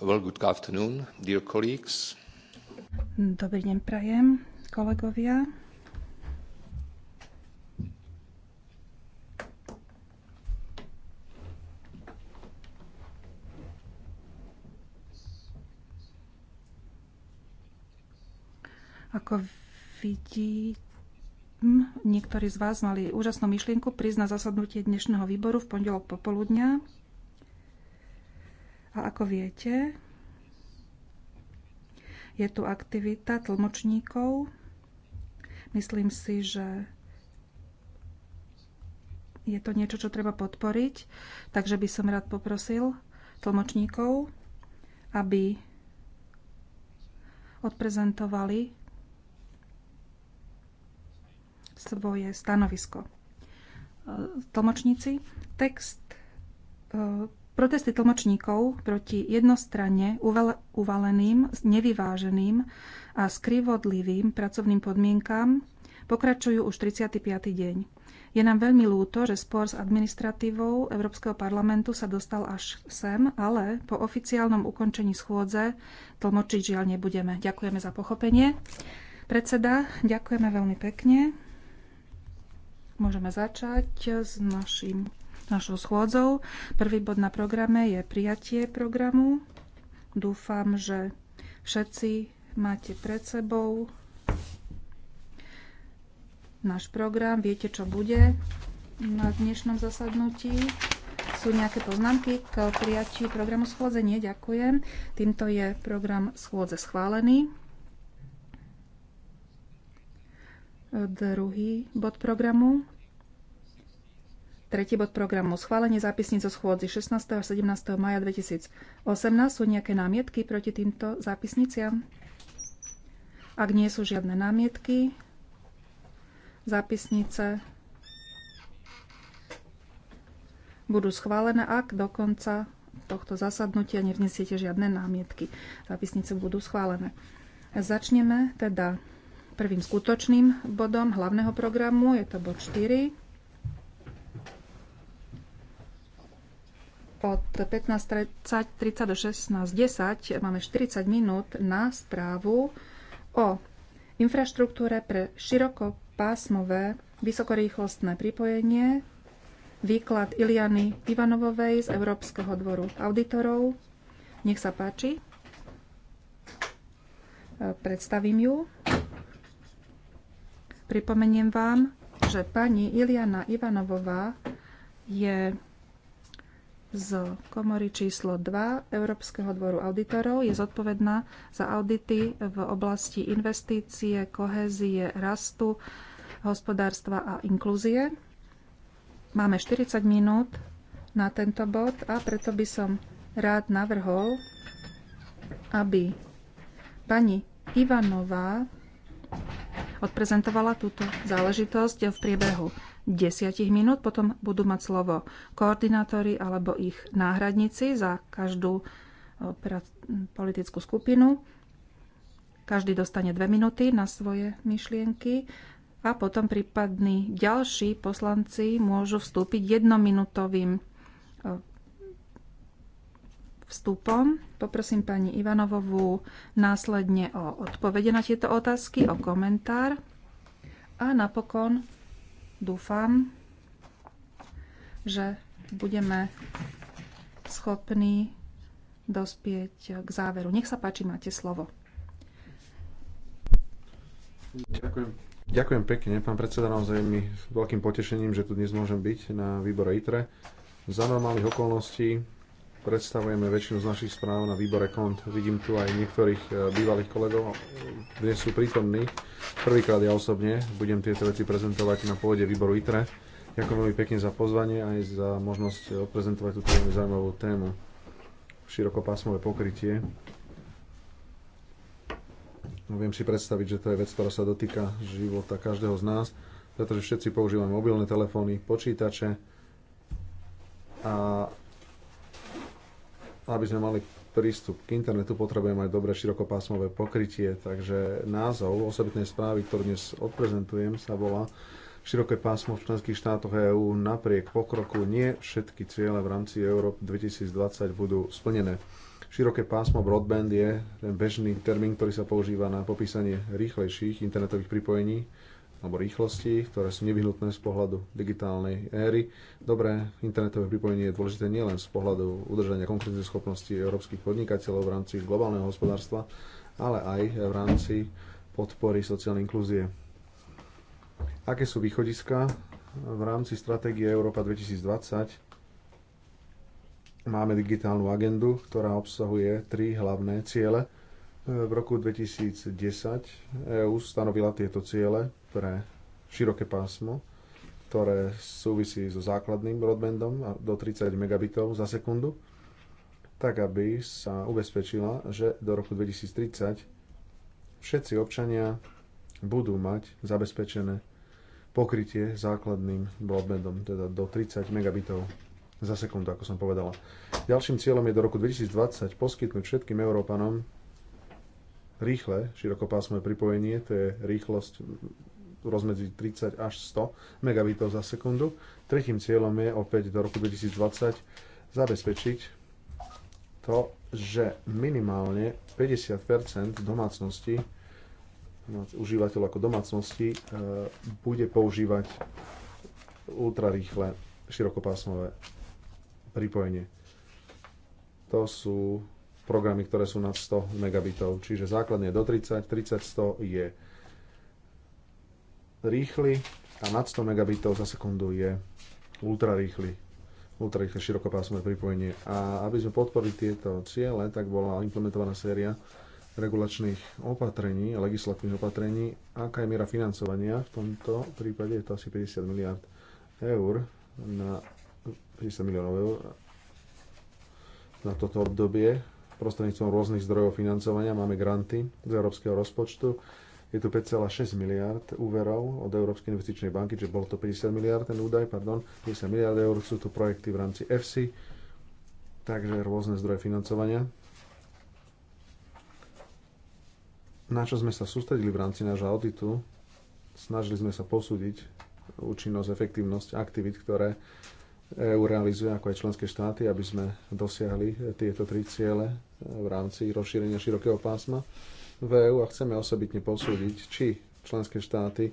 Well, good afternoon, dear colleagues. Dobrý deň prajem, kolegovia. Ako vidím, niektorí z vás mali úžasnú myšlienku prísť na zasadnutie dnešného výboru v pondelok popoludňa. A ako viete, je tu aktivita tlmočníkov. Myslím si, že je to niečo, čo treba podporiť. Takže by som rád poprosil tlmočníkov, aby odprezentovali svoje stanovisko. Tlmočníci, text e, Protesty tlmočníkov proti jednostranne uvaleným, nevyváženým a skrivodlivým pracovným podmienkám pokračujú už 35. deň. Je nám veľmi lúto, že spor s administratívou Európskeho parlamentu sa dostal až sem, ale po oficiálnom ukončení schôdze tlmočiť žiaľ nebudeme. Ďakujeme za pochopenie. Predseda, ďakujeme veľmi pekne. Môžeme začať s našim našou schôdzou. Prvý bod na programe je prijatie programu. Dúfam, že všetci máte pred sebou náš program, viete, čo bude na dnešnom zasadnutí. Sú nejaké poznámky k prijatiu programu schôdze? Nie, ďakujem. Týmto je program schôdze schválený. Druhý bod programu Tretí bod programu. Schválenie zápisníc zo schôdzi 16. a 17. maja 2018. Sú nejaké námietky proti týmto zápisniciam? Ak nie sú žiadne námietky, zápisnice budú schválené, ak do konca tohto zasadnutia nevnesiete žiadne námietky. Zápisnice budú schválené. Začneme teda prvým skutočným bodom hlavného programu, je to bod 4 od 15.30 do 16.10 máme 40 minút na správu o infraštruktúre pre širokopásmové vysokorýchlostné pripojenie, výklad Iliany Ivanovovej z Európskeho dvoru auditorov. Nech sa páči. Predstavím ju. Pripomeniem vám, že pani Iliana Ivanovová je z komory číslo 2 Európskeho dvoru auditorov je zodpovedná za audity v oblasti investície, kohézie, rastu, hospodárstva a inklúzie. Máme 40 minút na tento bod a preto by som rád navrhol, aby pani Ivanová odprezentovala túto záležitosť v priebehu 10 minút, potom budú mať slovo koordinátori alebo ich náhradníci za každú e, politickú skupinu. Každý dostane 2 minúty na svoje myšlienky a potom prípadní ďalší poslanci môžu vstúpiť jednominútovým e, vstupom. Poprosím pani Ivanovovú následne o odpovede na tieto otázky, o komentár a napokon Dúfam, že budeme schopní dospieť k záveru. Nech sa páči, máte slovo. Ďakujem. Ďakujem pekne, pán predseda, naozaj mi s veľkým potešením, že tu dnes môžem byť na výbore ITRE. Za normálnych okolností predstavujeme väčšinu z našich správ na výbore KONT. Vidím tu aj niektorých e, bývalých kolegov, dnes sú prítomní. Prvýkrát ja osobne budem tieto veci prezentovať na pôde výboru ITRE. Ďakujem veľmi pekne za pozvanie aj za možnosť odprezentovať túto veľmi zaujímavú tému. Širokopásmové pokrytie. Viem si predstaviť, že to je vec, ktorá sa dotýka života každého z nás, pretože všetci používame mobilné telefóny, počítače a aby sme mali prístup k internetu, potrebujeme aj dobré širokopásmové pokrytie, takže názov osobitnej správy, ktorú dnes odprezentujem, sa volá Široké pásmo v členských štátoch EÚ napriek pokroku nie všetky ciele v rámci Európ 2020 budú splnené. Široké pásmo broadband je ten bežný termín, ktorý sa používa na popísanie rýchlejších internetových pripojení alebo rýchlosti, ktoré sú nevyhnutné z pohľadu digitálnej éry. Dobré internetové pripojenie je dôležité nielen z pohľadu udržania schopnosti európskych podnikateľov v rámci globálneho hospodárstva, ale aj v rámci podpory sociálnej inklúzie. Aké sú východiska v rámci stratégie Európa 2020? Máme digitálnu agendu, ktorá obsahuje tri hlavné ciele. V roku 2010 EU stanovila tieto ciele pre široké pásmo, ktoré súvisí so základným broadbandom do 30 megabitov za sekundu, tak aby sa ubezpečila, že do roku 2030 všetci občania budú mať zabezpečené pokrytie základným broadbandom, teda do 30 megabitov za sekundu, ako som povedala. Ďalším cieľom je do roku 2020 poskytnúť všetkým Európanom rýchle širokopásmové pripojenie, to je rýchlosť rozmedzi 30 až 100 megabitov za sekundu. Tretím cieľom je opäť do roku 2020 zabezpečiť to, že minimálne 50 domácnosti užívateľ ako domácnosti e, bude používať ultrarýchle širokopásmové pripojenie. To sú programy, ktoré sú nad 100 megabitov, čiže základne do 30, 30, 100 je rýchly a nad 100 megabitov za sekundu je ultra rýchly, ultra rýchle širokopásmové pripojenie. A aby sme podporili tieto ciele, tak bola implementovaná séria regulačných opatrení, legislatívnych opatrení. Aká je miera financovania? V tomto prípade je to asi 50 miliard eur na 50 miliónov eur na toto obdobie prostredníctvom rôznych zdrojov financovania. Máme granty z európskeho rozpočtu, je tu 5,6 miliard úverov od Európskej investičnej banky, čiže bol to 50 miliard ten údaj, pardon, 50 miliard eur sú tu projekty v rámci EFSI, takže rôzne zdroje financovania. Na čo sme sa sústredili v rámci nášho auditu, snažili sme sa posúdiť účinnosť, efektívnosť aktivít, ktoré EU realizuje, ako aj členské štáty, aby sme dosiahli tieto tri ciele v rámci rozšírenia širokého pásma v EÚ a chceme osobitne posúdiť, či členské štáty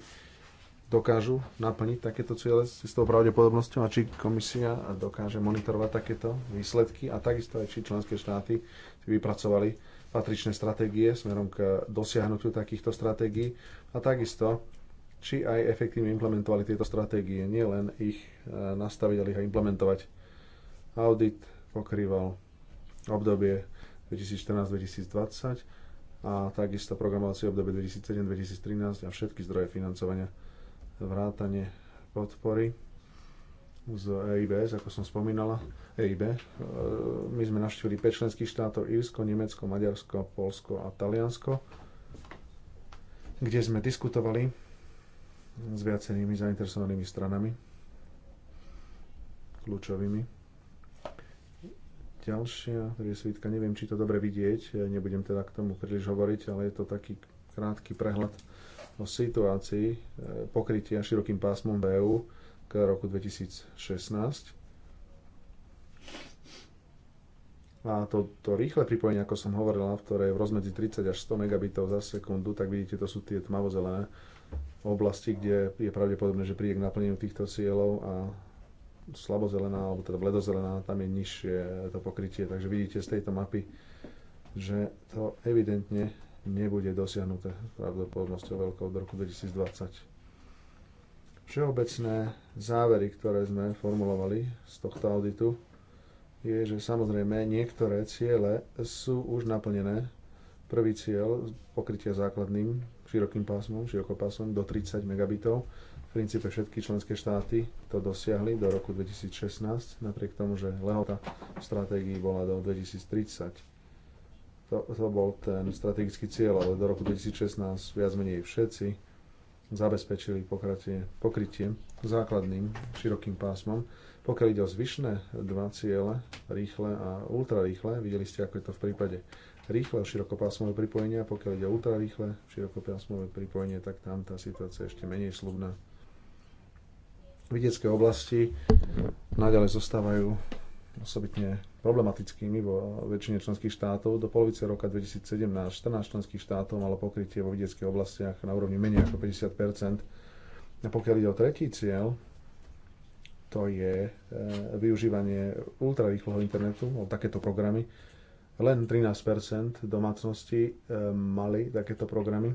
dokážu naplniť takéto ciele s istou pravdepodobnosťou a či komisia dokáže monitorovať takéto výsledky a takisto aj či členské štáty si vypracovali patričné stratégie smerom k dosiahnutiu takýchto stratégií a takisto či aj efektívne implementovali tieto stratégie, nielen ich e, nastaviť, ale ich aj implementovať. Audit pokrýval obdobie 2014-2020 a takisto programovací obdobie 2007-2013 a všetky zdroje financovania vrátane podpory z EIB, ako som spomínala, EIB. E, my sme navštívili 5 členských štátov, Írsko, Nemecko, Maďarsko, Polsko a Taliansko, kde sme diskutovali s viacerými zainteresovanými stranami, kľúčovými Ďalšia riesvitka, neviem, či to dobre vidieť, nebudem teda k tomu príliš hovoriť, ale je to taký krátky prehľad o situácii e, pokrytia širokým pásmom VU e k roku 2016. A to, to rýchle pripojenie, ako som hovorila, ktoré je v rozmedzi 30 až 100 megabitov za sekundu, tak vidíte, to sú tie tmavozelené oblasti, kde je pravdepodobné, že príde k naplneniu týchto cieľov a slabozelená, alebo teda bledozelená, tam je nižšie to pokrytie. Takže vidíte z tejto mapy, že to evidentne nebude dosiahnuté pravdepodobnosťou veľkou do roku 2020. Všeobecné závery, ktoré sme formulovali z tohto auditu, je, že samozrejme niektoré ciele sú už naplnené. Prvý cieľ pokrytia základným širokým pásmom, širokopásmom do 30 megabitov v princípe všetky členské štáty to dosiahli do roku 2016, napriek tomu, že lehota v stratégii bola do 2030. To, to bol ten strategický cieľ, ale do roku 2016 viac menej všetci zabezpečili pokratie, pokrytie základným širokým pásmom. Pokiaľ ide o zvyšné dva ciele, rýchle a ultrarýchle, videli ste, ako je to v prípade rýchleho širokopásmové pripojenia, pokiaľ ide o ultrarýchle širokopásmové pripojenie, tak tam tá situácia je ešte menej slubná vidieckej oblasti naďalej zostávajú osobitne problematickými vo väčšine členských štátov. Do polovice roka 2017 14 členských štátov malo pokrytie vo vidieckej oblastiach na úrovni menej ako 50 A pokiaľ ide o tretí cieľ, to je e, využívanie ultrarýchloho internetu, o takéto programy. Len 13 domácnosti e, mali takéto programy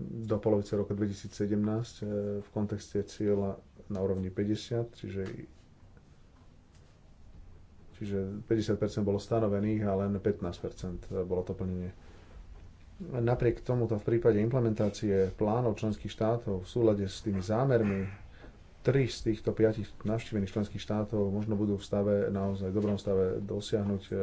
do polovice roku 2017 e, v kontexte cieľa na úrovni 50, čiže Čiže 50% bolo stanovených a len 15% bolo to plnenie. Napriek tomuto v prípade implementácie plánov členských štátov v súlade s tými zámermi, tri z týchto piatich navštívených členských štátov možno budú v stave, naozaj v dobrom stave dosiahnuť e,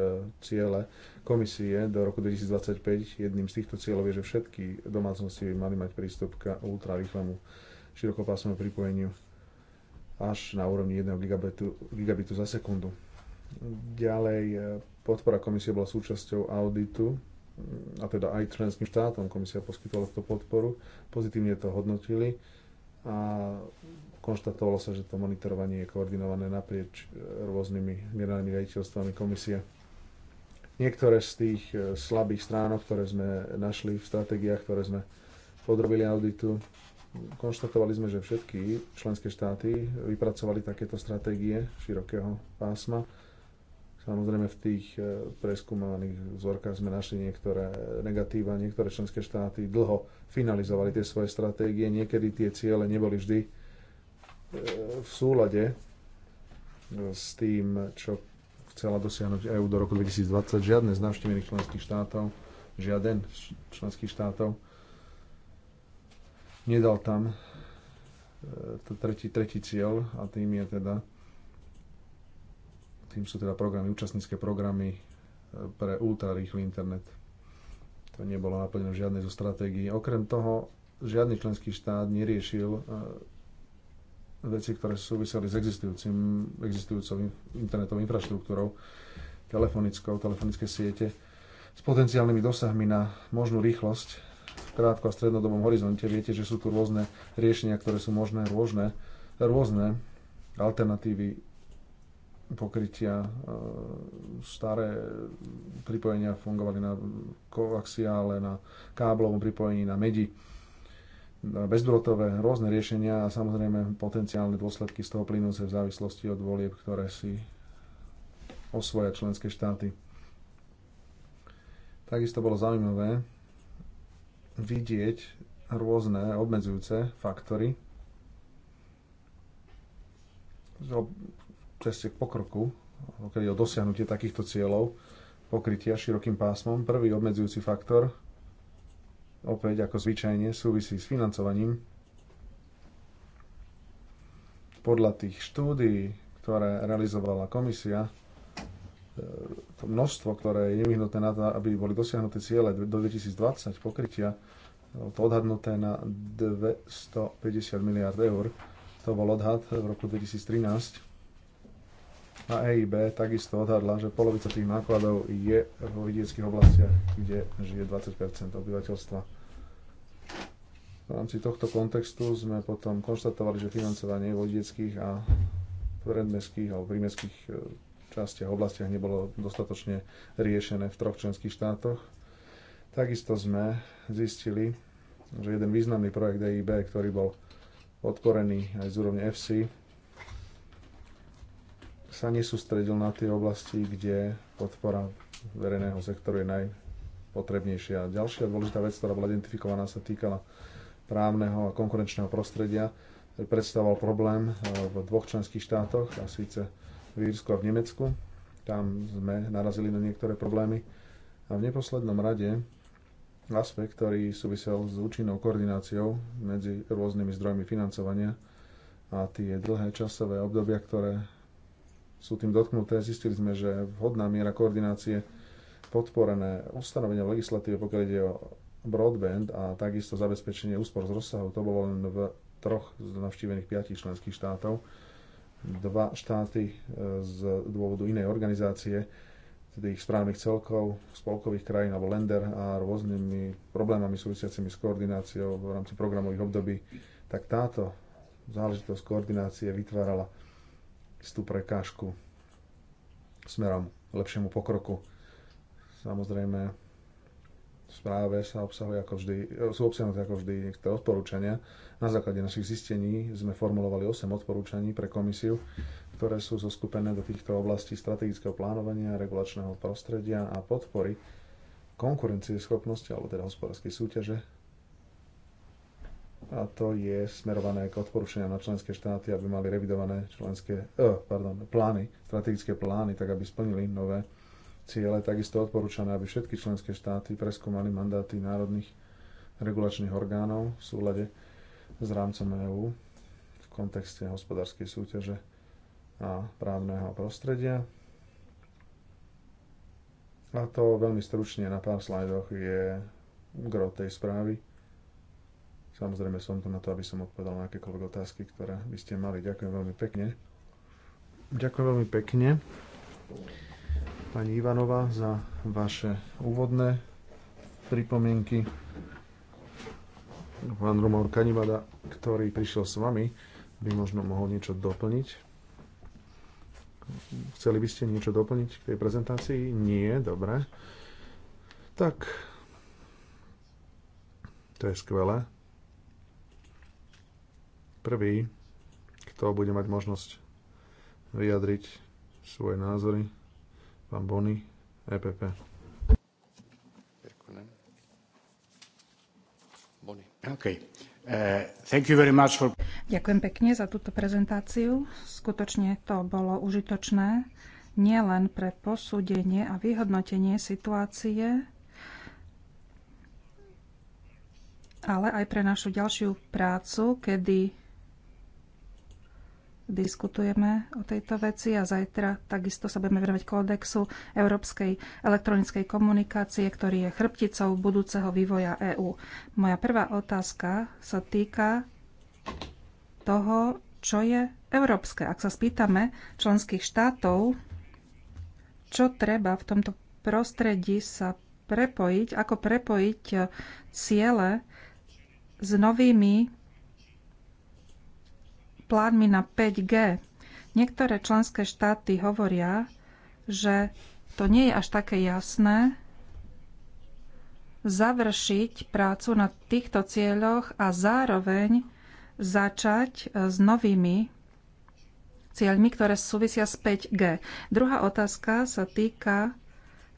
ciele komisie do roku 2025. Jedným z týchto cieľov je, že všetky domácnosti by mali mať prístup k ultrarýchlemu širokopásmovému pripojeniu až na úrovni 1 gigabitu, gigabitu za sekundu. Ďalej, e, podpora komisie bola súčasťou auditu, mm, a teda aj členským štátom komisia poskytovala túto podporu, pozitívne to hodnotili a konštatovalo sa, že to monitorovanie je koordinované naprieč e, rôznymi generálnymi riaditeľstvami komisie. Niektoré z tých e, slabých stránok, ktoré sme našli v stratégiách, ktoré sme podrobili auditu, konštatovali sme, že všetky členské štáty vypracovali takéto stratégie širokého pásma. Samozrejme v tých e, preskúmaných vzorkách sme našli niektoré negatíva, niektoré členské štáty dlho finalizovali tie svoje stratégie, niekedy tie ciele neboli vždy e, v súlade e, s tým, čo chcela dosiahnuť EU do roku 2020. Žiadne z navštívených členských štátov, žiaden z členských štátov nedal tam e, tretí, tretí cieľ a tým je teda tým sú teda programy, účastnícke programy e, pre rýchly internet. To nebolo naplnené žiadnej zo stratégií. Okrem toho, žiadny členský štát neriešil e, veci, ktoré súviseli s existujúcim, existujúcou internetovou infraštruktúrou, telefonickou, telefonické siete, s potenciálnymi dosahmi na možnú rýchlosť krátko a strednodobom horizonte. Viete, že sú tu rôzne riešenia, ktoré sú možné, rôzne, rôzne alternatívy pokrytia. E, staré pripojenia fungovali na koaxiále, na káblovom pripojení, na medi bezdrotové, rôzne riešenia a samozrejme potenciálne dôsledky z toho plynúce v závislosti od volieb, ktoré si osvoja členské štáty. Takisto bolo zaujímavé, vidieť rôzne obmedzujúce faktory ceste k pokroku, keď je o dosiahnutie takýchto cieľov pokrytia širokým pásmom. Prvý obmedzujúci faktor, opäť ako zvyčajne, súvisí s financovaním. Podľa tých štúdií, ktoré realizovala komisia, to množstvo, ktoré je nevyhnutné na to, aby boli dosiahnuté ciele do 2020 pokrytia, to odhadnuté na 250 miliard eur. To bol odhad v roku 2013. A EIB takisto odhadla, že polovica tých nákladov je vo vidieckých oblastiach, kde žije 20 obyvateľstva. V rámci tohto kontextu sme potom konštatovali, že financovanie vodieckých a predmestských alebo prímestských e, častiach, oblastiach nebolo dostatočne riešené v troch členských štátoch. Takisto sme zistili, že jeden významný projekt EIB, ktorý bol podporený aj z úrovne FC, sa nesústredil na tie oblasti, kde podpora verejného sektoru je najpotrebnejšia. Ďalšia dôležitá vec, ktorá bola identifikovaná, sa týkala právneho a konkurenčného prostredia, ktorý predstavoval problém v dvoch členských štátoch, a síce v Írsku a v Nemecku. Tam sme narazili na niektoré problémy. A v neposlednom rade aspekt, ktorý súvisel s účinnou koordináciou medzi rôznymi zdrojmi financovania a tie dlhé časové obdobia, ktoré sú tým dotknuté, zistili sme, že vhodná miera koordinácie podporené ustanovenia v legislatíve, pokiaľ ide o broadband a takisto zabezpečenie úspor z rozsahu, to bolo len v troch z navštívených piatich členských štátov dva štáty e, z dôvodu inej organizácie, teda ich správnych celkov, spolkových krajín alebo lender a rôznymi problémami súvisiacimi s koordináciou v rámci programových období, tak táto záležitosť koordinácie vytvárala istú prekážku smerom k lepšiemu pokroku. Samozrejme, v správe sa obsahuje ako vždy, e, sú obsahnuté ako vždy niektoré odporúčania, na základe našich zistení sme formulovali 8 odporúčaní pre komisiu, ktoré sú zoskupené do týchto oblastí strategického plánovania, regulačného prostredia a podpory konkurencie schopnosti alebo teda hospodárskej súťaže. A to je smerované k odporúčaniam na členské štáty, aby mali revidované členské, oh, pardon, plány, strategické plány, tak aby splnili nové ciele. Takisto odporúčané, aby všetky členské štáty preskúmali mandáty národných regulačných orgánov v súlade s rámcom EÚ v kontexte hospodárskej súťaže a právneho prostredia. A to veľmi stručne na pár slajdoch je gro tej správy. Samozrejme som tu na to, aby som odpovedal na akékoľvek otázky, ktoré by ste mali. Ďakujem veľmi pekne. Ďakujem veľmi pekne pani Ivanova za vaše úvodné pripomienky pán Roman Kanibada, ktorý prišiel s vami, by možno mohol niečo doplniť. Chceli by ste niečo doplniť k tej prezentácii? Nie, dobre. Tak, to je skvelé. Prvý, kto bude mať možnosť vyjadriť svoje názory, pán Bony, EPP. Okay. Uh, for... Ďakujem pekne za túto prezentáciu. Skutočne to bolo užitočné nielen pre posúdenie a vyhodnotenie situácie, ale aj pre našu ďalšiu prácu, kedy diskutujeme o tejto veci a zajtra takisto sa budeme venovať kódexu Európskej elektronickej komunikácie, ktorý je chrbticou budúceho vývoja EÚ. Moja prvá otázka sa týka toho, čo je európske. Ak sa spýtame členských štátov, čo treba v tomto prostredí sa prepojiť, ako prepojiť ciele s novými plánmi na 5G. Niektoré členské štáty hovoria, že to nie je až také jasné završiť prácu na týchto cieľoch a zároveň začať e, s novými cieľmi, ktoré súvisia s 5G. Druhá otázka sa týka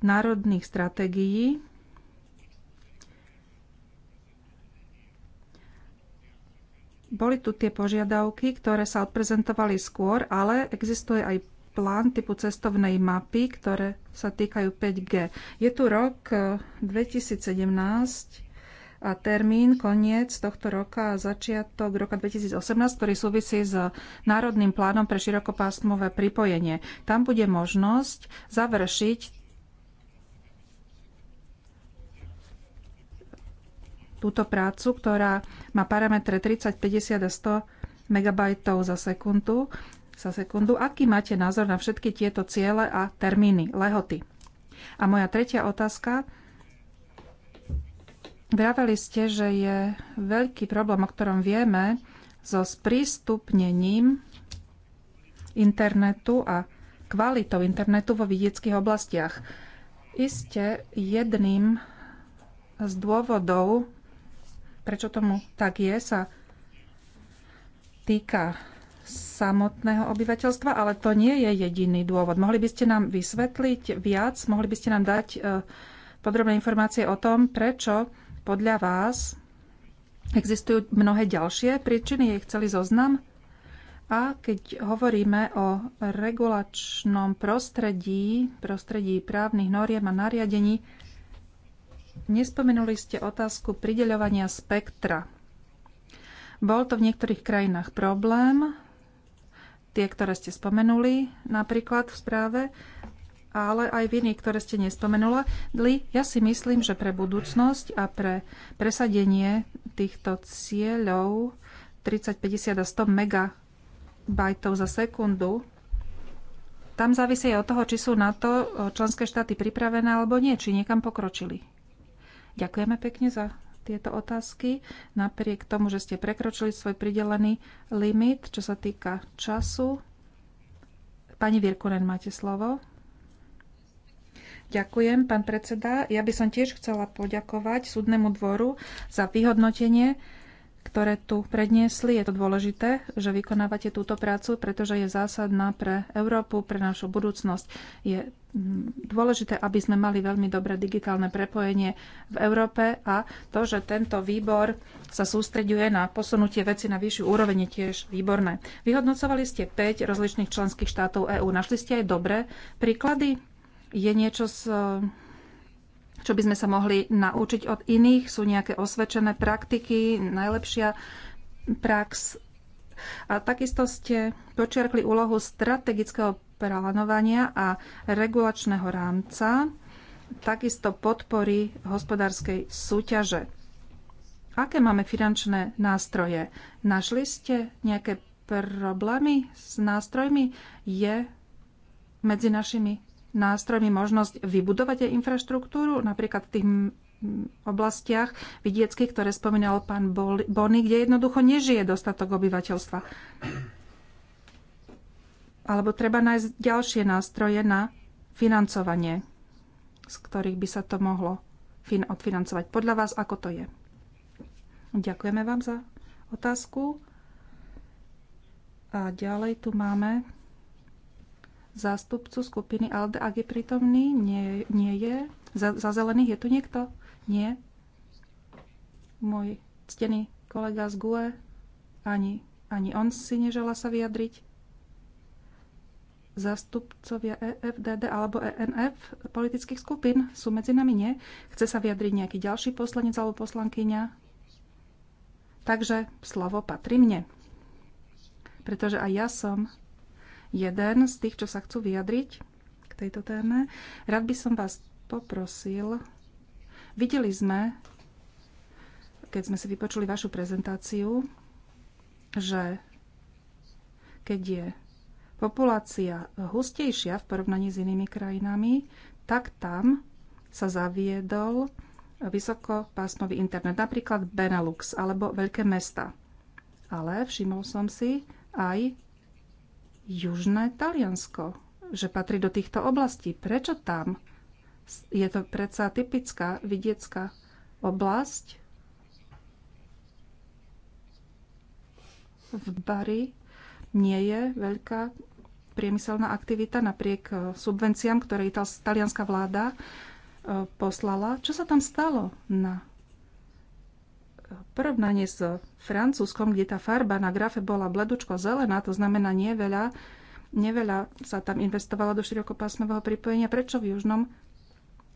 národných stratégií Boli tu tie požiadavky, ktoré sa odprezentovali skôr, ale existuje aj plán typu cestovnej mapy, ktoré sa týkajú 5G. Je tu rok 2017 eh, a termín koniec tohto roka a začiatok roka 2018, ktorý súvisí s Národným plánom pre širokopásmové pripojenie. Tam bude možnosť završiť túto prácu, ktorá má parametre 30, 50 a 100 MB za sekundu, za sekundu. Aký máte názor na všetky tieto ciele a termíny, lehoty? A moja tretia otázka. Vraveli ste, že je veľký problém, o ktorom vieme, so sprístupnením internetu a kvalitou internetu vo vidieckých oblastiach. Iste jedným z dôvodov prečo tomu tak je, sa týka samotného obyvateľstva, ale to nie je jediný dôvod. Mohli by ste nám vysvetliť viac, mohli by ste nám dať e, podrobné informácie o tom, prečo podľa vás existujú mnohé ďalšie príčiny, je ich celý zoznam. A keď hovoríme o regulačnom prostredí, prostredí právnych noriem a nariadení, Nespomenuli ste otázku prideľovania spektra. Bol to v niektorých krajinách problém, tie, ktoré ste spomenuli napríklad v správe, ale aj v iných, ktoré ste nespomenuli. Ja si myslím, že pre budúcnosť a pre presadenie týchto cieľov 30, 50 a 100 megabajtov za sekundu, tam závisí aj od toho, či sú na to členské štáty pripravené alebo nie, či niekam pokročili. Ďakujeme pekne za tieto otázky. Napriek tomu, že ste prekročili svoj pridelený limit, čo sa týka času. Pani Virkunen, máte slovo. Ďakujem, pán predseda. Ja by som tiež chcela poďakovať súdnemu dvoru za vyhodnotenie, ktoré tu predniesli. Je to dôležité, že vykonávate túto prácu, pretože je zásadná pre Európu, pre našu budúcnosť. Je dôležité, aby sme mali veľmi dobré digitálne prepojenie v Európe a to, že tento výbor sa sústreďuje na posunutie veci na vyššiu úroveň, je tiež výborné. Vyhodnocovali ste 5 rozličných členských štátov EÚ. Našli ste aj dobré príklady? Je niečo, z, čo by sme sa mohli naučiť od iných? Sú nejaké osvedčené praktiky, najlepšia prax? A takisto ste počiarkli úlohu strategického plánovania a regulačného rámca, takisto podpory hospodárskej súťaže. Aké máme finančné nástroje? Našli ste nejaké problémy s nástrojmi? Je medzi našimi nástrojmi možnosť vybudovať aj infraštruktúru, napríklad v tých oblastiach vidieckých, ktoré spomínal pán Bony, kde jednoducho nežije dostatok obyvateľstva alebo treba nájsť ďalšie nástroje na financovanie, z ktorých by sa to mohlo odfinancovať. Podľa vás, ako to je? Ďakujeme vám za otázku. A ďalej tu máme zástupcu skupiny ALDE. Ak je prítomný, nie, nie je. Za, za zelených je tu niekto? Nie. Môj ctený kolega z GUE, ani, ani on si nežela sa vyjadriť. Zastupcovia EFDD alebo ENF politických skupín sú medzi nami? Nie. Chce sa vyjadriť nejaký ďalší poslanec alebo poslankyňa? Takže slovo patrí mne. Pretože aj ja som jeden z tých, čo sa chcú vyjadriť k tejto téme. Rád by som vás poprosil. Videli sme, keď sme si vypočuli vašu prezentáciu, že keď je populácia hustejšia v porovnaní s inými krajinami, tak tam sa zaviedol vysokopásmový internet, napríklad Benelux alebo veľké mesta. Ale všimol som si aj južné Taliansko, že patrí do týchto oblastí. Prečo tam? Je to predsa typická vidiecká oblasť. V Bari nie je veľká priemyselná aktivita napriek e, subvenciám, ktoré talianská vláda e, poslala. Čo sa tam stalo na e, porovnanie s Francúzskom, kde tá farba na grafe bola bledučko zelená, to znamená neveľa, neveľa sa tam investovalo do širokopásmového pripojenia. Prečo v južnom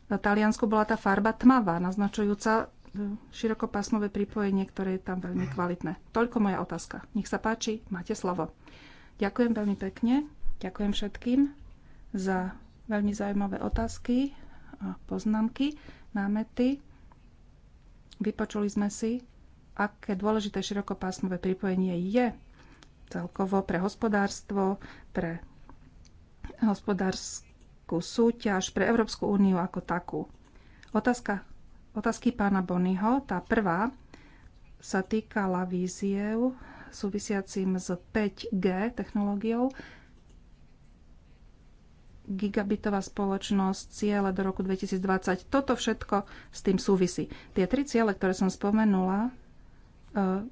Taliansku bola tá farba tmavá, naznačujúca širokopásmové pripojenie, ktoré je tam veľmi kvalitné. Toľko moja otázka. Nech sa páči, máte slovo. Ďakujem veľmi pekne. Ďakujem všetkým za veľmi zaujímavé otázky a poznámky, námety. Vypočuli sme si, aké dôležité širokopásmové pripojenie je celkovo pre hospodárstvo, pre hospodárskú súťaž, pre Európsku úniu ako takú. Otázka, otázky pána Bonyho, tá prvá, sa týkala víziev súvisiacim s 5G technológiou gigabitová spoločnosť, ciele do roku 2020. Toto všetko s tým súvisí. Tie tri ciele, ktoré som spomenula, 5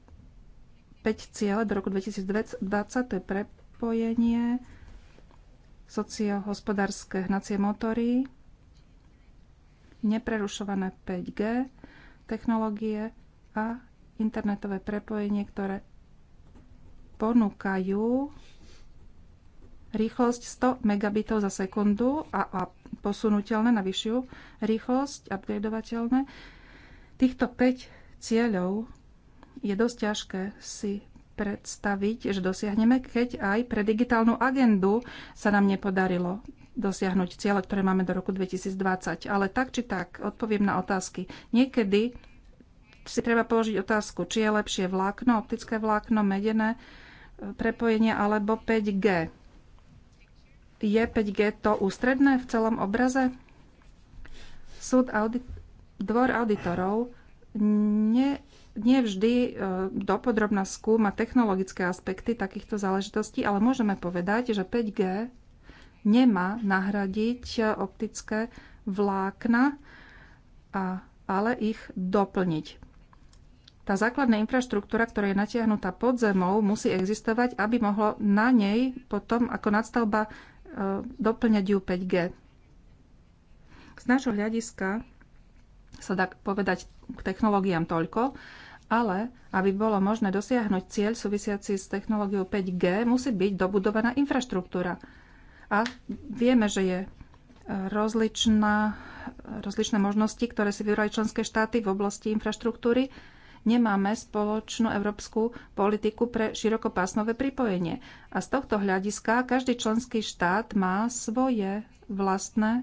e, ciele do roku 2020, to je prepojenie, sociohospodárske hnacie motory, neprerušované 5G, technológie a internetové prepojenie, ktoré ponúkajú rýchlosť 100 megabitov za sekundu a, a posunutelné na vyššiu rýchlosť, upgradovateľné. Týchto 5 cieľov je dosť ťažké si predstaviť, že dosiahneme, keď aj pre digitálnu agendu sa nám nepodarilo dosiahnuť cieľe, ktoré máme do roku 2020. Ale tak či tak, odpoviem na otázky. Niekedy si treba položiť otázku, či je lepšie vlákno, optické vlákno, medené prepojenie alebo 5G. Je 5G to ústredné v celom obraze? Súd audit, dvor auditorov ne, nie vždy e, dopodrobná skúma technologické aspekty takýchto záležitostí, ale môžeme povedať, že 5G nemá nahradiť e, optické vlákna, a, ale ich doplniť. Tá základná infraštruktúra, ktorá je natiahnutá pod zemou, musí existovať, aby mohlo na nej potom ako nadstavba doplňať ju 5G. Z nášho hľadiska sa dá povedať k technológiám toľko, ale aby bolo možné dosiahnuť cieľ súvisiaci s technológiou 5G, musí byť dobudovaná infraštruktúra. A vieme, že je rozličná, rozličné možnosti, ktoré si vyrojí členské štáty v oblasti infraštruktúry nemáme spoločnú európsku politiku pre širokopásmové pripojenie. A z tohto hľadiska každý členský štát má svoje vlastné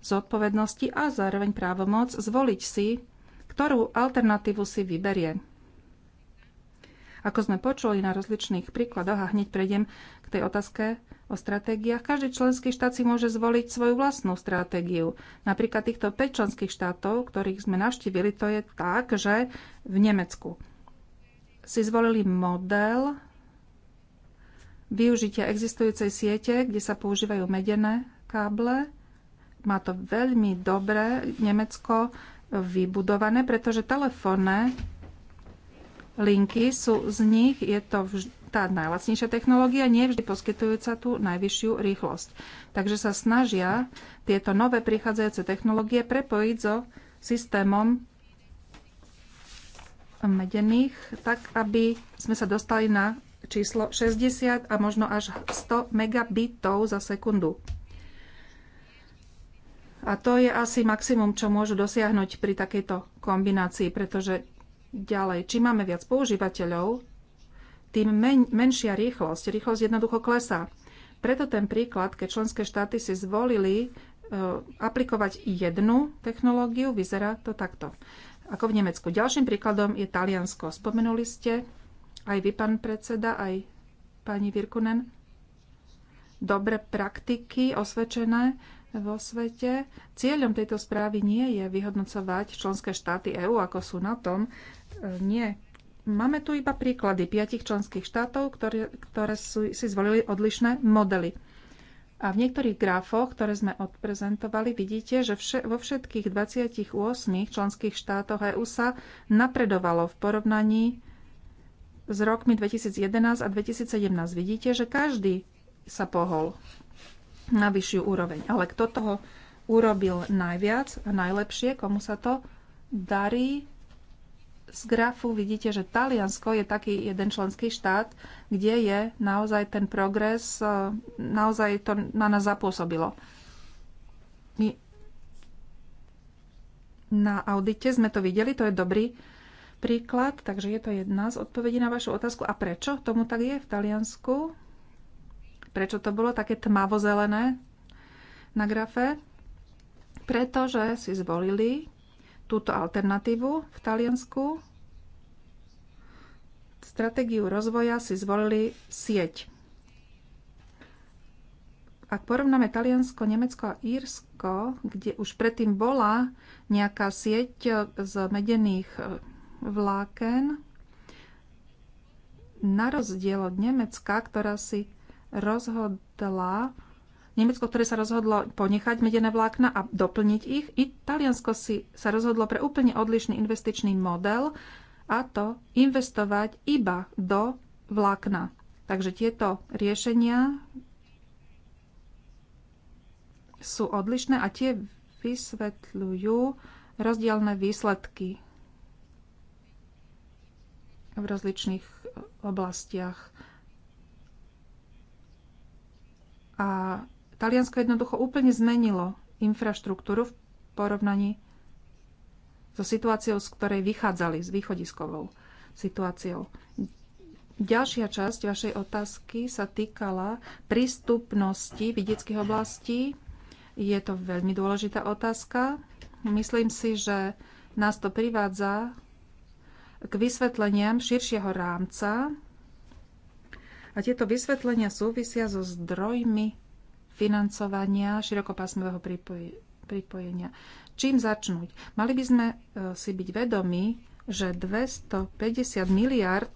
zodpovednosti a zároveň právomoc zvoliť si, ktorú alternatívu si vyberie. Ako sme počuli na rozličných príkladoch a hneď prejdem k tej otázke o stratégiách, každý členský štát si môže zvoliť svoju vlastnú stratégiu. Napríklad týchto 5 členských štátov, ktorých sme navštívili, to je tak, že v Nemecku si zvolili model využitia existujúcej siete, kde sa používajú medené káble. Má to veľmi dobre Nemecko vybudované, pretože telefónne linky sú z nich, je to vž- tá najlacnejšia technológia nie vždy poskytujúca tú najvyššiu rýchlosť. Takže sa snažia tieto nové prichádzajúce technológie prepojiť so systémom medených, tak aby sme sa dostali na číslo 60 a možno až 100 megabitov za sekundu. A to je asi maximum, čo môžu dosiahnuť pri takejto kombinácii, pretože ďalej, či máme viac používateľov, tým men- menšia rýchlosť. Rýchlosť jednoducho klesá. Preto ten príklad, keď členské štáty si zvolili e, aplikovať jednu technológiu, vyzerá to takto. Ako v Nemecku. Ďalším príkladom je Taliansko. Spomenuli ste aj vy, pán predseda, aj pani Virkunen, dobre praktiky osvedčené vo svete. Cieľom tejto správy nie je vyhodnocovať členské štáty EÚ, ako sú na tom. E, nie. Máme tu iba príklady piatich členských štátov, ktoré, ktoré sú, si zvolili odlišné modely. A v niektorých grafoch, ktoré sme odprezentovali, vidíte, že vše, vo všetkých 28 členských štátoch EU sa napredovalo v porovnaní s rokmi 2011 a 2017. Vidíte, že každý sa pohol na vyššiu úroveň. Ale kto toho urobil najviac a najlepšie, komu sa to darí, z grafu vidíte, že Taliansko je taký jeden členský štát, kde je naozaj ten progres, e, naozaj to na nás zapôsobilo. My na audite sme to videli, to je dobrý príklad, takže je to jedna z odpovedí na vašu otázku. A prečo tomu tak je v Taliansku? Prečo to bolo také tmavozelené na grafe? Pretože si zvolili túto alternatívu v Taliansku. Stratégiu rozvoja si zvolili sieť. Ak porovnáme Taliansko, Nemecko a Írsko, kde už predtým bola nejaká sieť z medených e, vláken, na rozdiel od Nemecka, ktorá si rozhodla Nemecko, ktoré sa rozhodlo ponechať medené vlákna a doplniť ich, i Taliansko si sa rozhodlo pre úplne odlišný investičný model a to investovať iba do vlákna. Takže tieto riešenia sú odlišné a tie vysvetľujú rozdielne výsledky v rozličných oblastiach. A Taliansko jednoducho úplne zmenilo infraštruktúru v porovnaní so situáciou, z ktorej vychádzali, s východiskovou situáciou. Ďalšia časť vašej otázky sa týkala prístupnosti vidieckých oblastí. Je to veľmi dôležitá otázka. Myslím si, že nás to privádza k vysvetleniam širšieho rámca. A tieto vysvetlenia súvisia so zdrojmi financovania širokopásmového pripojenia. Čím začnúť? Mali by sme e, si byť vedomi, že 250 miliard,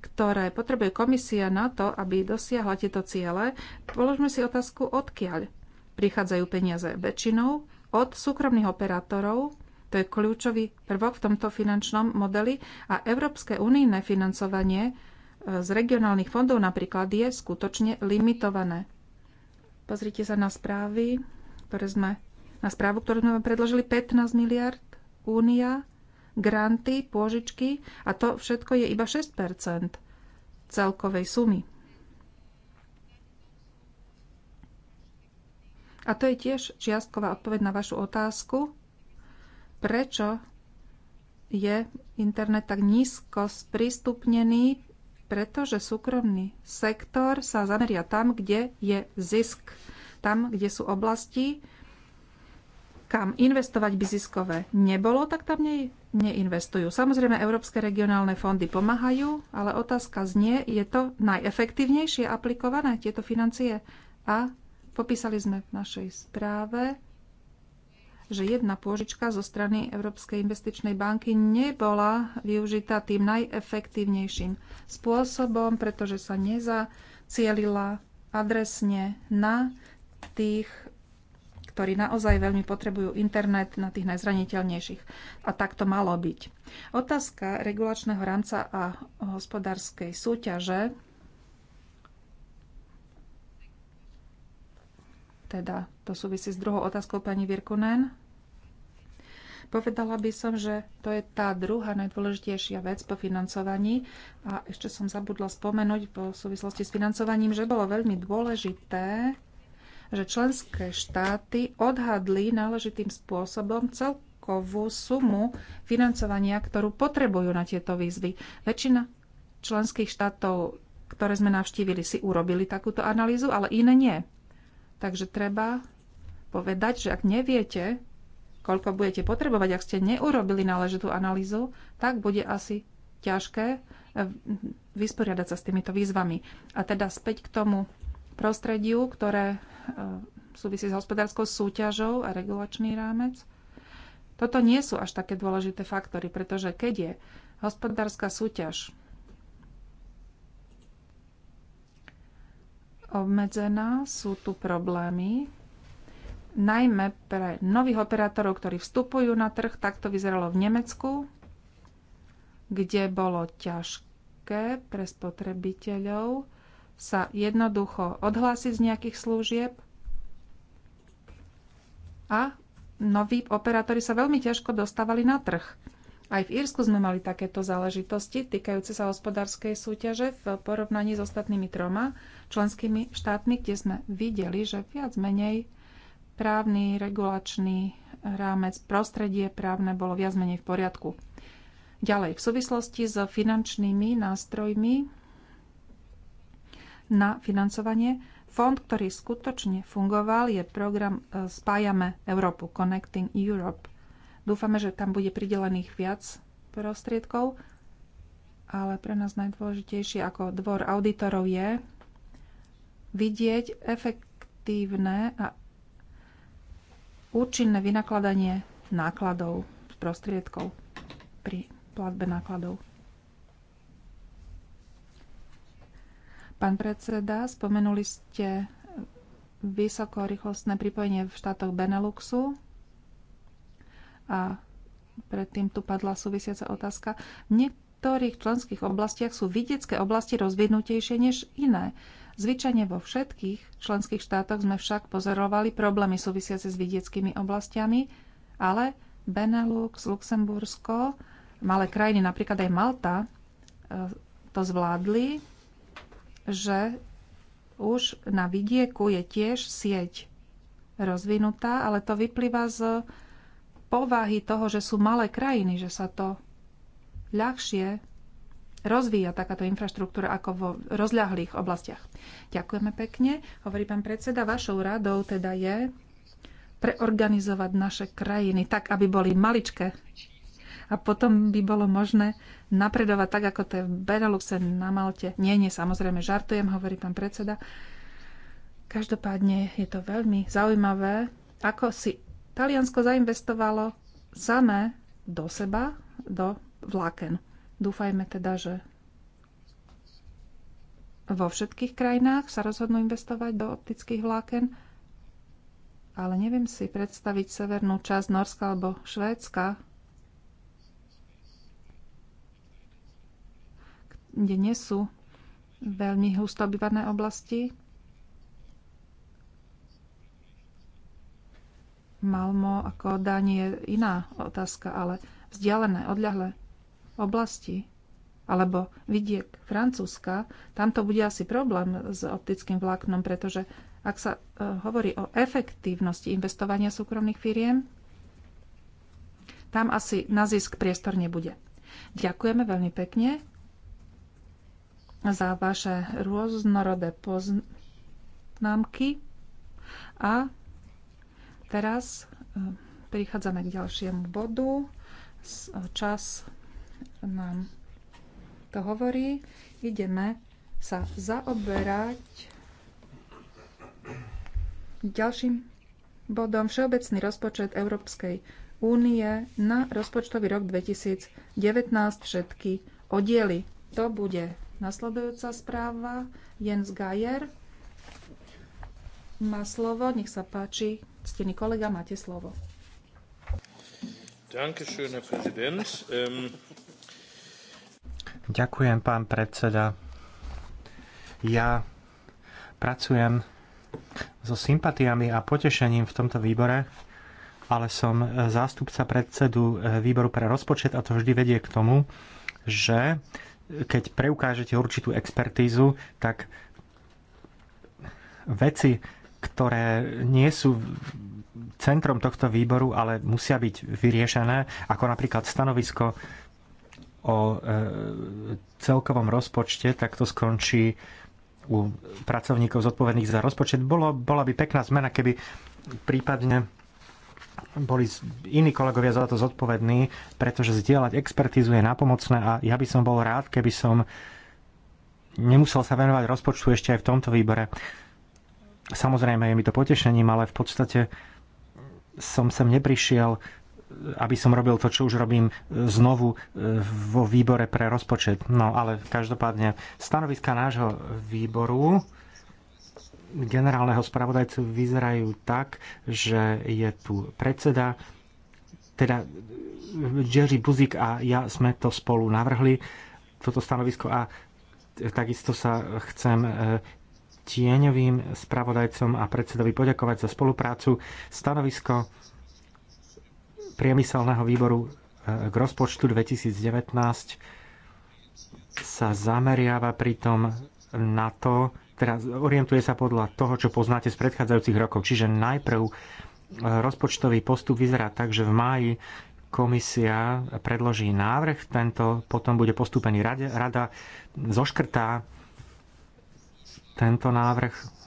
ktoré potrebuje komisia na to, aby dosiahla tieto ciele, položme si otázku, odkiaľ prichádzajú peniaze. Väčšinou od súkromných operátorov, to je kľúčový prvok v tomto finančnom modeli, a Európske unijné financovanie e, z regionálnych fondov napríklad je skutočne limitované. Pozrite sa na správy, ktoré sme, na správu, ktorú sme predložili, 15 miliard únia, granty, pôžičky a to všetko je iba 6 celkovej sumy. A to je tiež čiastková odpoveď na vašu otázku, prečo je internet tak nízko sprístupnený pretože súkromný sektor sa zameria tam, kde je zisk, tam, kde sú oblasti, kam investovať by ziskové nebolo, tak tam nie, neinvestujú. Samozrejme, európske regionálne fondy pomáhajú, ale otázka znie, je to najefektívnejšie aplikované tieto financie? A popísali sme v našej správe, že jedna pôžička zo strany Európskej investičnej banky nebola využitá tým najefektívnejším spôsobom, pretože sa nezacielila adresne na tých, ktorí naozaj veľmi potrebujú internet, na tých najzraniteľnejších. A tak to malo byť. Otázka regulačného rámca a hospodárskej súťaže teda to súvisí s druhou otázkou pani Virkunen. Povedala by som, že to je tá druhá najdôležitejšia vec po financovaní. A ešte som zabudla spomenúť po súvislosti s financovaním, že bolo veľmi dôležité, že členské štáty odhadli náležitým spôsobom celkovú sumu financovania, ktorú potrebujú na tieto výzvy. Väčšina členských štátov, ktoré sme navštívili, si urobili takúto analýzu, ale iné nie. Takže treba povedať, že ak neviete, koľko budete potrebovať, ak ste neurobili náležitú analýzu, tak bude asi ťažké eh, vysporiadať sa s týmito výzvami. A teda späť k tomu prostrediu, ktoré eh, súvisí s hospodárskou súťažou a regulačný rámec. Toto nie sú až také dôležité faktory, pretože keď je hospodárska súťaž obmedzená, sú tu problémy, najmä pre nových operátorov, ktorí vstupujú na trh. Tak to vyzeralo v Nemecku, kde bolo ťažké pre spotrebiteľov sa jednoducho odhlásiť z nejakých služieb a noví operátori sa veľmi ťažko dostávali na trh. Aj v Írsku sme mali takéto záležitosti týkajúce sa hospodárskej súťaže v porovnaní s ostatnými troma členskými štátmi, kde sme videli, že viac menej právny, regulačný rámec, prostredie právne bolo viac menej v poriadku. Ďalej, v súvislosti s finančnými nástrojmi na financovanie, fond, ktorý skutočne fungoval, je program e, Spájame Európu, Connecting Europe. Dúfame, že tam bude pridelených viac prostriedkov, ale pre nás najdôležitejšie ako dvor auditorov je vidieť efektívne a účinné vynakladanie nákladov, prostriedkov pri platbe nákladov. Pán predseda, spomenuli ste vysokorýchlostné pripojenie v štátoch Beneluxu a predtým tu padla súvisiaca otázka. V niektorých členských oblastiach sú vidiecké oblasti rozvinutejšie než iné. Zvyčajne vo všetkých členských štátoch sme však pozorovali problémy súvisiace s vidieckými oblastiami, ale Benelux, Luxembursko, malé krajiny, napríklad aj Malta, e, to zvládli, že už na vidieku je tiež sieť rozvinutá, ale to vyplýva z povahy toho, že sú malé krajiny, že sa to ľahšie rozvíja takáto infraštruktúra ako vo rozľahlých oblastiach. Ďakujeme pekne. Hovorí pán predseda, vašou radou teda je preorganizovať naše krajiny tak, aby boli maličké a potom by bolo možné napredovať tak, ako to je v Beneluxe na Malte. Nie, nie, samozrejme, žartujem, hovorí pán predseda. Každopádne je to veľmi zaujímavé, ako si Taliansko zainvestovalo samé do seba, do vláken. Dúfajme teda, že vo všetkých krajinách sa rozhodnú investovať do optických vláken, ale neviem si predstaviť severnú časť Norska alebo Švédska, kde nie sú veľmi husto obývané oblasti. Malmo ako Dáň je iná otázka, ale vzdialené, odľahlé oblasti alebo vidiek Francúzska, tam to bude asi problém s optickým vláknom, pretože ak sa e, hovorí o efektívnosti investovania súkromných firiem, tam asi na zisk priestor nebude. Ďakujeme veľmi pekne za vaše rôznorodé poznámky a teraz e, prichádzame k ďalšiemu bodu. E, čas nám to hovorí. Ideme sa zaoberať ďalším bodom Všeobecný rozpočet Európskej únie na rozpočtový rok 2019 všetky oddiely. To bude nasledujúca správa. Jens Geier má slovo. Nech sa páči, ctený kolega, máte slovo. Dankeschön, Herr Präsident. Ähm, Ďakujem, pán predseda. Ja pracujem so sympatiami a potešením v tomto výbore, ale som zástupca predsedu výboru pre rozpočet a to vždy vedie k tomu, že keď preukážete určitú expertízu, tak veci, ktoré nie sú centrom tohto výboru, ale musia byť vyriešené, ako napríklad stanovisko o e, celkovom rozpočte, tak to skončí u pracovníkov zodpovedných za rozpočet. Bolo, bola by pekná zmena, keby prípadne boli iní kolegovia za to zodpovední, pretože zdieľať expertízu je napomocné a ja by som bol rád, keby som nemusel sa venovať rozpočtu ešte aj v tomto výbore. Samozrejme, je mi to potešením, ale v podstate som sem neprišiel aby som robil to, čo už robím e, znovu e, vo výbore pre rozpočet. No ale každopádne stanoviska nášho výboru generálneho spravodajcu vyzerajú tak, že je tu predseda, teda e, Jerry Buzik a ja sme to spolu navrhli, toto stanovisko a takisto sa chcem tieňovým spravodajcom a predsedovi poďakovať za spoluprácu. Stanovisko priemyselného výboru e, k rozpočtu 2019 sa zameriava pritom na to, teda orientuje sa podľa toho, čo poznáte z predchádzajúcich rokov. Čiže najprv e, rozpočtový postup vyzerá tak, že v máji komisia predloží návrh, tento potom bude postúpený rade, rada zoškrtá tento návrh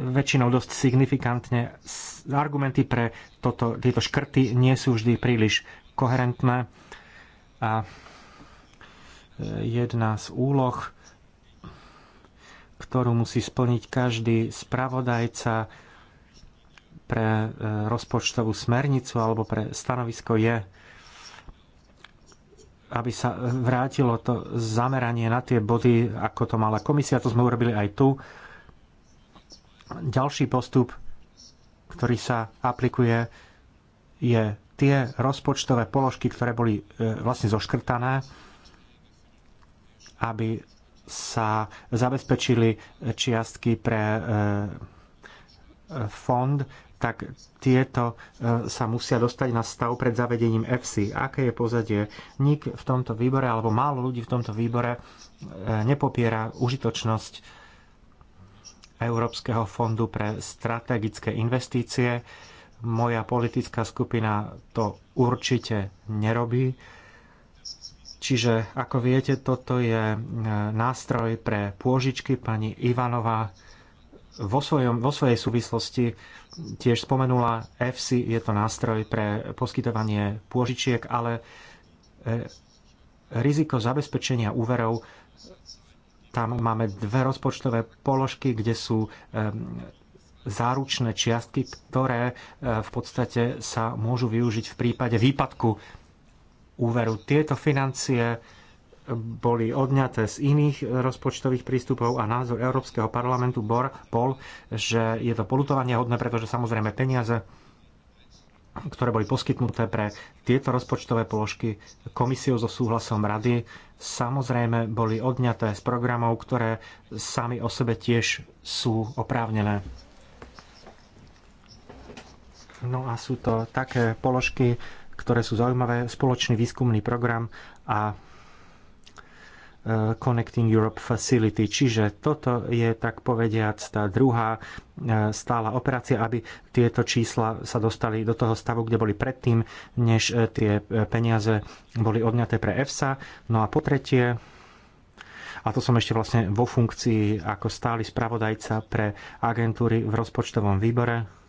väčšinou dosť signifikantne. Argumenty pre toto, tieto škrty nie sú vždy príliš koherentné a e, jedna z úloh, ktorú musí splniť každý spravodajca pre e, rozpočtovú smernicu alebo pre stanovisko je aby sa vrátilo to zameranie na tie body, ako to mala komisia. To sme urobili aj tu. Ďalší postup, ktorý sa aplikuje, je tie rozpočtové položky, ktoré boli e, vlastne zoškrtané, aby sa zabezpečili čiastky pre e, e, fond, tak tieto sa musia dostať na stav pred zavedením FC. Aké je pozadie? Nik v tomto výbore, alebo málo ľudí v tomto výbore nepopiera užitočnosť Európskeho fondu pre strategické investície. Moja politická skupina to určite nerobí. Čiže, ako viete, toto je e, nástroj pre pôžičky. Pani Ivanová vo, svojom, vo svojej súvislosti tiež spomenula FC je to nástroj pre poskytovanie pôžičiek, ale e, riziko zabezpečenia úverov tam máme dve rozpočtové položky, kde sú záručné čiastky, ktoré v podstate sa môžu využiť v prípade výpadku úveru. Tieto financie boli odňaté z iných e, rozpočtových prístupov a názor Európskeho parlamentu bol, že je to polutovanie hodné, pretože samozrejme peniaze ktoré boli poskytnuté pre tieto rozpočtové položky komisiou so súhlasom rady, samozrejme boli odňaté z programov, ktoré sami o sebe tiež sú oprávnené. No a sú to také položky, ktoré sú zaujímavé, spoločný výskumný program a Eh, Connecting Europe Facility. Čiže toto je tak povediac tá druhá eh, stála operácia, aby tieto čísla sa dostali do toho stavu, kde boli predtým, než eh, tie peniaze boli odňaté pre EFSA. No a po tretie, a to som ešte vlastne vo funkcii ako stály spravodajca pre agentúry v rozpočtovom výbore.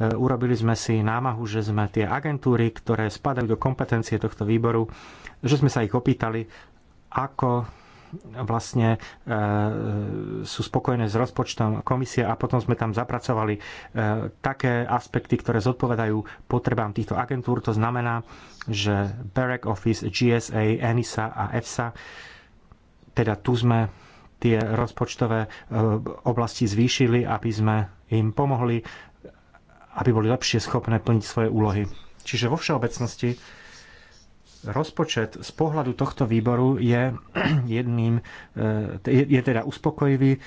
Urobili sme si námahu, že sme tie agentúry, ktoré spadajú do kompetencie tohto výboru, že sme sa ich opýtali, ako e, vlastne e, sú spokojné s rozpočtom komisie a potom sme tam zapracovali e, také aspekty, ktoré zodpovedajú potrebám týchto agentúr. To znamená, že Barrack Office, GSA, ENISA a EFSA, teda tu sme tie rozpočtové oblasti zvýšili, aby sme im pomohli, aby boli lepšie schopné plniť svoje úlohy. Čiže vo všeobecnosti rozpočet z pohľadu tohto výboru je jedným, e, je teda uspokojivý.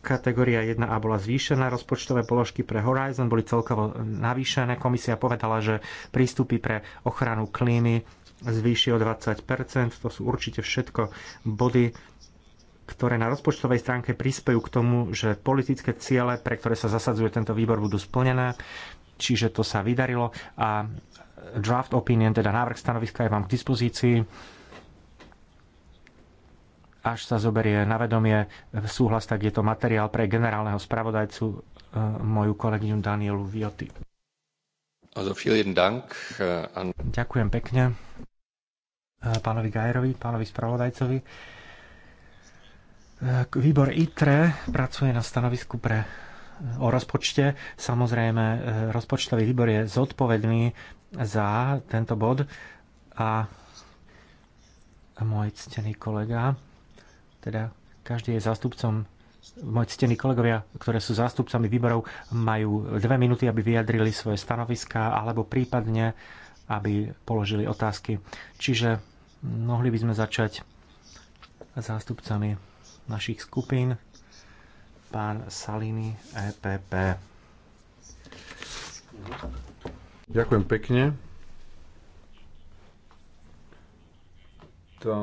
Kategória 1A bola zvýšená, rozpočtové položky pre Horizon boli celkovo navýšené. Komisia povedala, že prístupy pre ochranu klímy zvýši o 20 To sú určite všetko body, ktoré na rozpočtovej stránke prispejú k tomu, že politické ciele, pre ktoré sa zasadzuje tento výbor, budú splnené. Čiže to sa vydarilo a draft opinion, teda návrh stanoviska je vám k dispozícii až sa zoberie na vedomie súhlas, tak je to materiál pre generálneho spravodajcu, e, moju kolegyňu Danielu Vioty. Also vielen Dank e, an... Ďakujem pekne e, pánovi Gajerovi, pánovi spravodajcovi. Výbor ITRE pracuje na stanovisku pre o rozpočte. Samozrejme, rozpočtový výbor je zodpovedný za tento bod a môj ctený kolega, teda každý je zástupcom môj ctení kolegovia, ktoré sú zástupcami výborov, majú dve minúty, aby vyjadrili svoje stanoviská alebo prípadne, aby položili otázky. Čiže mohli by sme začať zástupcami našich skupín. Pán Salini, EPP. Ďakujem pekne. Tá,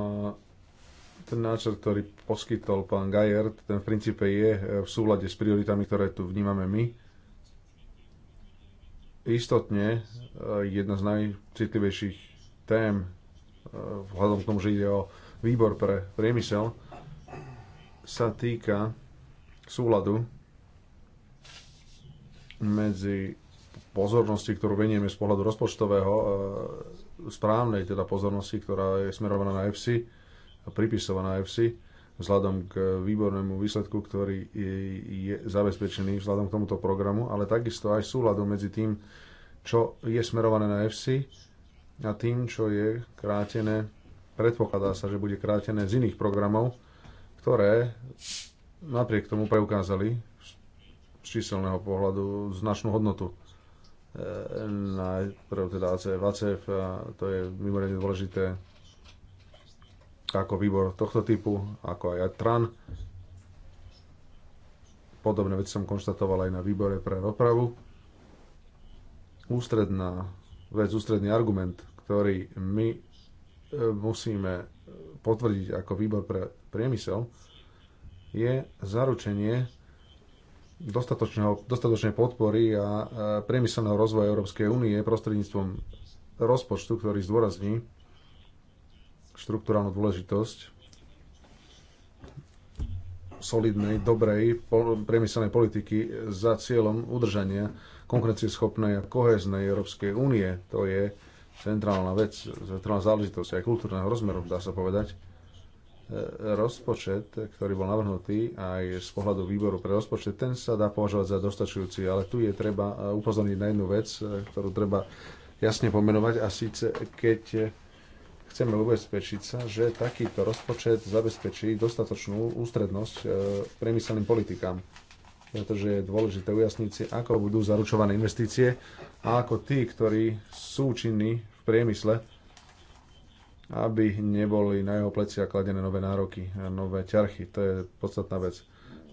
ten náčrt, ktorý poskytol pán Gajer, ten v princípe je v súlade s prioritami, ktoré tu vnímame my. Istotne e, jedna z najcitlivejších tém, e, vzhľadom k tomu, že ide o výbor pre priemysel, sa týka súladu medzi pozornosti, ktorú venieme z pohľadu rozpočtového, e, správnej teda pozornosti, ktorá je smerovaná na EFSI, pripisovaná EFSI, vzhľadom k výbornému výsledku, ktorý je zabezpečený vzhľadom k tomuto programu, ale takisto aj súľadu medzi tým, čo je smerované na EFSI a tým, čo je krátené, predpokladá sa, že bude krátené z iných programov, ktoré napriek tomu preukázali z číselného pohľadu značnú hodnotu najprv teda ACF, ACF, to je mimoriadne dôležité ako výbor tohto typu, ako aj TRAN. Podobné veci som konštatoval aj na výbore pre dopravu. Ústredná vec, ústredný argument, ktorý my e, musíme potvrdiť ako výbor pre priemysel, je zaručenie dostatočnej podpory a priemyselného rozvoja Európskej únie prostredníctvom rozpočtu, ktorý zdôrazní štrukturálnu dôležitosť solidnej, dobrej priemyselnej politiky za cieľom udržania konkurencieschopnej a kohéznej Európskej únie. To je centrálna vec, centrálna záležitosť aj kultúrneho rozmeru, dá sa povedať rozpočet, ktorý bol navrhnutý aj z pohľadu výboru pre rozpočet, ten sa dá považovať za dostačujúci, ale tu je treba upozorniť na jednu vec, ktorú treba jasne pomenovať a síce keď chceme ubezpečiť sa, že takýto rozpočet zabezpečí dostatočnú ústrednosť e, priemyselným politikám pretože je dôležité ujasniť si, ako budú zaručované investície a ako tí, ktorí sú činní v priemysle, aby neboli na jeho plecia kladené nové nároky, a nové ťarchy. To je podstatná vec.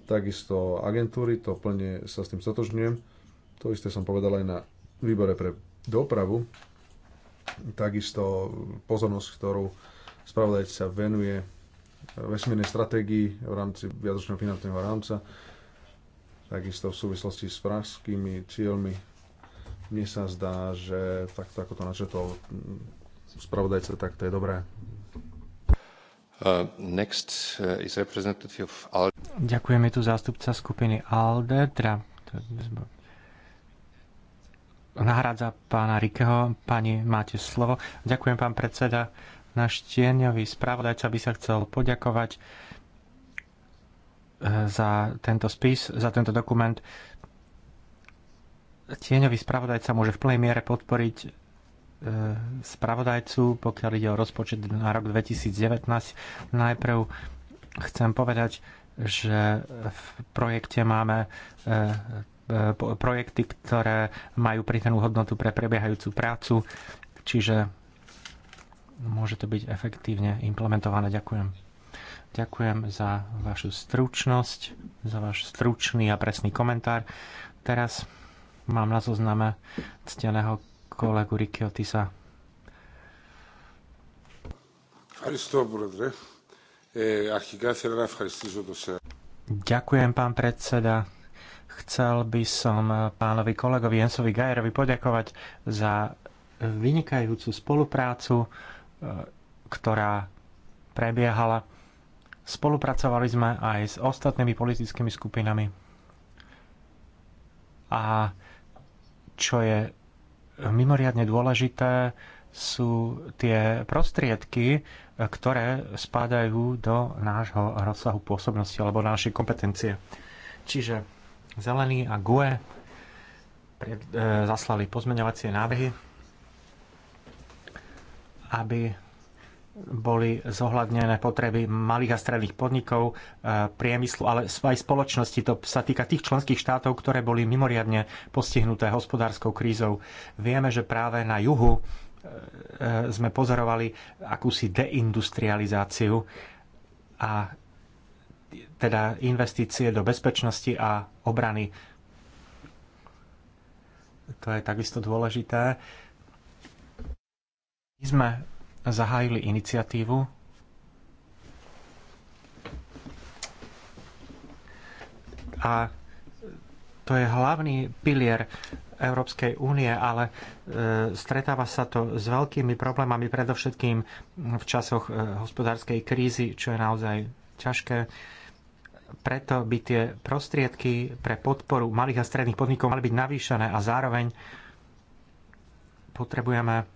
Takisto agentúry, to plne sa s tým stotožňujem. To isté som povedal aj na výbore pre dopravu. Takisto pozornosť, ktorú sa venuje vesmírnej stratégii v rámci viadočného finančného rámca, takisto v súvislosti s pražskými cieľmi. Mne sa zdá, že takto, ako to načetol spravodajca, tak to je dobré. Uh, next uh, is representative ALDE. Ďakujem, je tu zástupca skupiny ALDE, teda nahrádza pána Rikeho. Pani, máte slovo. Ďakujem, pán predseda. Náš tieňový spravodajca by sa chcel poďakovať eh, za tento spis, za tento dokument. Tieňový spravodajca môže v plnej miere podporiť E, spravodajcu, pokiaľ ide o rozpočet na rok 2019. Najprv chcem povedať, že v projekte máme e, e, projekty, ktoré majú pridanú hodnotu pre prebiehajúcu prácu, čiže môže to byť efektívne implementované. Ďakujem. Ďakujem za vašu stručnosť, za váš stručný a presný komentár. Teraz mám na zozname cteného kolegu Tisa. Ďakujem, pán predseda. Chcel by som pánovi kolegovi Jensovi Gajerovi poďakovať za vynikajúcu spoluprácu, e, ktorá prebiehala. Spolupracovali sme aj s ostatnými politickými skupinami. A čo je mimoriadne dôležité sú tie prostriedky, ktoré spadajú do nášho rozsahu pôsobnosti alebo našej kompetencie. Čiže Zelený a GUE e, zaslali pozmeňovacie návrhy, aby boli zohľadnené potreby malých a stredných podnikov, e, priemyslu, ale aj spoločnosti. To sa týka tých členských štátov, ktoré boli mimoriadne postihnuté hospodárskou krízou. Vieme, že práve na juhu e, e, sme pozorovali akúsi deindustrializáciu a teda investície do bezpečnosti a obrany. To je takisto dôležité. My sme zahájili iniciatívu a to je hlavný pilier Európskej únie, ale e, stretáva sa to s veľkými problémami, predovšetkým v časoch e, hospodárskej krízy, čo je naozaj ťažké. Preto by tie prostriedky pre podporu malých a stredných podnikov mali byť navýšené a zároveň potrebujeme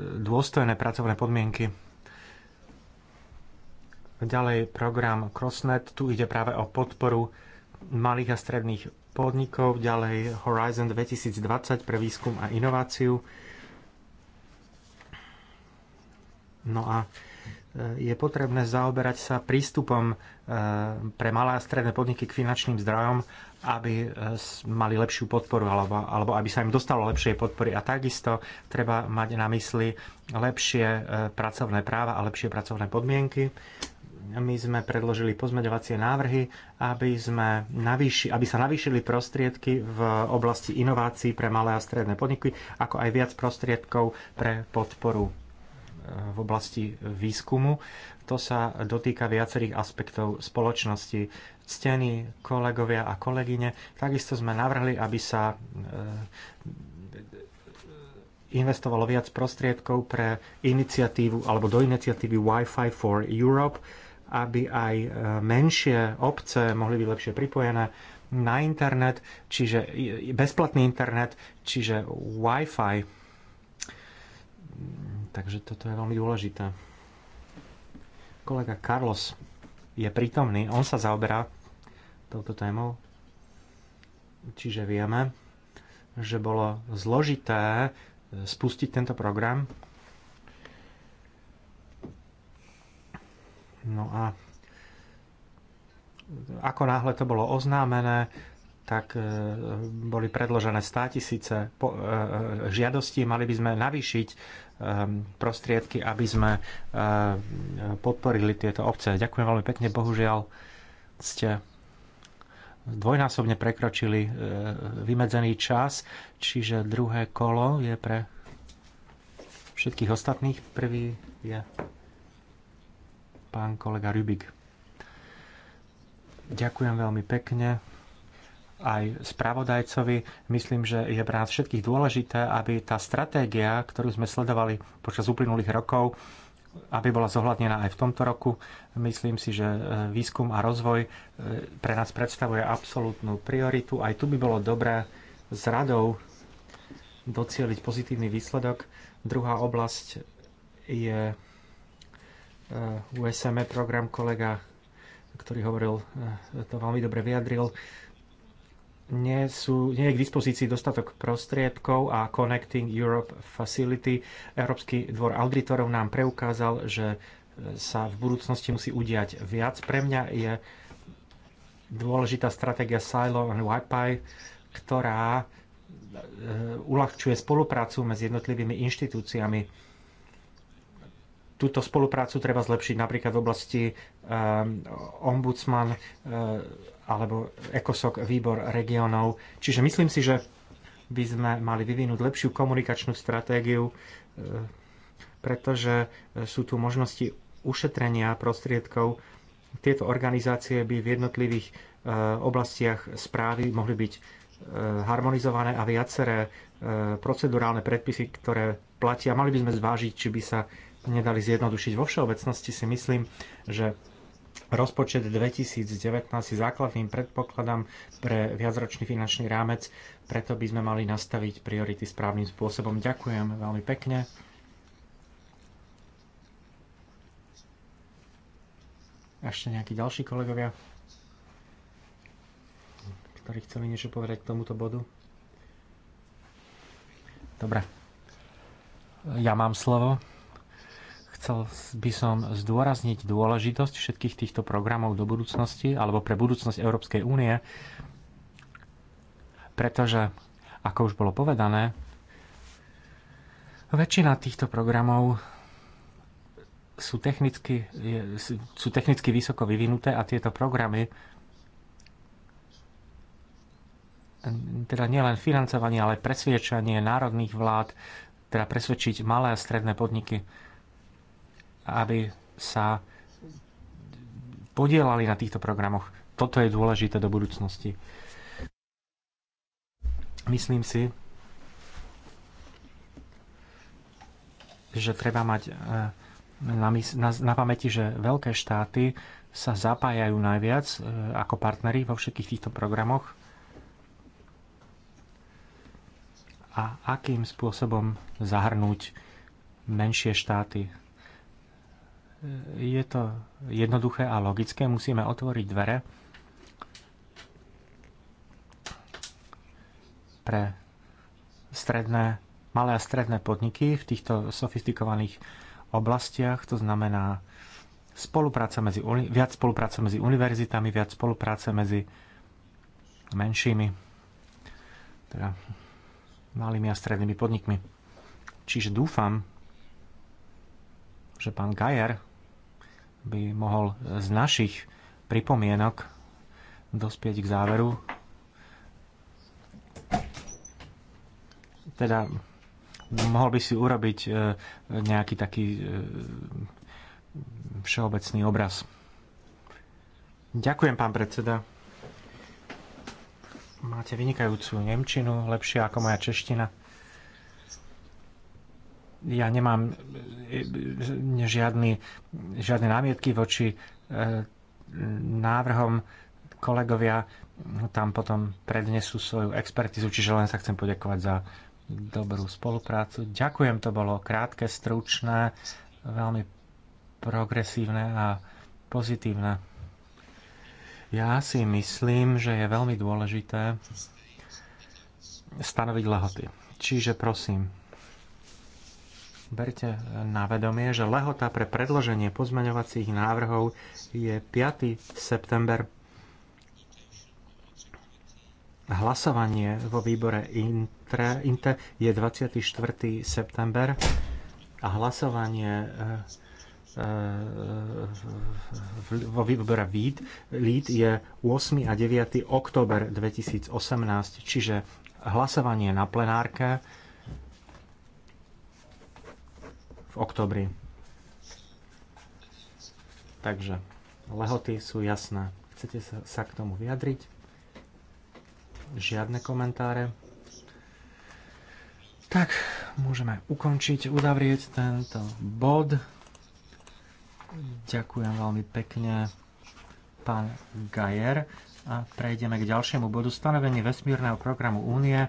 dôstojné pracovné podmienky. Ďalej program CrossNet, tu ide práve o podporu malých a stredných podnikov, ďalej Horizon 2020 pre výskum a inováciu. No a je potrebné zaoberať sa prístupom e, pre malé a stredné podniky k finančným zdrojom, aby e, mali lepšiu podporu alebo, alebo aby sa im dostalo lepšej podpory. A takisto treba mať na mysli lepšie e, pracovné práva a lepšie pracovné podmienky. My sme predložili pozmeňovacie návrhy, aby, sme navýši, aby sa navýšili prostriedky v oblasti inovácií pre malé a stredné podniky, ako aj viac prostriedkov pre podporu v oblasti výskumu. To sa dotýka viacerých aspektov spoločnosti. Ctení kolegovia a kolegyne, takisto sme navrhli, aby sa e, investovalo viac prostriedkov pre iniciatívu alebo do iniciatívy Wi-Fi for Europe, aby aj e, menšie obce mohli byť lepšie pripojené na internet, čiže e, bezplatný internet, čiže Wi-Fi Takže toto je veľmi dôležité. Kolega Carlos je prítomný, on sa zaoberá touto témou. Čiže vieme, že bolo zložité eh, spustiť tento program. No a ako náhle to bolo oznámené, tak eh, boli predložené státisíce eh, žiadosti, žiadostí. Mali by sme navýšiť Ehm, prostriedky, aby sme ehm, podporili tieto obce. Ďakujem veľmi pekne, bohužiaľ ste dvojnásobne prekročili ehm, vymedzený čas, čiže druhé kolo je pre všetkých ostatných. Prvý je pán kolega Rubik. Ďakujem veľmi pekne aj spravodajcovi. Myslím, že je pre nás všetkých dôležité, aby tá stratégia, ktorú sme sledovali počas uplynulých rokov, aby bola zohľadnená aj v tomto roku. Myslím si, že e, výskum a rozvoj e, pre nás predstavuje absolútnu prioritu. Aj tu by bolo dobré s radou docieliť pozitívny výsledok. Druhá oblasť je e, USM program kolega, ktorý hovoril, to veľmi dobre vyjadril nie, sú, nie je k dispozícii dostatok prostriedkov a Connecting Europe Facility. Európsky dvor auditorov nám preukázal, že e, sa v budúcnosti musí udiať viac. Pre mňa je dôležitá stratégia Silo and Wi-Fi, ktorá e, uľahčuje spoluprácu medzi jednotlivými inštitúciami. Túto spoluprácu treba zlepšiť napríklad v oblasti e, ombudsman alebo ECOSOC výbor regionov. Čiže myslím si, že by sme mali vyvinúť lepšiu komunikačnú stratégiu, e, pretože e, sú tu možnosti ušetrenia prostriedkov. Tieto organizácie by v jednotlivých e, oblastiach správy mohli byť harmonizované a viaceré procedurálne predpisy, ktoré platia. Mali by sme zvážiť, či by sa nedali zjednodušiť. Vo všeobecnosti si myslím, že Rozpočet 2019 je základným predpokladom pre viacročný finančný rámec, preto by sme mali nastaviť priority správnym spôsobom. Ďakujem veľmi pekne. Ešte nejakí ďalší kolegovia, ktorí chceli niečo povedať k tomuto bodu? Dobre. Ja mám slovo. Chcel by som zdôrazniť dôležitosť všetkých týchto programov do budúcnosti alebo pre budúcnosť Európskej únie, pretože, ako už bolo povedané, väčšina týchto programov sú technicky, sú technicky vysoko vyvinuté a tieto programy teda nielen financovanie, ale presviečanie národných vlád, teda presvedčiť malé a stredné podniky aby sa podielali na týchto programoch. Toto je dôležité do budúcnosti. Myslím si, že treba mať e, na, na, na pamäti, že veľké štáty sa zapájajú najviac e, ako partnery vo všetkých týchto programoch. A akým spôsobom zahrnúť menšie štáty je to jednoduché a logické. Musíme otvoriť dvere pre stredné, malé a stredné podniky v týchto sofistikovaných oblastiach. To znamená spolupráca medzi, viac spolupráce medzi univerzitami, viac spolupráce medzi menšími, teda malými a strednými podnikmi. Čiže dúfam, že pán Gajer by mohol z našich pripomienok dospieť k záveru. Teda mohol by si urobiť e, nejaký taký e, všeobecný obraz. Ďakujem, pán predseda. Máte vynikajúcu Nemčinu, lepšia ako moja čeština ja nemám e, e, žiadny, žiadne námietky voči e, návrhom kolegovia tam potom prednesú svoju expertizu, čiže len sa chcem poďakovať za dobrú spoluprácu. Ďakujem, to bolo krátke, stručné, veľmi progresívne a pozitívne. Ja si myslím, že je veľmi dôležité stanoviť lehoty. Čiže prosím, berte na vedomie, že lehota pre predloženie pozmeňovacích návrhov je 5. september. Hlasovanie vo výbore INTE, INTE je 24. september a hlasovanie e, e, vo výbore LEAD je 8. a 9. október 2018, čiže hlasovanie na plenárke v oktobri. Takže lehoty sú jasné. Chcete sa k tomu vyjadriť? Žiadne komentáre. Tak, môžeme ukončiť, uzavrieť tento bod. Ďakujem veľmi pekne, pán Gajer. A prejdeme k ďalšiemu bodu. Stanovenie vesmírneho programu Únie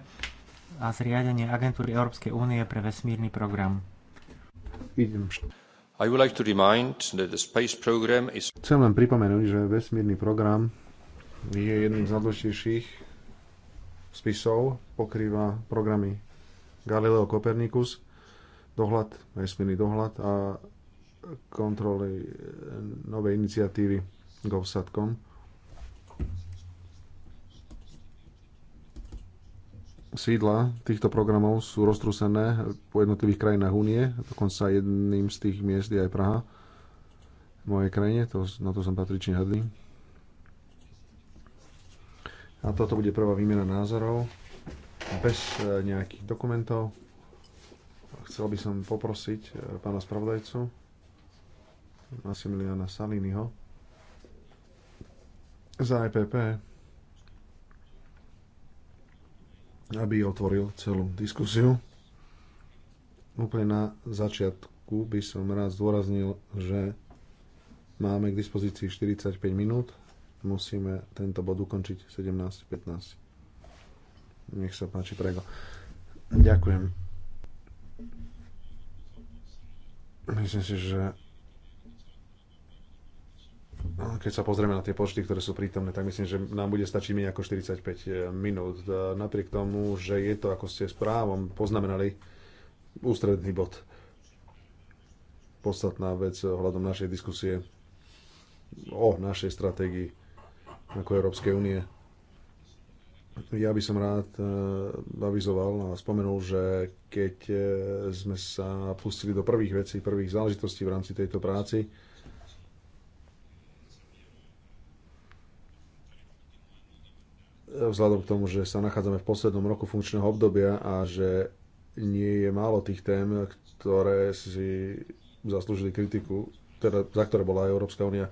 a zriadenie agentúry Európskej únie pre vesmírny program. Chcem len pripomenúť, že vesmírny program je jedným z najdôležitejších spisov, pokrýva programy Galileo Copernicus, dohľad, vesmírny dohľad a kontroly novej iniciatívy GovSatcom. sídla týchto programov sú roztrúsené po jednotlivých krajinách únie. Dokonca jedným z tých miest je aj Praha. V mojej krajine, to, na to som patrične hrdý. A toto bude prvá výmena názorov bez e, nejakých dokumentov. Chcel by som poprosiť e, pána spravodajcu Massimiliana Saliniho za EPP aby otvoril celú diskusiu. Úplne na začiatku by som rád zdôraznil, že máme k dispozícii 45 minút. Musíme tento bod ukončiť 17.15. Nech sa páči, Prego. Ďakujem. Myslím si, že keď sa pozrieme na tie počty, ktoré sú prítomné, tak myslím, že nám bude stačiť menej ako 45 eh, minút. Napriek tomu, že je to, ako ste správom poznamenali, ústredný bod. Podstatná vec ohľadom našej diskusie o našej stratégii ako Európskej únie. Ja by som rád eh, avizoval a spomenul, že keď eh, sme sa pustili do prvých vecí, prvých záležitostí v rámci tejto práci, vzhľadom k tomu, že sa nachádzame v poslednom roku funkčného obdobia a že nie je málo tých tém, ktoré si zaslúžili kritiku, teda za ktoré bola aj Európska únia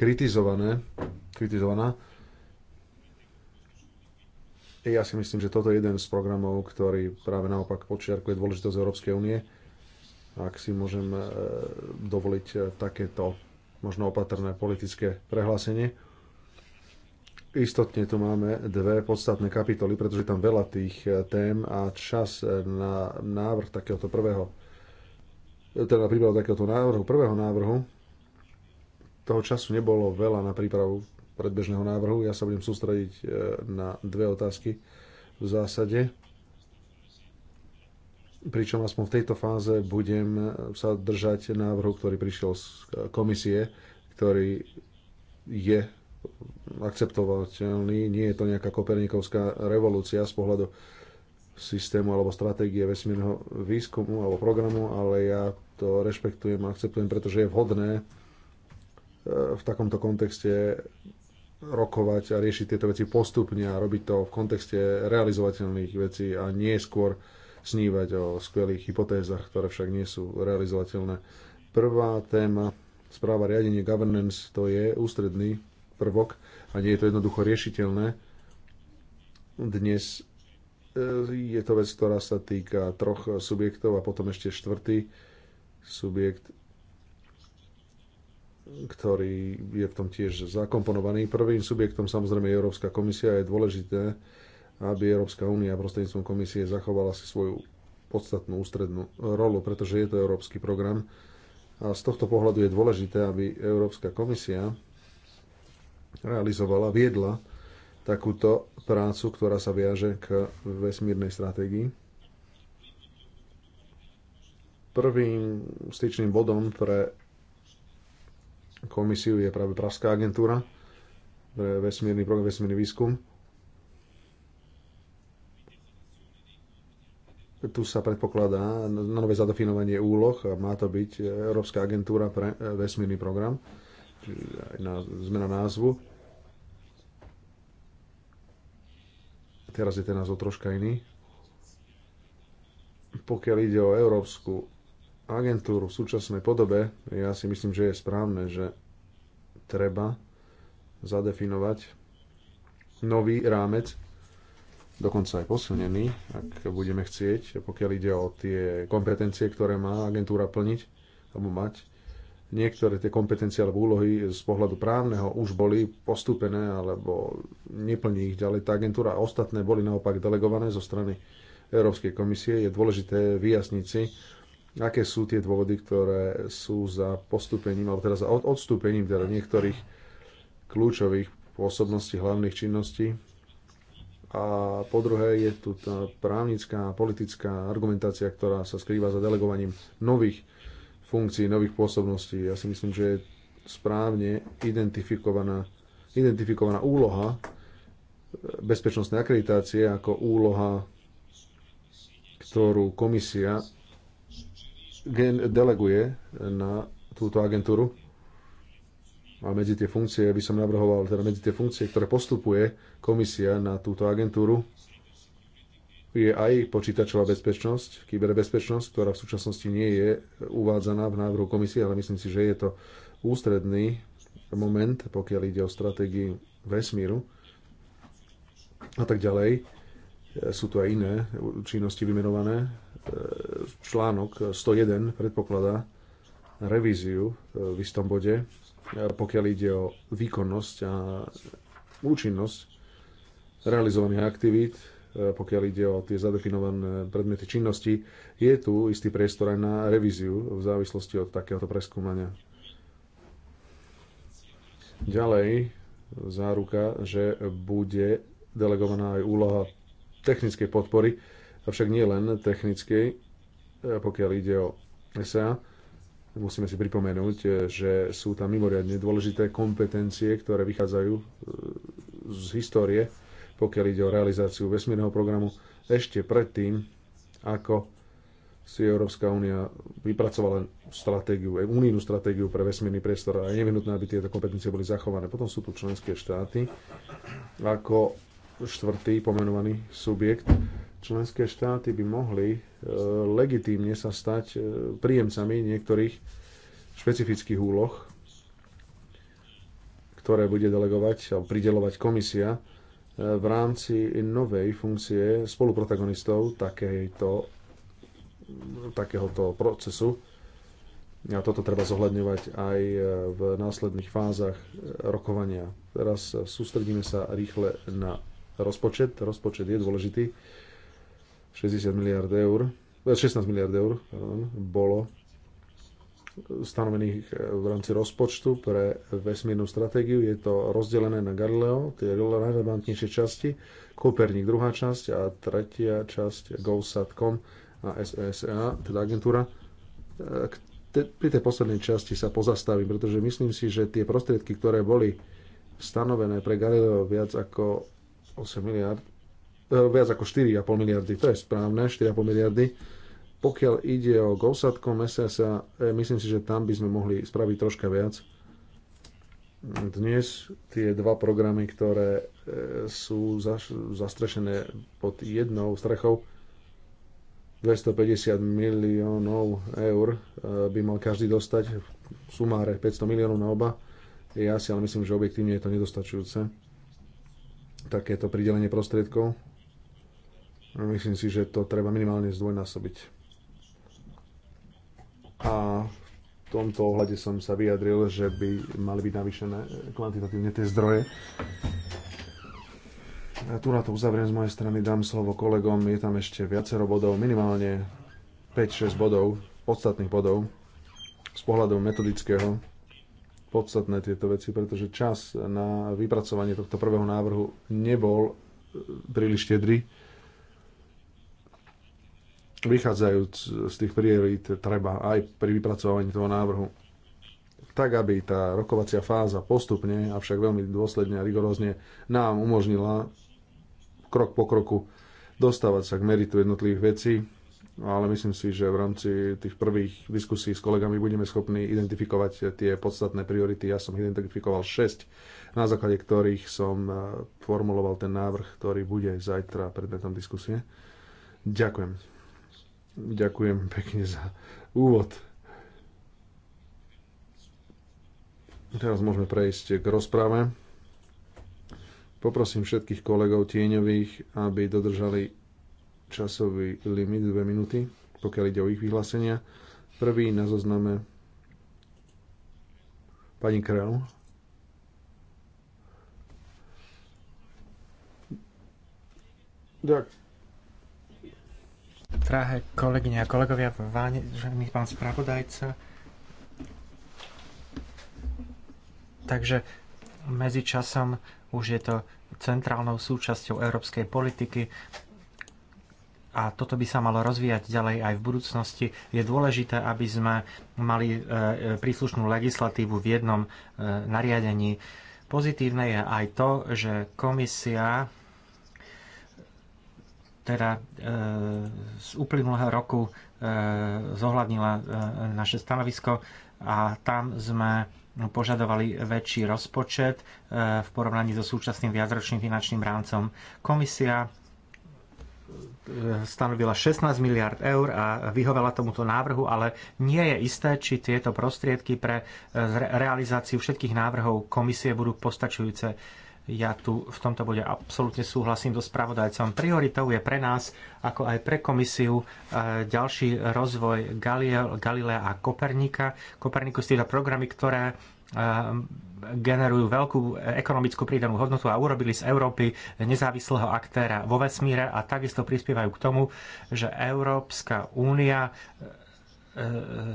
kritizované, kritizovaná. Ja si myslím, že toto je jeden z programov, ktorý práve naopak počiarkuje dôležitosť Európskej únie. Ak si môžem eh, dovoliť eh, takéto možno opatrné politické prehlásenie. Istotne tu máme dve podstatné kapitoly, pretože tam veľa tých eh, tém a čas eh, na návrh takéhoto prvého, eh, teda na prípravu takéhoto návrhu, prvého návrhu, toho času nebolo veľa na prípravu predbežného návrhu. Ja sa budem sústrediť na dve otázky v zásade. Pričom aspoň v tejto fáze budem sa držať návrhu, ktorý prišiel z komisie, ktorý je akceptovateľný. Nie je to nejaká kopernikovská revolúcia z pohľadu systému alebo stratégie vesmírneho výskumu alebo programu, ale ja to rešpektujem a akceptujem, pretože je vhodné e, v takomto kontexte rokovať a riešiť tieto veci postupne a robiť to v kontexte realizovateľných vecí a nie skôr snívať o skvelých hypotézach, ktoré však nie sú realizovateľné. Prvá téma, správa riadenie governance, to je ústredný prvok a nie je to jednoducho riešiteľné. Dnes e, je to vec, ktorá sa týka troch subjektov a potom ešte štvrtý subjekt, ktorý je v tom tiež zakomponovaný. Prvým subjektom samozrejme je Európska komisia. a Je dôležité, aby Európska únia prostredníctvom komisie zachovala si svoju podstatnú ústrednú rolu, pretože je to európsky program. A z tohto pohľadu je dôležité, aby Európska komisia realizovala, viedla takúto prácu, ktorá sa viaže k vesmírnej stratégii. Prvým styčným bodom pre komisiu je práve Pražská agentúra pre vesmírny program, vesmírny výskum. Tu sa predpokladá na nové zadefinovanie úloh a má to byť Európska agentúra pre vesmírny program na, zmena názvu. Teraz je ten názov troška iný. Pokiaľ ide o Európsku agentúru v súčasnej podobe, ja si myslím, že je správne, že treba zadefinovať nový rámec, dokonca aj posunený, ak budeme chcieť, pokiaľ ide o tie kompetencie, ktoré má agentúra plniť alebo mať niektoré tie kompetencie alebo úlohy z pohľadu právneho už boli postúpené alebo neplní ich ďalej tá agentúra a ostatné boli naopak delegované zo strany Európskej komisie. Je dôležité vyjasniť si, aké sú tie dôvody, ktoré sú za postúpením alebo teda za odstúpením teda niektorých kľúčových pôsobností hlavných činností. A po druhé je tu tá právnická a politická argumentácia, ktorá sa skrýva za delegovaním nových funkcií, nových pôsobností. Ja si myslím, že je správne identifikovaná, identifikovaná úloha e, bezpečnostnej akreditácie ako úloha, ktorú komisia deleguje na túto agentúru a medzi tie funkcie by som navrhoval, teda medzi tie funkcie, ktoré postupuje komisia na túto agentúru, je aj počítačová bezpečnosť, kyberbezpečnosť, ktorá v súčasnosti nie je uvádzaná v návrhu komisie, ale myslím si, že je to ústredný moment, pokiaľ ide o stratégiu vesmíru a tak ďalej. Sú tu aj iné činnosti vymenované. Článok 101 predpokladá revíziu e, v istom bode, e, pokiaľ ide o výkonnosť a účinnosť realizovaných aktivít E, pokiaľ ide o tie zadefinované predmety činnosti, je tu istý priestor aj na revíziu v závislosti od takéhoto preskúmania. Ďalej, záruka, že bude delegovaná aj úloha technickej podpory, avšak nie len technickej, e, pokiaľ ide o SA. Musíme si pripomenúť, e, že sú tam mimoriadne dôležité kompetencie, ktoré vychádzajú z histórie pokiaľ ide o realizáciu vesmírneho programu, ešte predtým, ako si Európska únia vypracovala stratégiu, unijnú stratégiu pre vesmírny priestor a je nevyhnutné, aby tieto kompetencie boli zachované. Potom sú tu členské štáty. Ako štvrtý pomenovaný subjekt, členské štáty by mohli e, legitímne sa stať e, príjemcami niektorých špecifických úloh, ktoré bude delegovať alebo pridelovať komisia E, v rámci novej funkcie spoluprotagonistov takejto, takéhoto procesu. A toto treba zohľadňovať aj e, v následných fázach e, rokovania. Teraz sústredíme sa rýchle na rozpočet. Rozpočet je dôležitý. 60 miliard eur, 16 miliard eur pardon, bolo stanovených e, v rámci rozpočtu pre vesmírnu stratégiu. Je to rozdelené na Galileo, tie najrelevantnejšie časti, Koperník druhá časť a tretia časť GoSatcom a SSA, teda agentúra. E, pri tej poslednej časti sa pozastavím, pretože myslím si, že tie prostriedky, ktoré boli stanovené pre Galileo viac ako 8 miliard, e, viac ako 4,5 miliardy, to je správne, 4,5 miliardy, pokiaľ ide o Gosatko mesa, sa, e, myslím si, že tam by sme mohli spraviť troška viac. Dnes tie dva programy, ktoré e, sú zastrešené pod jednou strechou, 250 miliónov eur e, by mal každý dostať, v sumáre 500 miliónov na oba. Ja si ale myslím, že objektívne je to nedostačujúce. Takéto pridelenie prostriedkov. Myslím si, že to treba minimálne zdvojnásobiť. A v tomto ohľade som sa vyjadril, že by mali byť navýšené kvantitatívne tie zdroje. Ja tu na to uzavriem z mojej strany, dám slovo kolegom, je tam ešte viacero bodov, minimálne 5-6 bodov, podstatných bodov z pohľadu metodického podstatné tieto veci, pretože čas na vypracovanie tohto prvého návrhu nebol príliš štedrý vychádzajúc z tých priorít, treba aj pri vypracovaní toho návrhu tak, aby tá rokovacia fáza postupne, avšak veľmi dôsledne a rigorózne nám umožnila krok po kroku dostávať sa k meritu jednotlivých vecí, ale myslím si, že v rámci tých prvých diskusí s kolegami budeme schopní identifikovať tie podstatné priority. Ja som identifikoval 6, na základe ktorých som e, formuloval ten návrh, ktorý bude zajtra predmetom diskusie. Ďakujem. Ďakujem pekne za úvod. Teraz môžeme prejsť k rozprave. Poprosím všetkých kolegov tieňových, aby dodržali časový limit 2 minúty, pokiaľ ide o ich vyhlásenia. Prvý na zozname pani Kreu. Ďakujem. Drahé kolegyne a kolegovia, vážený pán spravodajca, takže medzičasom už je to centrálnou súčasťou európskej politiky a toto by sa malo rozvíjať ďalej aj v budúcnosti. Je dôležité, aby sme mali e, e, príslušnú legislatívu v jednom e, nariadení. Pozitívne je aj to, že komisia teda e, z uplynulého roku e, zohľadnila e, naše stanovisko a tam sme požadovali väčší rozpočet v porovnaní so súčasným viacročným finančným rámcom. Komisia stanovila 16 miliard eur a vyhovela tomuto návrhu, ale nie je isté, či tieto prostriedky pre realizáciu všetkých návrhov komisie budú postačujúce ja tu v tomto bode absolútne súhlasím so spravodajcom. Prioritou je pre nás, ako aj pre komisiu, e, ďalší rozvoj Galilea a Kopernika. Kopernikus teda programy, ktoré e, generujú veľkú ekonomickú prídanú hodnotu a urobili z Európy nezávislého aktéra vo vesmíre a takisto prispievajú k tomu, že Európska únia e,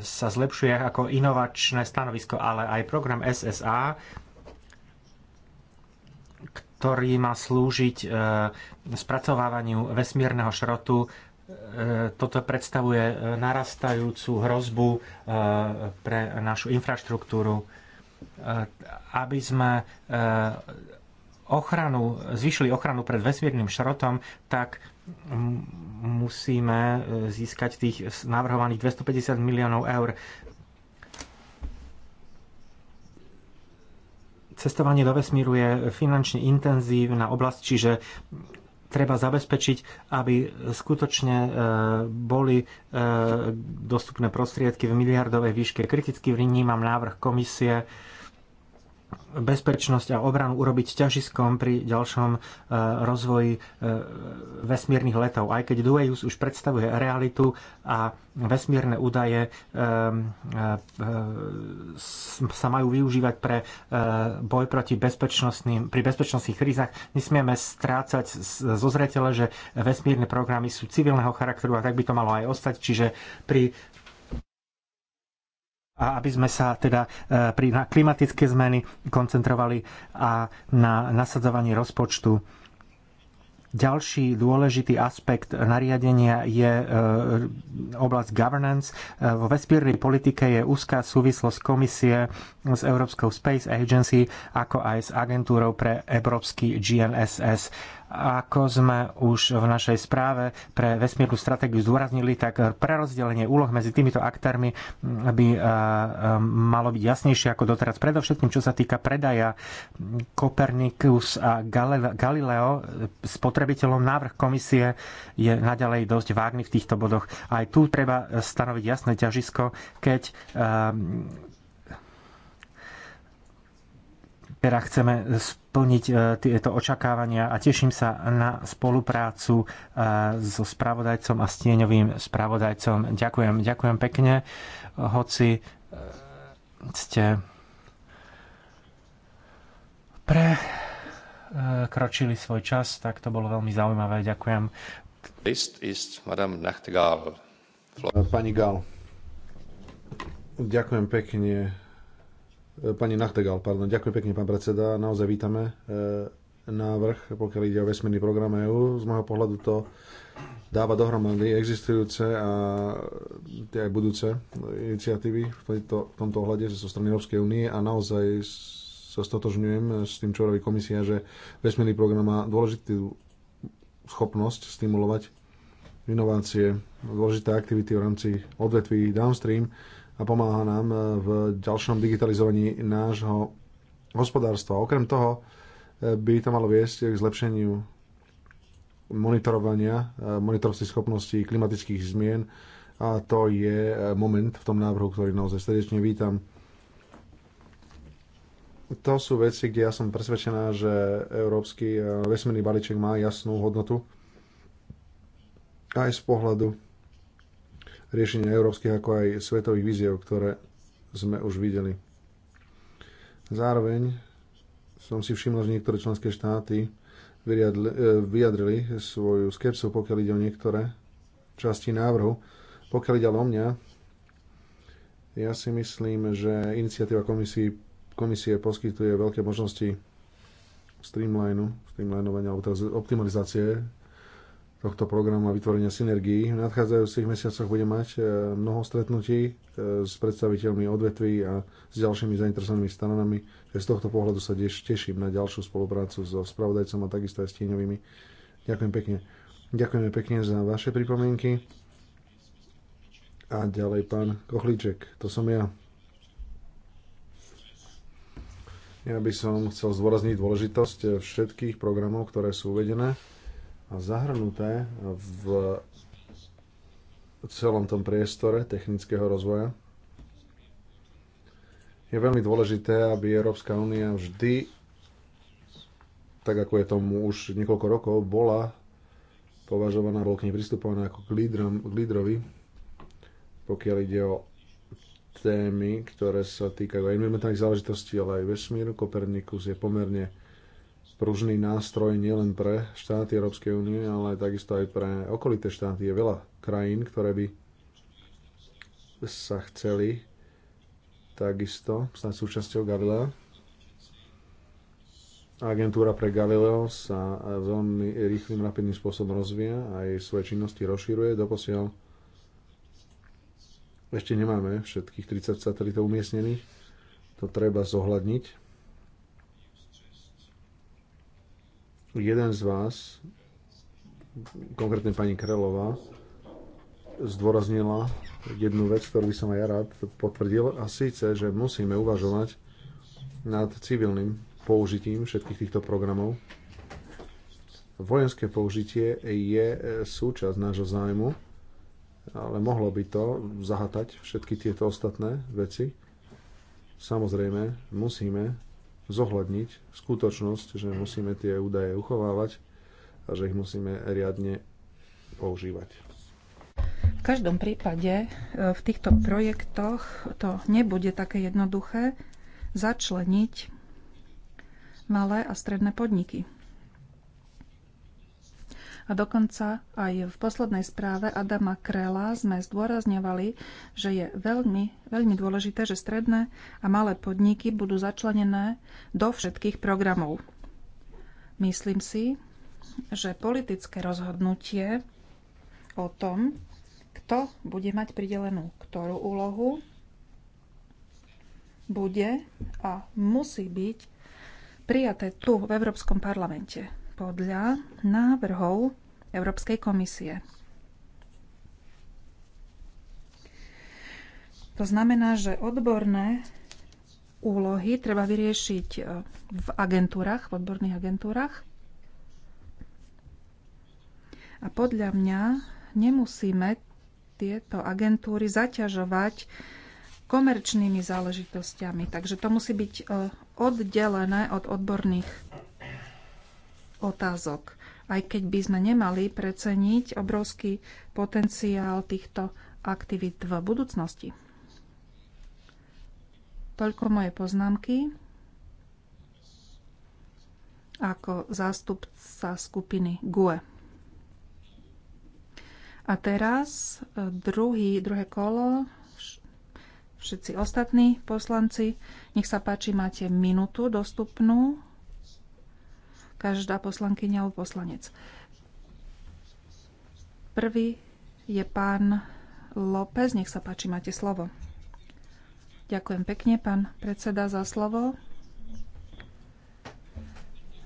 sa zlepšuje ako inovačné stanovisko, ale aj program SSA ktorý má slúžiť e, spracovávaniu vesmírneho šrotu. E, toto predstavuje e, narastajúcu hrozbu pre našu infraštruktúru. Aby sme ochranu, zvyšili ochranu pred vesmírnym šrotom, tak musíme získať tých navrhovaných 250 miliónov eur. cestovanie do vesmíru je finančne intenzívna oblasť, čiže treba zabezpečiť, aby skutočne e, boli e, dostupné prostriedky v miliardovej výške. Kriticky vnímam návrh komisie bezpečnosť a obranu urobiť ťažiskom pri ďalšom e, rozvoji e, vesmírnych letov. Aj keď Dueus už predstavuje realitu a vesmírne údaje e, sa majú využívať pre boj proti bezpečnostným, pri bezpečnostných krízach, nesmieme strácať zo zretele, že vesmírne programy sú civilného charakteru a tak by to malo aj ostať. Čiže pri a aby sme sa teda e, pri, na klimatické zmeny koncentrovali a na nasadzovanie rozpočtu. Ďalší dôležitý aspekt nariadenia je e, oblasť governance. E, vo vesmírnej politike je úzká súvislosť komisie s Európskou Space Agency, ako aj s agentúrou pre Európsky GNSS. Ako sme už v našej správe pre vesmírnu stratégiu zdôraznili, tak prerozdelenie úloh medzi týmito aktérmi mm, by malo byť jasnejšie ako doteraz. Predovšetkým, čo sa týka predaja Copernicus a Galileo spotrebiteľom, návrh komisie je naďalej dosť vágny v týchto bodoch. Aj tu treba stanoviť jasné ťažisko, keď teda chceme splniť e, tieto očakávania a teším sa na spoluprácu e, so spravodajcom a stieňovým spravodajcom. Ďakujem, ďakujem pekne, hoci e, ste prekročili svoj čas, tak to bolo veľmi zaujímavé. Ďakujem. List ist Madame Nachtigall. Pani Gal. Ďakujem pekne E, pani Nachtegal, pardon, ďakujem pekne, pán predseda. Naozaj vítame e, návrh, pokiaľ ide o vesmírny program EU. Z môjho pohľadu to dáva dohromady existujúce a tie aj budúce iniciatívy v, tejto, v tomto ohľade zo strany Európskej únie a naozaj sa stotožňujem s tým, čo robí komisia, že vesmírny program má dôležitú schopnosť stimulovať inovácie, dôležité aktivity v rámci odvetví downstream, a pomáha nám e, v ďalšom digitalizovaní nášho hospodárstva. Okrem toho e, by to malo viesť k zlepšeniu monitorovania, e, monitorovských schopností klimatických zmien a to je moment v tom návrhu, ktorý naozaj srdečne vítam. To sú veci, kde ja som presvedčená, že európsky vesmírny balíček má jasnú hodnotu aj z pohľadu riešenia európskych ako aj svetových víziev, ktoré sme už videli. Zároveň som si všiml, že niektoré členské štáty e, vyjadrili svoju skepsu, pokiaľ ide o niektoré časti návrhu. Pokiaľ ide o mňa, ja si myslím, že iniciatíva komisie, komisie poskytuje veľké možnosti streamlinu, streamlinovania alebo optimalizácie tohto programu a vytvorenia synergií. V nadchádzajúcich mesiacoch budem mať e, mnoho stretnutí e, s predstaviteľmi odvetví a s ďalšími zainteresovanými stranami. Z tohto pohľadu sa tiež teším na ďalšiu spoluprácu so spravodajcom a takisto aj s tieňovými. Ďakujem pekne. Ďakujeme pekne za vaše pripomienky. A ďalej pán Kochlíček, to som ja. Ja by som chcel zdôrazniť dôležitosť e, všetkých programov, ktoré sú uvedené zahrnuté v celom tom priestore technického rozvoja. Je veľmi dôležité, aby Európska únia vždy, tak ako je tomu už niekoľko rokov, bola považovaná, bol k nej pristupovaná ako k, lídrom, k lídrovi, pokiaľ ide o témy, ktoré sa týkajú aj environmentálnych záležitostí, ale aj vesmíru. Kopernikus je pomerne pružný nástroj nielen pre štáty Európskej únie, ale takisto aj pre okolité štáty. Je veľa krajín, ktoré by sa chceli takisto stať súčasťou Galilea. Agentúra pre Galileo sa veľmi rýchlým, rapidným spôsobom rozvíja a aj svoje činnosti rozširuje. Doposiaľ ešte nemáme všetkých 30 satelitov umiestnených. To treba zohľadniť jeden z vás, konkrétne pani Krelová, zdôraznila jednu vec, ktorú by som aj ja rád potvrdil, a síce, že musíme uvažovať nad civilným použitím všetkých týchto programov. Vojenské použitie je e, súčasť nášho zájmu, ale mohlo by to zahatať všetky tieto ostatné veci. Samozrejme, musíme zohľadniť skutočnosť, že musíme tie údaje uchovávať a že ich musíme riadne používať. V každom prípade e, v týchto projektoch to nebude také jednoduché začleniť malé a stredné podniky. A dokonca aj v poslednej správe Adama Krela sme zdôrazňovali, že je veľmi, veľmi dôležité, že stredné a malé podniky budú začlenené do všetkých programov. Myslím si, že politické rozhodnutie o tom, kto bude mať pridelenú ktorú úlohu, bude a musí byť prijaté tu v Európskom parlamente podľa návrhov Európskej komisie. To znamená, že odborné úlohy treba vyriešiť e, v agentúrach, v odborných agentúrach. A podľa mňa nemusíme tieto agentúry zaťažovať komerčnými záležitosťami. Takže to musí byť e, oddelené od odborných otázok. Aj keď by sme nemali preceniť obrovský potenciál týchto aktivít v budúcnosti. Toľko moje poznámky. Ako zástupca skupiny GUE. A teraz e, druhý, druhé kolo, všetci ostatní poslanci, nech sa páči, máte minútu dostupnú každá poslankyňa alebo poslanec. Prvý je pán López. Nech sa páči, máte slovo. Ďakujem pekne, pán predseda, za slovo.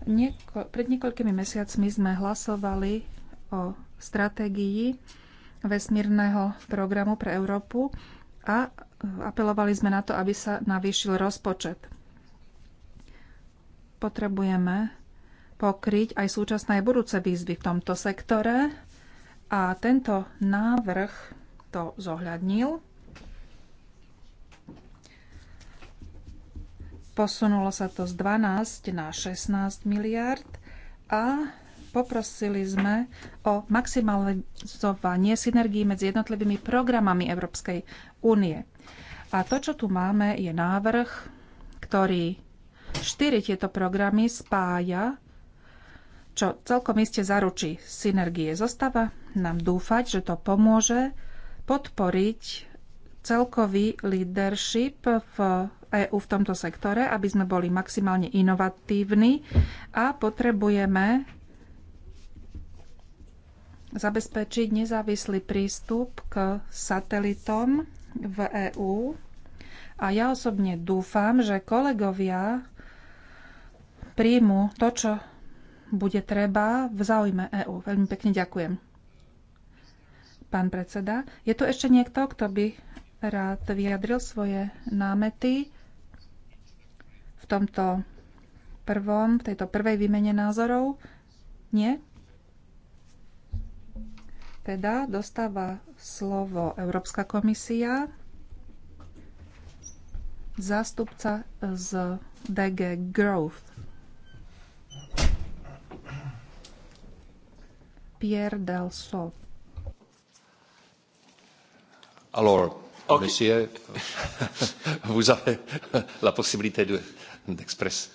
Nieko, pred niekoľkými mesiacmi sme hlasovali o stratégii vesmírneho programu pre Európu a apelovali sme na to, aby sa navýšil rozpočet. Potrebujeme pokryť aj súčasné aj budúce výzvy v tomto sektore a tento návrh to zohľadnil. Posunulo sa to z 12 na 16 miliard a poprosili sme o maximalizovanie synergií medzi jednotlivými programami Európskej únie. A to, čo tu máme, je návrh, ktorý štyri tieto programy spája čo celkom iste zaručí synergie. Zostáva nám dúfať, že to pomôže podporiť celkový leadership v EÚ v tomto sektore, aby sme boli maximálne inovatívni a potrebujeme zabezpečiť nezávislý prístup k satelitom v EÚ. A ja osobne dúfam, že kolegovia príjmu to, čo bude treba v záujme EÚ. Veľmi pekne ďakujem. Pán predseda, je tu ešte niekto, kto by rád vyjadril svoje námety v tomto prvom, v tejto prvej výmene názorov? Nie? Teda dostáva slovo Európska komisia, zástupca z DG Growth. Pierre Delso. Alors, okay. monsieur, vous avez la possibilité d'express.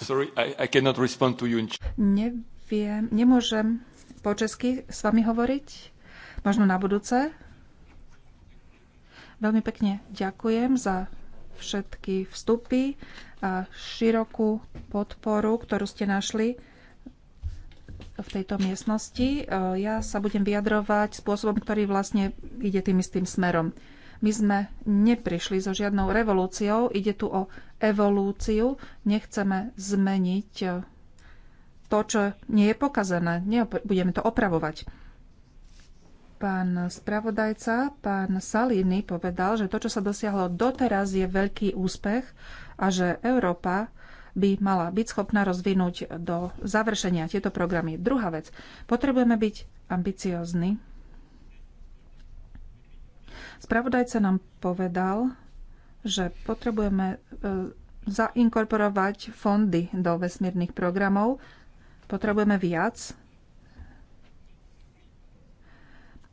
De, Sorry, I, I cannot respond to you in... Neviem, nemôžem po česky s vami hovoriť. Možno na budúce. Veľmi pekne ďakujem za všetky vstupy a širokú podporu, ktorú ste našli v tejto miestnosti. E, ja sa budem vyjadrovať spôsobom, ktorý vlastne ide tým istým smerom. My sme neprišli so žiadnou revolúciou, ide tu o evolúciu. Nechceme zmeniť e, to, čo nie je pokazené. Budeme to opravovať pán spravodajca, pán Salini, povedal, že to, čo sa dosiahlo doteraz, je veľký úspech a že Európa by mala byť schopná rozvinúť do završenia tieto programy. Druhá vec. Potrebujeme byť ambiciozni. Spravodajca nám povedal, že potrebujeme e, zainkorporovať fondy do vesmírnych programov. Potrebujeme viac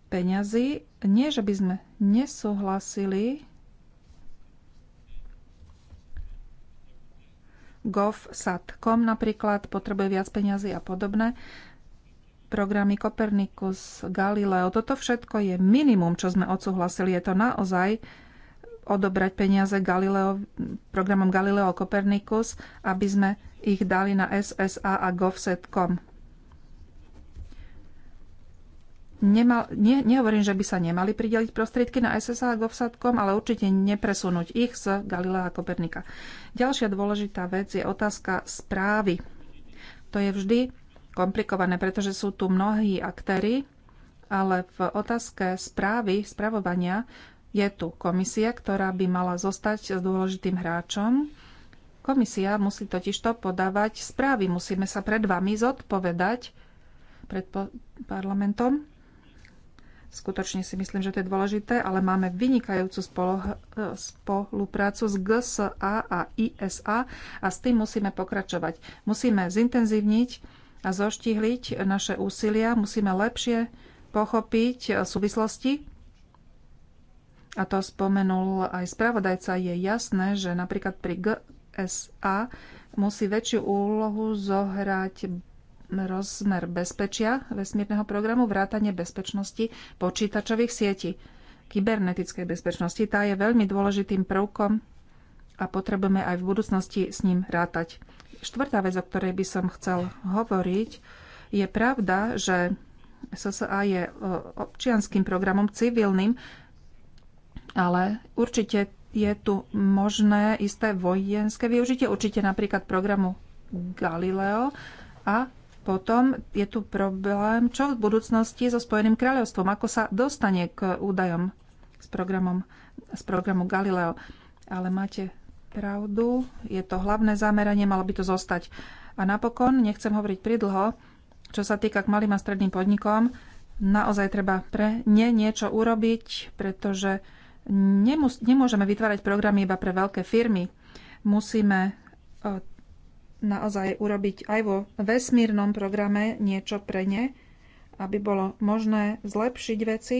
peňazí. Nie, že by sme nesúhlasili gov.sat.com napríklad potrebuje viac peňazí a podobné. Programy Kopernikus, Galileo, toto všetko je minimum, čo sme odsúhlasili. Je to naozaj odobrať peniaze Galileo, programom Galileo Copernicus, aby sme ich dali na SSA a govset.com nemal, nie, nehovorím, že by sa nemali prideliť prostriedky na SSA a GovSatcom, ale určite nepresunúť ich z Galilea a Kopernika. Ďalšia dôležitá vec je otázka správy. To je vždy komplikované, pretože sú tu mnohí aktéry, ale v otázke správy, spravovania je tu komisia, ktorá by mala zostať s dôležitým hráčom. Komisia musí totiž to podávať správy. Musíme sa pred vami zodpovedať pred parlamentom Skutočne si myslím, že to je dôležité, ale máme vynikajúcu spoluprácu s GSA a ISA a s tým musíme pokračovať. Musíme zintenzívniť a zoštihliť naše úsilia, musíme lepšie pochopiť súvislosti. A to spomenul aj spravodajca. Je jasné, že napríklad pri GSA musí väčšiu úlohu zohrať rozmer bezpečia vesmírneho programu, vrátanie bezpečnosti počítačových sietí, kybernetickej bezpečnosti. Tá je veľmi dôležitým prvkom a potrebujeme aj v budúcnosti s ním rátať. Štvrtá vec, o ktorej by som chcel hovoriť, je pravda, že SSA je e, občianským programom, civilným, ale určite je tu možné isté vojenské využitie, určite napríklad programu Galileo a potom je tu problém, čo v budúcnosti so Spojeným kráľovstvom, ako sa dostane k údajom s, programom, s programu Galileo. Ale máte pravdu, je to hlavné zameranie, malo by to zostať. A napokon, nechcem hovoriť pridlho, čo sa týka k malým a stredným podnikom, naozaj treba pre ne niečo urobiť, pretože nemus- nemôžeme vytvárať programy iba pre veľké firmy. Musíme e, naozaj urobiť aj vo vesmírnom programe niečo pre ne, aby bolo možné zlepšiť veci.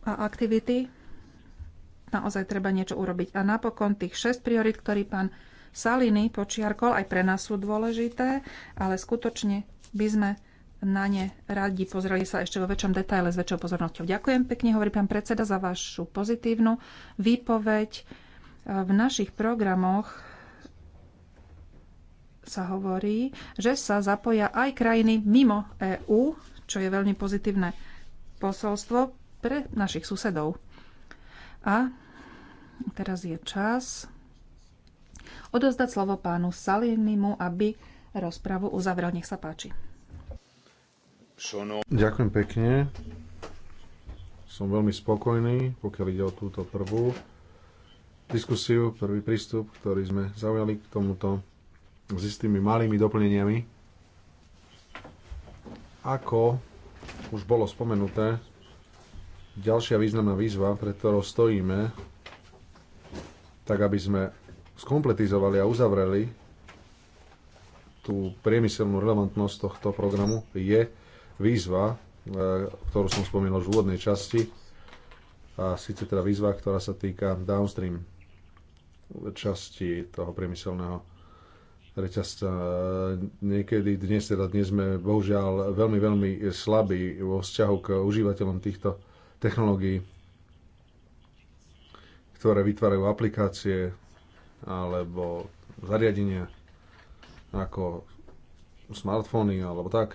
a aktivity. Naozaj treba niečo urobiť. A napokon tých 6 priorit, ktorý pán Saliny počiarkol, aj pre nás sú dôležité, ale skutočne by sme na ne radi pozreli sa ešte vo väčšom detaile s väčšou pozornosťou. Ďakujem pekne, hovorí pán predseda, za vašu pozitívnu výpoveď. V našich programoch sa hovorí, že sa zapoja aj krajiny mimo EÚ, čo je veľmi pozitívne posolstvo pre našich susedov. A teraz je čas odozdať slovo pánu Salinimu, aby rozpravu uzavrel. Nech sa páči. Ďakujem pekne. Som veľmi spokojný, pokiaľ ide o túto prvú diskusiu, prvý prístup, ktorý sme zaujali k tomuto s istými malými doplneniami. Ako už bolo spomenuté, ďalšia významná výzva, pre ktorou stojíme, tak aby sme skompletizovali a uzavreli tú priemyselnú relevantnosť tohto programu, je výzva, e, ktorú som spomínal už v úvodnej časti, a síce teda výzva, ktorá sa týka downstream časti toho priemyselného reťazca. Niekedy dnes, teda dnes sme bohužiaľ veľmi, veľmi slabí vo vzťahu k užívateľom týchto technológií, ktoré vytvárajú aplikácie alebo zariadenia ako smartfóny alebo tak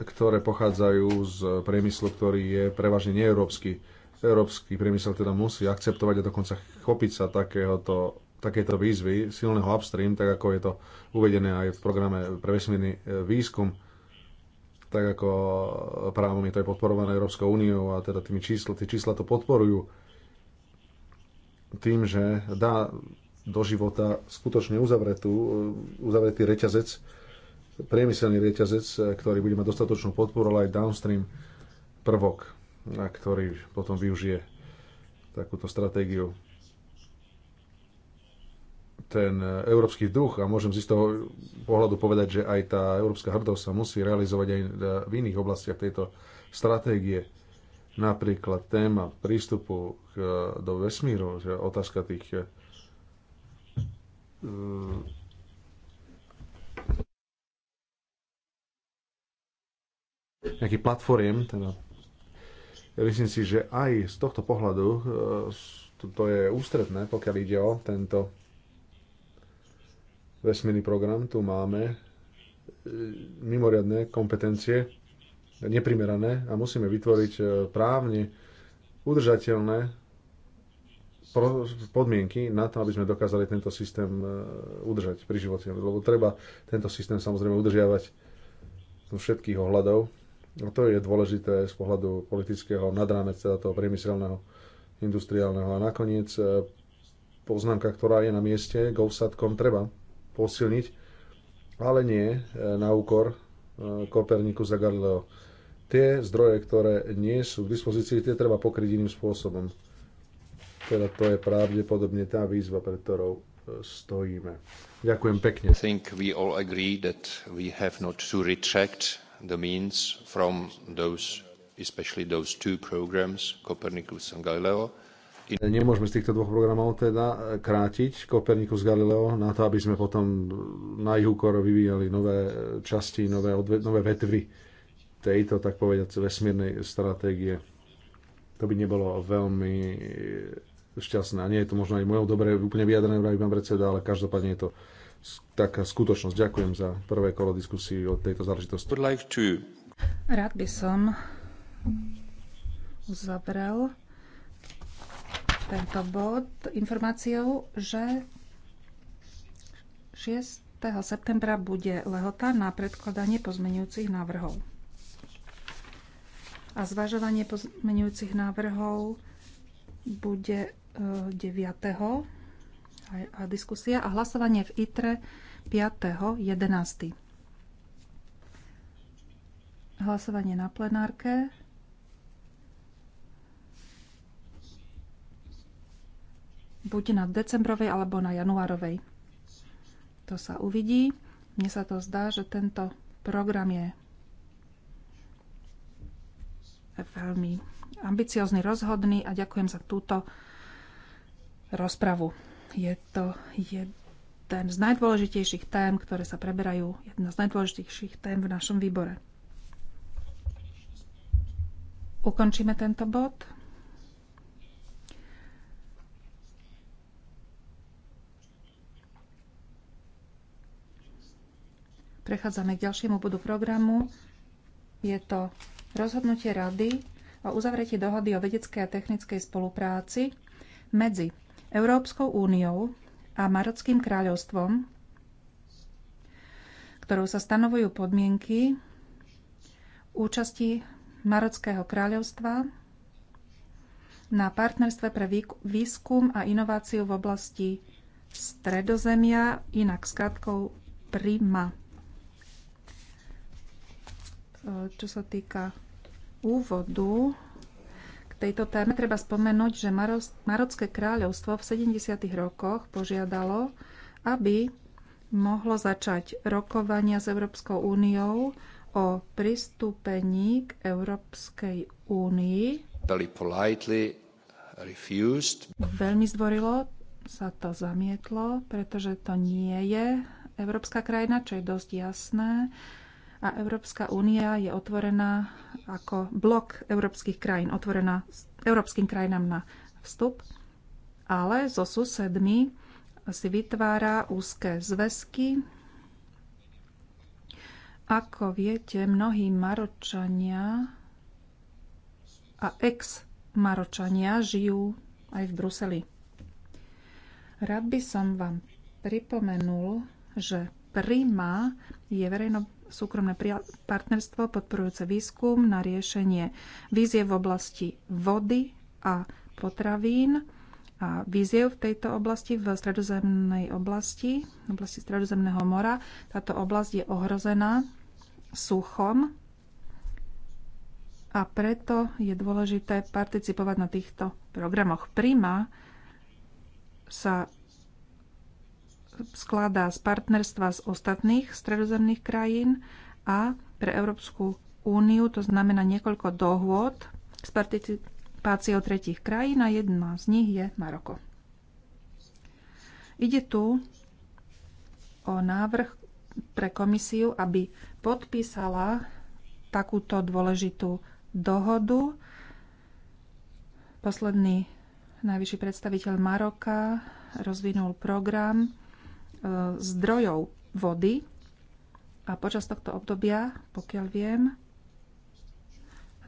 ktoré pochádzajú z priemyslu, ktorý je prevažne neeurópsky. Európsky priemysel teda musí akceptovať a dokonca chopiť sa takéhoto, takéto výzvy, silného upstream, tak ako je to uvedené aj v programe pre vesmírny e, výskum, tak ako právom je to aj podporované Európskou úniou a teda tými čísla, tie čísla to podporujú tým, že dá do života skutočne uzavretú, e, uzavretý reťazec priemyselný reťazec, e, ktorý bude mať dostatočnú podporu, ale aj downstream prvok, na e, ktorý potom využije takúto stratégiu. Ten e, európsky duch, a môžem z istého pohľadu povedať, že aj tá európska hrdosť sa musí realizovať aj v iných oblastiach tejto stratégie. Napríklad téma prístupu k, do vesmíru, že otázka tých nejakých platformiem. Teda. Ja myslím si, že aj z tohto pohľadu e, to je ústredné, pokiaľ ide o tento vesmírny program. Tu máme e, mimoriadné kompetencie, neprimerané a musíme vytvoriť e, právne udržateľné podmienky na to, aby sme dokázali tento systém udržať pri živote. Lebo treba tento systém samozrejme udržiavať zo všetkých ohľadov. A to je dôležité z pohľadu politického nadrámec teda toho priemyselného, industriálneho. A nakoniec e, poznámka, ktorá je na mieste, GovSatcom treba posilniť, ale nie e, na úkor e, Koperniku za Galileo. Tie zdroje, ktoré nie sú k dispozícii, tie treba pokryť iným spôsobom. Teda to je pravdepodobne tá výzva, pre ktorou stojíme. Ďakujem pekne the means from those, especially those two programs, Copernicus and Galileo. E, nemôžeme z týchto dvoch programov teda e, krátiť Copernicus Galileo na to, aby sme potom na ich úkor vyvíjali nové e, časti, nové, odve- nové vetvy tejto, tak povedať, vesmírnej stratégie. To by nebolo veľmi šťastné. A nie je to možno aj mojou dobre úplne vyjadrené, vraj pán predseda, ale každopádne je to taká skutočnosť. Ďakujem za prvé kolo diskusí o tejto záležitosti. Rád by som uzavrel tento bod informáciou, že 6. septembra bude lehota na predkladanie pozmenujúcich návrhov. A zvažovanie pozmenujúcich návrhov bude 9 e, a, a diskusia a hlasovanie v ITRE 5.11. Hlasovanie na plenárke. Buď na decembrovej alebo na januárovej. To sa uvidí. Mne sa to zdá, že tento program je veľmi ambiciózny, rozhodný a ďakujem za túto rozpravu. Je to jeden z najdôležitejších tém, ktoré sa preberajú, jedna z najdôležitejších tém v našom výbore. Ukončíme tento bod. Prechádzame k ďalšiemu bodu programu. Je to rozhodnutie Rady o uzavretí dohody o vedeckej a technickej spolupráci medzi Európskou úniou a Marockým kráľovstvom, ktorou sa stanovujú podmienky účasti Marockého kráľovstva na partnerstve pre výskum a inováciu v oblasti stredozemia, inak skratkou PRIMA. E, čo sa týka úvodu, tejto téme treba spomenúť, že Marocké kráľovstvo v 70. rokoch požiadalo, aby mohlo začať rokovania s Európskou úniou o pristúpení k Európskej únii. Veľmi zdvorilo sa to zamietlo, pretože to nie je európska krajina, čo je dosť jasné a Európska únia je otvorená ako blok európskych krajín, otvorená európskym krajinám na vstup, ale so susedmi si vytvára úzke zväzky. Ako viete, mnohí Maročania a ex-Maročania žijú aj v Bruseli. Rád by som vám pripomenul, že Prima je verejno-súkromné partnerstvo podporujúce výskum na riešenie vízie v oblasti vody a potravín a víziev v tejto oblasti, v stredozemnej oblasti, v oblasti stredozemného mora. Táto oblasť je ohrozená suchom a preto je dôležité participovať na týchto programoch. Prima sa skladá z partnerstva z ostatných stredozemných krajín a pre Európsku úniu to znamená niekoľko dohôd s participáciou tretich krajín a jedna z nich je Maroko. Ide tu o návrh pre komisiu, aby podpísala takúto dôležitú dohodu. Posledný najvyšší predstaviteľ Maroka rozvinul program E, zdrojov vody a počas tohto obdobia, pokiaľ viem,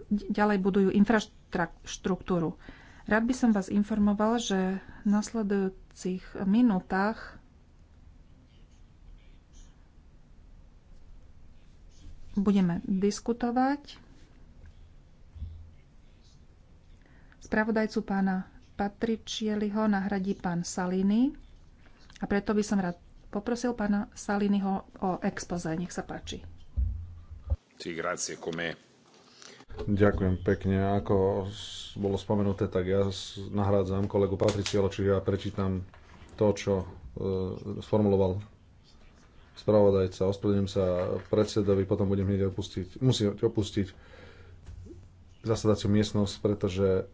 ďalej budujú infraštruktúru. Rád by som vás informoval, že v nasledujúcich minútach budeme diskutovať spravodajcu pána Patričieliho nahradí pán Salini. A preto by som rád poprosil pána Saliniho o expoze. Nech sa páči. Ďakujem pekne. Ako bolo spomenuté, tak ja nahrádzam kolegu Patriciela, čiže ja prečítam to, čo e, sformuloval spravodajca. Ospredujem sa predsedovi, potom budem hneď opustiť, musím opustiť zasadaciu miestnosť, pretože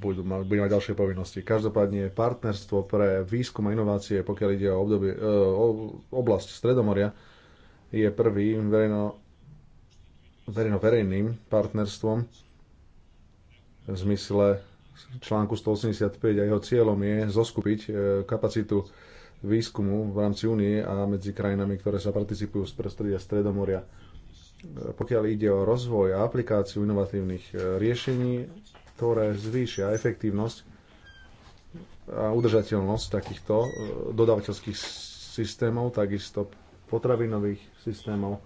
budú, budú mať ďalšie povinnosti. Každopádne partnerstvo pre výskum a inovácie, pokiaľ ide o, obdobie, e, o oblasť Stredomoria, je prvým verejno, verejno-verejným partnerstvom v zmysle článku 185 a jeho cieľom je zoskupiť e, kapacitu výskumu v rámci únie a medzi krajinami, ktoré sa participujú z prostredia Stredomoria. E, pokiaľ ide o rozvoj a aplikáciu inovatívnych riešení, ktoré zvýšia efektívnosť a udržateľnosť takýchto e, dodavateľských systémov, takisto potravinových systémov.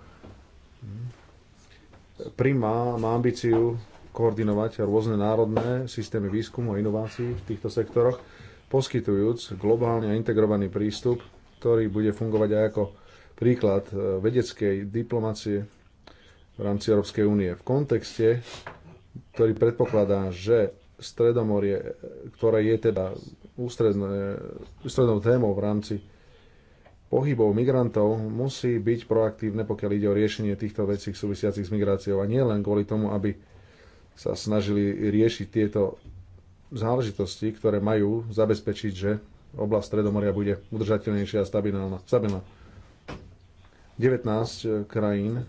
Prima má ambíciu koordinovať rôzne národné systémy výskumu a inovácií v týchto sektoroch, poskytujúc globálne a integrovaný prístup, ktorý bude fungovať aj ako príklad e, vedeckej diplomácie v rámci Európskej únie. V kontexte ktorý predpokladá, že Stredomorie, ktoré je teda ústrednou témou v rámci pohybov migrantov, musí byť proaktívne, pokiaľ ide o riešenie týchto vecí súvisiacich s migráciou. A nie len kvôli tomu, aby sa snažili riešiť tieto záležitosti, ktoré majú zabezpečiť, že oblasť Stredomoria bude udržateľnejšia a stabilná. stabilná. 19 krajín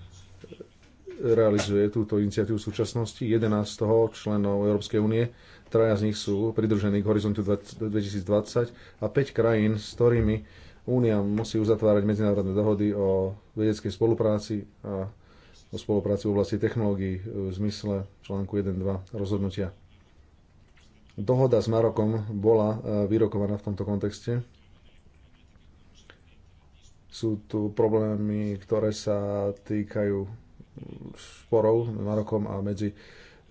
realizuje túto iniciatívu v súčasnosti. 11 z toho členov Európskej únie, traja z nich sú pridružení k horizontu 2020 a 5 krajín, s ktorými únia musí uzatvárať medzinárodné dohody o vedeckej spolupráci a o spolupráci v oblasti technológií v zmysle článku 1.2 rozhodnutia. Dohoda s Marokom bola e, vyrokovaná v tomto kontexte sú tu problémy, ktoré sa týkajú sporov Marokom a medzi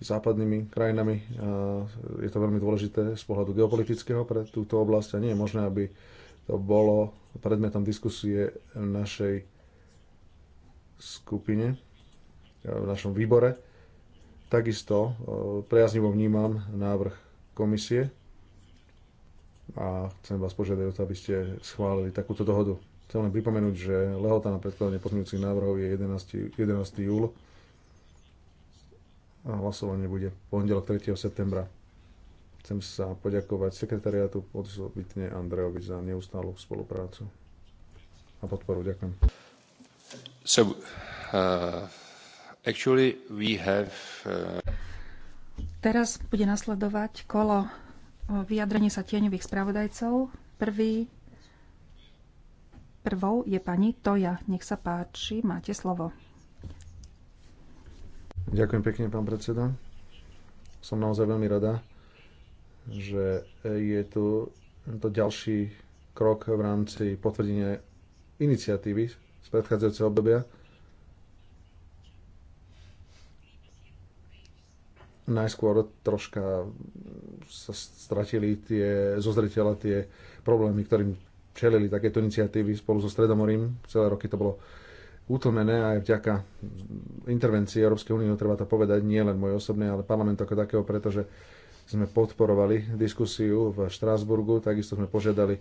západnými krajinami. Je to veľmi dôležité z pohľadu geopolitického pre túto oblasť a nie je možné, aby to bolo predmetom diskusie v našej skupine, v našom výbore. Takisto e, priaznivo vnímam návrh komisie a chcem vás požiadať o to, aby ste schválili takúto dohodu. Chcem len pripomenúť, že lehota na predkladanie pozmeňujúcich návrhov je 11. 11. júl a hlasovanie bude pondelok 3. septembra. Chcem sa poďakovať sekretariátu osobitne Andrejovi za neustálu spoluprácu a podporu. Ďakujem. So, uh, actually we have, uh... Teraz bude nasledovať kolo uh, vyjadrenie sa tieňových spravodajcov. Prvý Prvou je pani Toja. Nech sa páči, máte slovo. Ďakujem pekne, pán predseda. Som naozaj veľmi rada, že je tu to ďalší krok v rámci potvrdenia iniciatívy z predchádzajúceho obdobia. Najskôr troška sa stratili tie, zo tie problémy, ktorým čelili takéto iniciatívy spolu so Stredomorím. Celé roky to bolo utlmené aj vďaka intervencii Európskej únie, no treba to povedať, nie len môj osobný, ale parlament ako takého, pretože sme podporovali diskusiu v Štrásburgu, takisto sme požiadali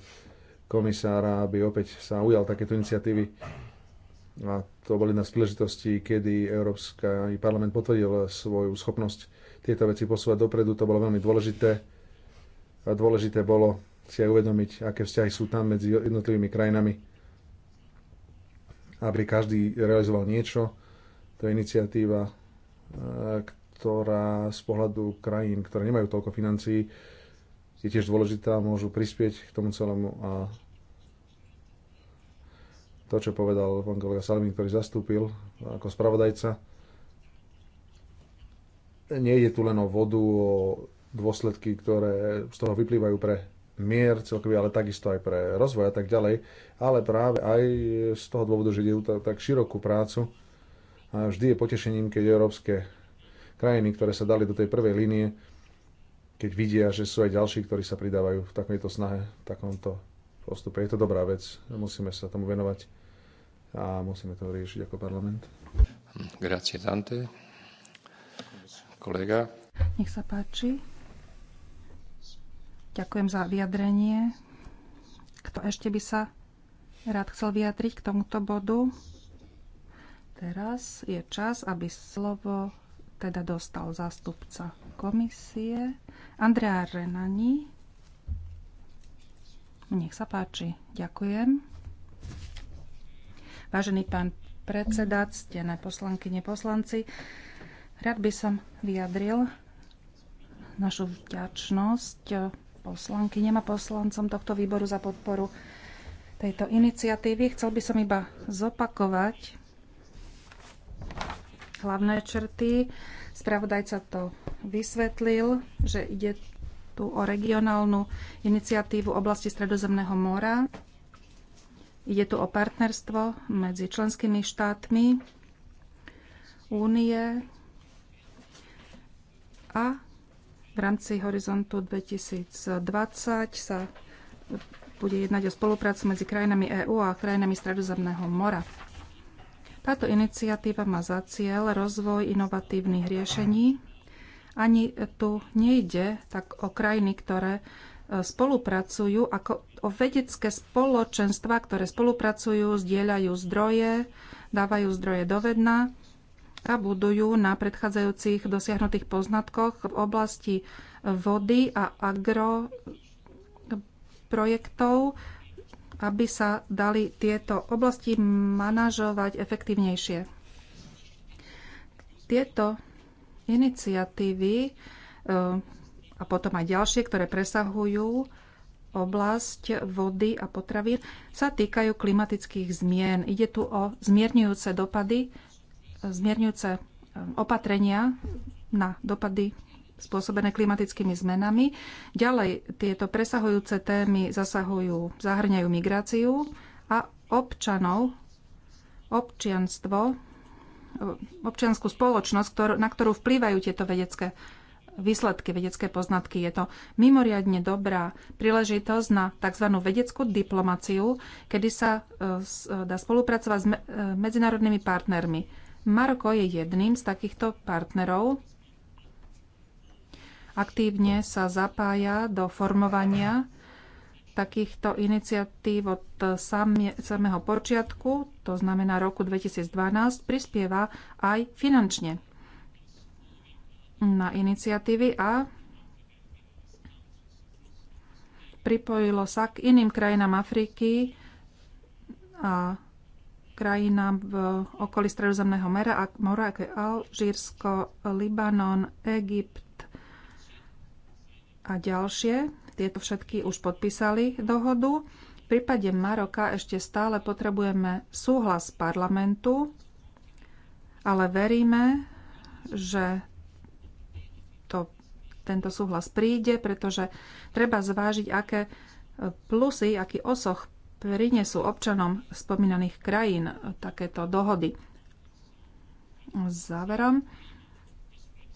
komisára, aby opäť sa ujal takéto iniciatívy. A to boli na príležitosti, kedy i parlament potvrdil svoju schopnosť tieto veci posúvať dopredu. To bolo veľmi dôležité. A dôležité bolo si aj uvedomiť, aké vzťahy sú tam medzi jednotlivými krajinami, aby každý realizoval niečo. To je iniciatíva, e, ktorá z pohľadu krajín, ktoré nemajú toľko financií, je tiež dôležitá, môžu prispieť k tomu celému a to, čo povedal pán kolega Salmin, ktorý zastúpil ako spravodajca, nejde tu len o vodu, o dôsledky, ktoré z toho vyplývajú pre mier celkový, ale takisto aj pre rozvoj a tak ďalej. Ale práve aj z toho dôvodu, že ide tak širokú prácu a vždy je potešením, keď európske krajiny, ktoré sa dali do tej prvej línie, keď vidia, že sú aj ďalší, ktorí sa pridávajú v takejto snahe, v takomto postupe. Je to dobrá vec, musíme sa tomu venovať a musíme to riešiť ako parlament. Grazie tante. Kolega. Nech sa páči. Ďakujem za vyjadrenie. Kto ešte by sa rád chcel vyjadriť k tomuto bodu? Teraz je čas, aby slovo teda dostal zástupca komisie Andrea Renani. Nech sa páči. Ďakujem. Vážený pán predseda, ctené poslankyne, poslanci, rád by som vyjadril našu vďačnosť poslankyňam a poslancom tohto výboru za podporu tejto iniciatívy. Chcel by som iba zopakovať hlavné črty. Spravodajca to vysvetlil, že ide tu o regionálnu iniciatívu oblasti Stredozemného mora. Ide tu o partnerstvo medzi členskými štátmi únie a v rámci Horizontu 2020 sa bude jednať o spoluprácu medzi krajinami EÚ a krajinami Stredozemného mora. Táto iniciatíva má za cieľ rozvoj inovatívnych riešení. Ani tu nejde tak o krajiny, ktoré e, spolupracujú, ako o vedecké spoločenstva, ktoré spolupracujú, zdieľajú zdroje, dávajú zdroje do vedna a budujú na predchádzajúcich dosiahnutých poznatkoch v oblasti vody a agro projektov, aby sa dali tieto oblasti manažovať efektívnejšie. Tieto iniciatívy e, a potom aj ďalšie, ktoré presahujú oblasť vody a potravín, sa týkajú klimatických zmien. Ide tu o zmierňujúce dopady zmierňujúce um, opatrenia na dopady spôsobené klimatickými zmenami. Ďalej tieto presahujúce témy zasahujú, zahrňajú migráciu a občanov, občianstvo, občianskú spoločnosť, na ktorú vplývajú tieto vedecké výsledky, vedecké poznatky. Je to mimoriadne dobrá príležitosť na tzv. vedeckú diplomáciu, kedy sa e, e, dá spolupracovať s e, medzinárodnými partnermi Maroko je jedným z takýchto partnerov. Aktívne sa zapája do formovania takýchto iniciatív od samého počiatku, to znamená roku 2012, prispieva aj finančne na iniciatívy a pripojilo sa k iným krajinám Afriky a krajinám v okolí Stredozemného mera, mora ako je Alžírsko, Libanon, Egypt a ďalšie. Tieto všetky už podpísali dohodu. V prípade Maroka ešte stále potrebujeme súhlas parlamentu, ale veríme, že to, tento súhlas príde, pretože treba zvážiť, aké plusy, aký osoch prinesú občanom spomínaných krajín takéto dohody. Záverom,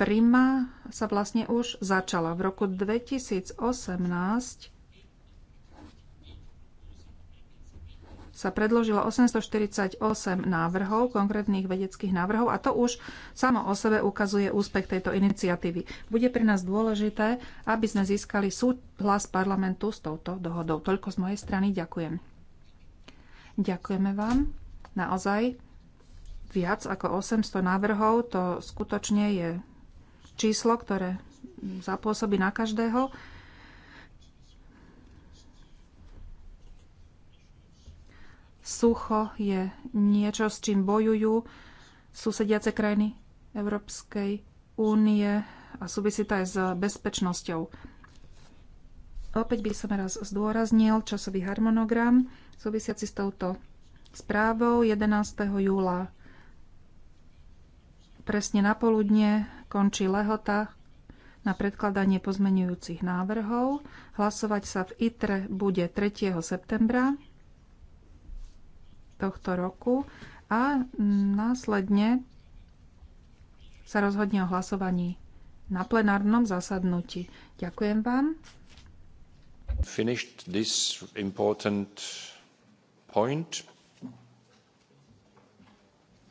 Prima sa vlastne už začala. V roku 2018 sa predložilo 848 návrhov, konkrétnych vedeckých návrhov a to už samo o sebe ukazuje úspech tejto iniciatívy. Bude pre nás dôležité, aby sme získali súhlas parlamentu s touto dohodou. Toľko z mojej strany. Ďakujem. Ďakujeme vám. Naozaj viac ako 800 návrhov, to skutočne je číslo, ktoré zapôsobí na každého. Sucho je niečo, s čím bojujú susediace krajiny Európskej únie a súvisí to aj s bezpečnosťou. Opäť by som raz zdôraznil časový harmonogram súvisiaci s touto správou 11. júla. Presne na poludne končí lehota na predkladanie pozmenujúcich návrhov. Hlasovať sa v ITRE bude 3. septembra tohto roku a následne sa rozhodne o hlasovaní na plenárnom zasadnutí. Ďakujem vám. Finished this important point.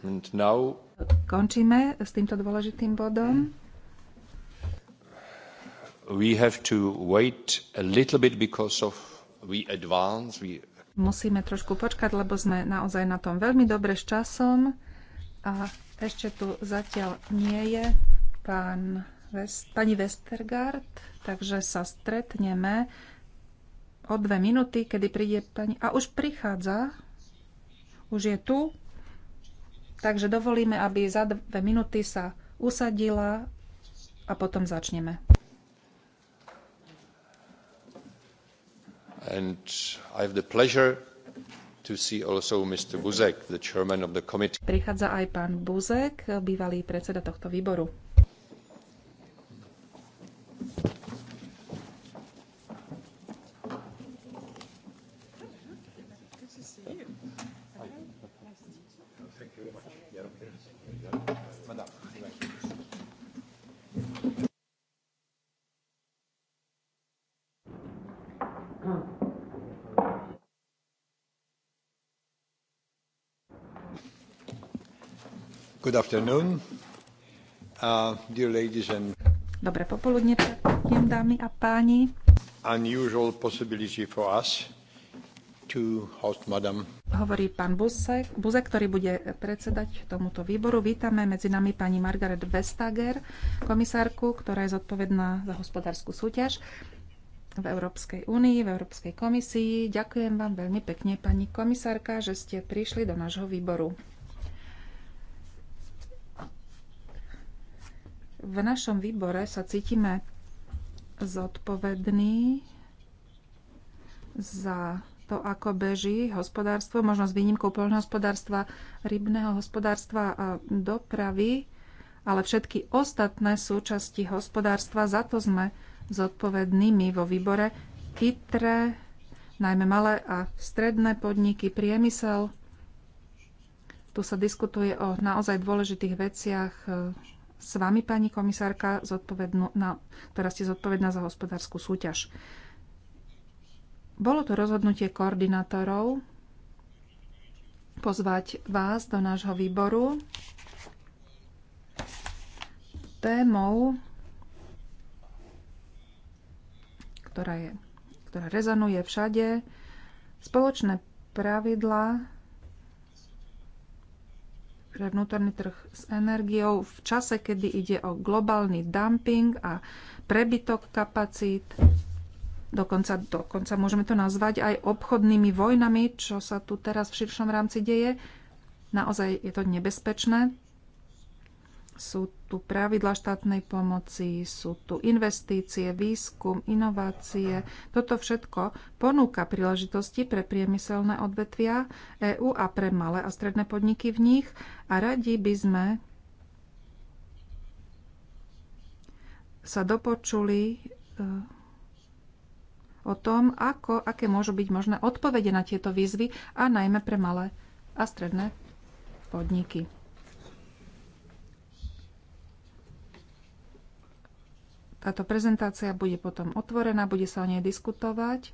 And now... Končíme s týmto dôležitým bodom. We have to wait a little bit because of we advance, we... Musíme trošku počkať, lebo sme naozaj na tom veľmi dobre s časom. A ešte tu zatiaľ nie je pán Vest, pani Westergaard, takže sa stretneme o dve minúty, kedy príde pani... A už prichádza. Už je tu. Takže dovolíme, aby za dve minúty sa usadila a potom začneme. And I have the pleasure to see also Mr. Buzek, the chairman of the committee. Prichádza aj pán Buzek, bývalý predseda tohto výboru. Good afternoon, uh, dear ladies and... Dobré popoludne, prajem, dámy a páni. Unusual possibility for us to host madam. Hovorí pán Buzek, Buzek, ktorý bude predsedať tomuto výboru. Vítame medzi nami pani Margaret Vestager, komisárku, ktorá je zodpovedná za hospodárskú súťaž v Európskej únii, v Európskej komisii. Ďakujem vám veľmi pekne, pani komisárka, že ste prišli do nášho výboru. v našom výbore sa cítime zodpovední za to, ako beží hospodárstvo, možno s výnimkou poľnohospodárstva, rybného hospodárstva a dopravy, ale všetky ostatné súčasti hospodárstva, za to sme zodpovednými vo výbore. ITRE, najmä malé a stredné podniky, priemysel. Tu sa diskutuje o naozaj dôležitých veciach s vami, pani komisárka, na, ktorá ste zodpovedná za hospodárskú súťaž. Bolo to rozhodnutie koordinátorov pozvať vás do nášho výboru. Témou, ktorá, je, ktorá rezonuje všade, spoločné pravidlá pre vnútorný trh s energiou v čase, kedy ide o globálny dumping a prebytok kapacít. Dokonca, dokonca môžeme to nazvať aj obchodnými vojnami, čo sa tu teraz v širšom rámci deje. Naozaj je to nebezpečné. Sú tu pravidla štátnej pomoci, sú tu investície, výskum, inovácie. Toto všetko ponúka príležitosti pre priemyselné odvetvia EÚ a pre malé a stredné podniky v nich a radi by sme sa dopočuli eh, o tom, ako, aké môžu byť možné odpovede na tieto výzvy a najmä pre malé a stredné podniky. Táto prezentácia bude potom otvorená, bude sa o nej diskutovať.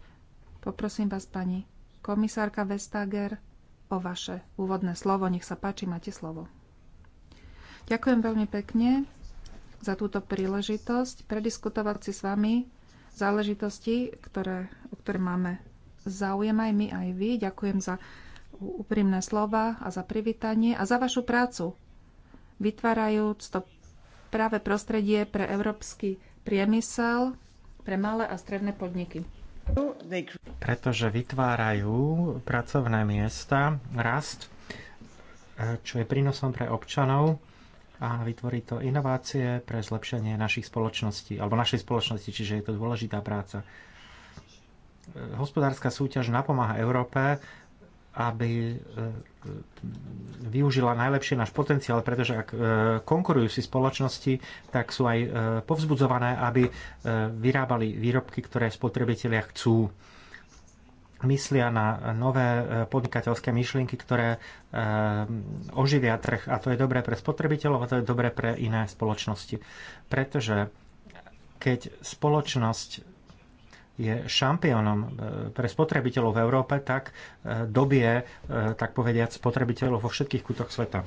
Poprosím vás, pani komisárka Vestager, o vaše úvodné slovo. Nech sa páči, máte slovo. Ďakujem veľmi pekne za túto príležitosť prediskutovať si s vami záležitosti, ktoré, o ktoré máme záujem aj my, aj vy. Ďakujem za úprimné slova a za privítanie a za vašu prácu, vytvárajúc to práve prostredie pre európsky priemysel, pre malé a stredné podniky. Pretože vytvárajú pracovné miesta, rast, eh, čo je prínosom pre občanov a vytvorí to inovácie pre zlepšenie našich spoločností, alebo našej spoločnosti, čiže je to dôležitá práca. Eh, hospodárska súťaž napomáha Európe aby e, e, využila najlepšie náš potenciál, pretože ak e, konkurujú si spoločnosti, tak sú aj povzbudzované, aby vyrábali výrobky, ktoré spotrebitelia chcú. Myslia na nové podnikateľské myšlienky, ktoré oživia trh a to je dobré pre spotrebiteľov a to je dobré pre iné spoločnosti. Pretože keď spoločnosť je šampiónom e, pre spotrebiteľov v Európe, tak e, dobie, e, tak povediať, spotrebiteľov vo všetkých kútoch sveta.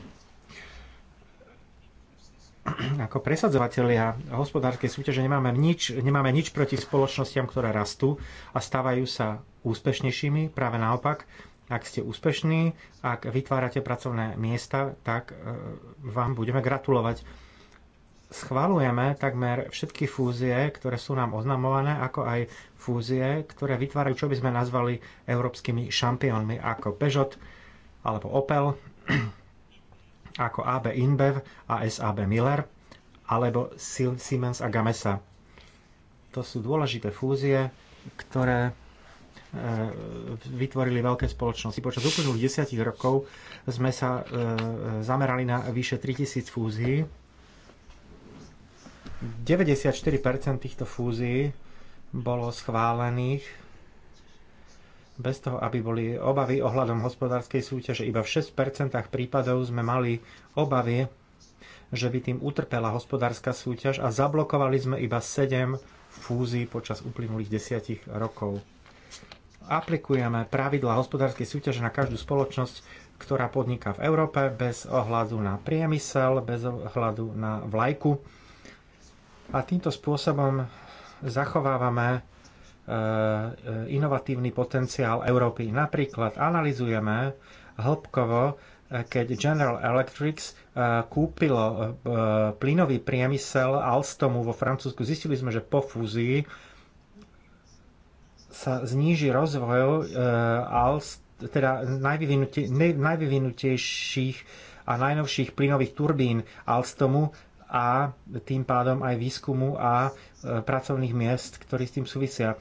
Ako presadzovatelia hospodárskej súťaže nemáme nič, nemáme nič proti spoločnostiam, ktoré rastú a stávajú sa úspešnejšími. Práve naopak, ak ste úspešní, ak vytvárate pracovné miesta, tak vám budeme gratulovať schvalujeme takmer všetky fúzie, ktoré sú nám oznamované, ako aj fúzie, ktoré vytvárajú, čo by sme nazvali európskymi šampiónmi, ako Peugeot alebo Opel, ako AB InBev a SAB Miller, alebo Siemens a Gamesa. To sú dôležité fúzie, ktoré e, vytvorili veľké spoločnosti. Počas uplynulých desiatich rokov sme sa e, e, zamerali na vyše 3000 fúzií 94% týchto fúzií bolo schválených bez toho, aby boli obavy ohľadom hospodárskej súťaže. Iba v 6% prípadov sme mali obavy, že by tým utrpela hospodárska súťaž a zablokovali sme iba 7 fúzií počas uplynulých 10 rokov. Aplikujeme pravidla hospodárskej súťaže na každú spoločnosť, ktorá podniká v Európe bez ohľadu na priemysel, bez ohľadu na vlajku a týmto spôsobom zachovávame e, e, inovatívny potenciál Európy. Napríklad analizujeme hĺbkovo, e, keď General Electric kúpilo plynový priemysel Alstomu vo Francúzsku. Zistili sme, že po fúzii sa zníži rozvoj teda najvyvinutejších a najnovších plynových turbín Alstomu a tým pádom aj výskumu a e, pracovných miest, ktorí s tým súvisia.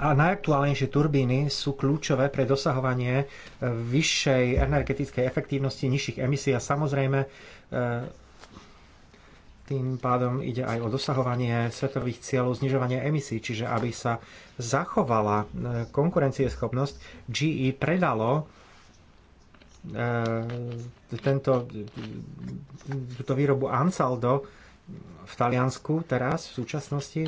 A najaktuálnejšie turbíny sú kľúčové pre dosahovanie e, vyššej energetickej efektívnosti, nižších emisí a samozrejme e, tým pádom ide aj o dosahovanie svetových cieľov znižovania emisí, čiže aby sa zachovala konkurencieschopnosť, GE predalo E, tento, túto výrobu Ansaldo v Taliansku teraz v súčasnosti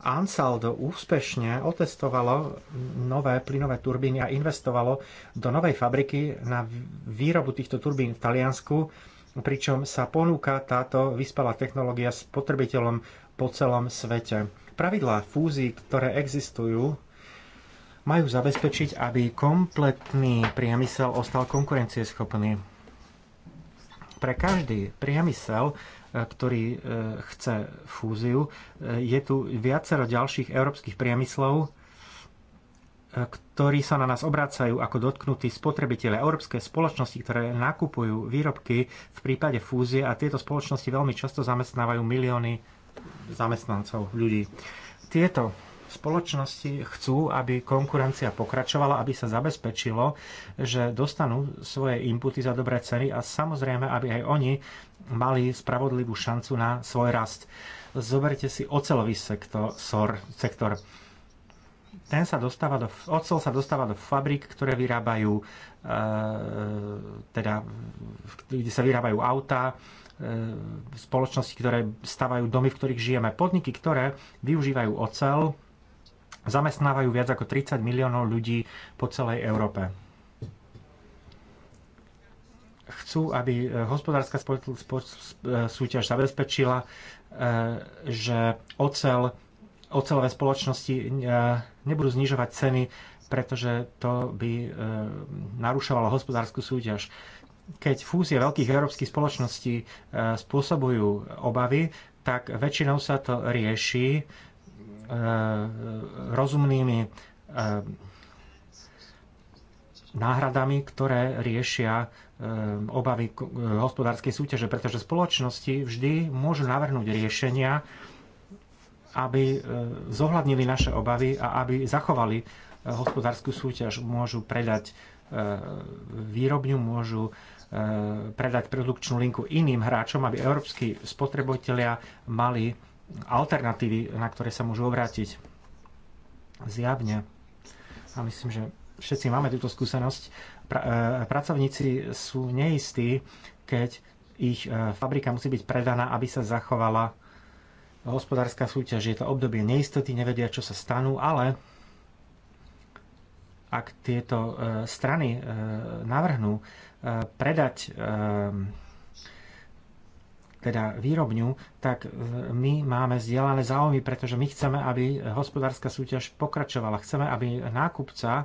Ansaldo úspešne otestovalo nové plynové turbíny a investovalo do novej fabriky na výrobu týchto turbín v Taliansku, pričom sa ponúka táto vyspelá technológia spotrebiteľom po celom svete. Pravidlá fúzií, ktoré existujú majú zabezpečiť, aby kompletný priemysel ostal konkurencieschopný. Pre každý priemysel, e, ktorý e, chce fúziu, e, je tu viacero ďalších európskych priemyslov, ktorí sa na nás obracajú ako dotknutí spotrebitelia. Európske spoločnosti, ktoré nakupujú výrobky v prípade fúzie a tieto spoločnosti veľmi často zamestnávajú milióny zamestnancov, ľudí. Tieto Spoločnosti chcú, aby konkurencia pokračovala, aby sa zabezpečilo, že dostanú svoje inputy za dobré ceny a samozrejme, aby aj oni mali spravodlivú šancu na svoj rast. Zoberte si ocelový sektor. Sor, sektor. Ten sa dostáva do, ocel sa dostáva do fabrik, ktoré vyrábajú, e, teda, kde sa vyrábajú autá, eh, spoločnosti, ktoré stavajú domy, v ktorých žijeme, podniky, ktoré využívajú ocel, zamestnávajú viac ako 30 miliónov ľudí po celej Európe. Chcú, aby eh, hospodárska eh, súťaž zabezpečila, eh, že ocel, ocelové spoločnosti nebudú znižovať ceny, pretože to by narušovalo hospodárskú súťaž keď fúzie veľkých európskych spoločností spôsobujú obavy, tak väčšinou sa to rieši E, rozumnými e, náhradami, ktoré riešia e, obavy hospodárskej súťaže, pretože spoločnosti vždy môžu navrhnúť riešenia, aby zohľadnili naše obavy a aby zachovali hospodárskú súťaž. Môžu predať výrobňu, môžu predať produkčnú linku iným hráčom, aby európsky spotrebitelia mali alternatívy, na ktoré sa môžu obrátiť. Zjavne. A myslím, že všetci máme túto skúsenosť. Pra, e, pracovníci sú neistí, keď ich e, fabrika musí byť predaná, aby sa zachovala hospodárska súťaž. Je to obdobie neistoty, nevedia, čo sa stanú, ale ak tieto e, strany navrhnú predať teda výrobňu, tak my máme zdieľané záujmy, pretože my chceme, aby hospodárska súťaž pokračovala. Chceme, aby nákupca e,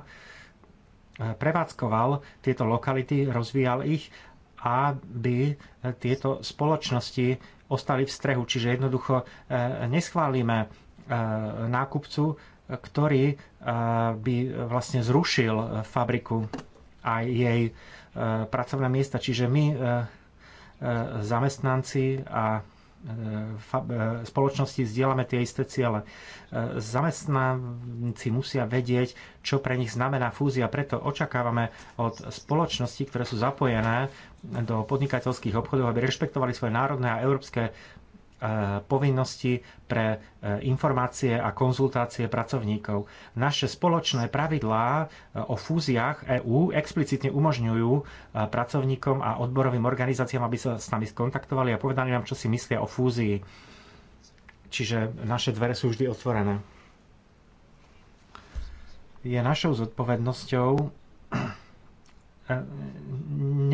prevádzkoval tieto lokality, rozvíjal ich, aby e, tieto spoločnosti ostali v strehu. Čiže jednoducho e, neschválime nákupcu, ktorý by vlastne zrušil fabriku a jej pracovné miesta. Čiže my zamestnanci a e, e, spoločnosti zdieľame tie isté ciele. E, zamestnanci musia vedieť, čo pre nich znamená fúzia, preto očakávame od spoločností, ktoré sú zapojené do podnikateľských obchodov, aby rešpektovali svoje národné a európske E, povinnosti pre e, informácie a konzultácie pracovníkov. Naše spoločné pravidlá e, o fúziách EÚ explicitne umožňujú pracovníkom a odborovým organizáciám, aby sa s nami skontaktovali a povedali nám, čo si myslia o fúzii. Čiže naše dvere sú vždy otvorené. Je našou zodpovednosťou E,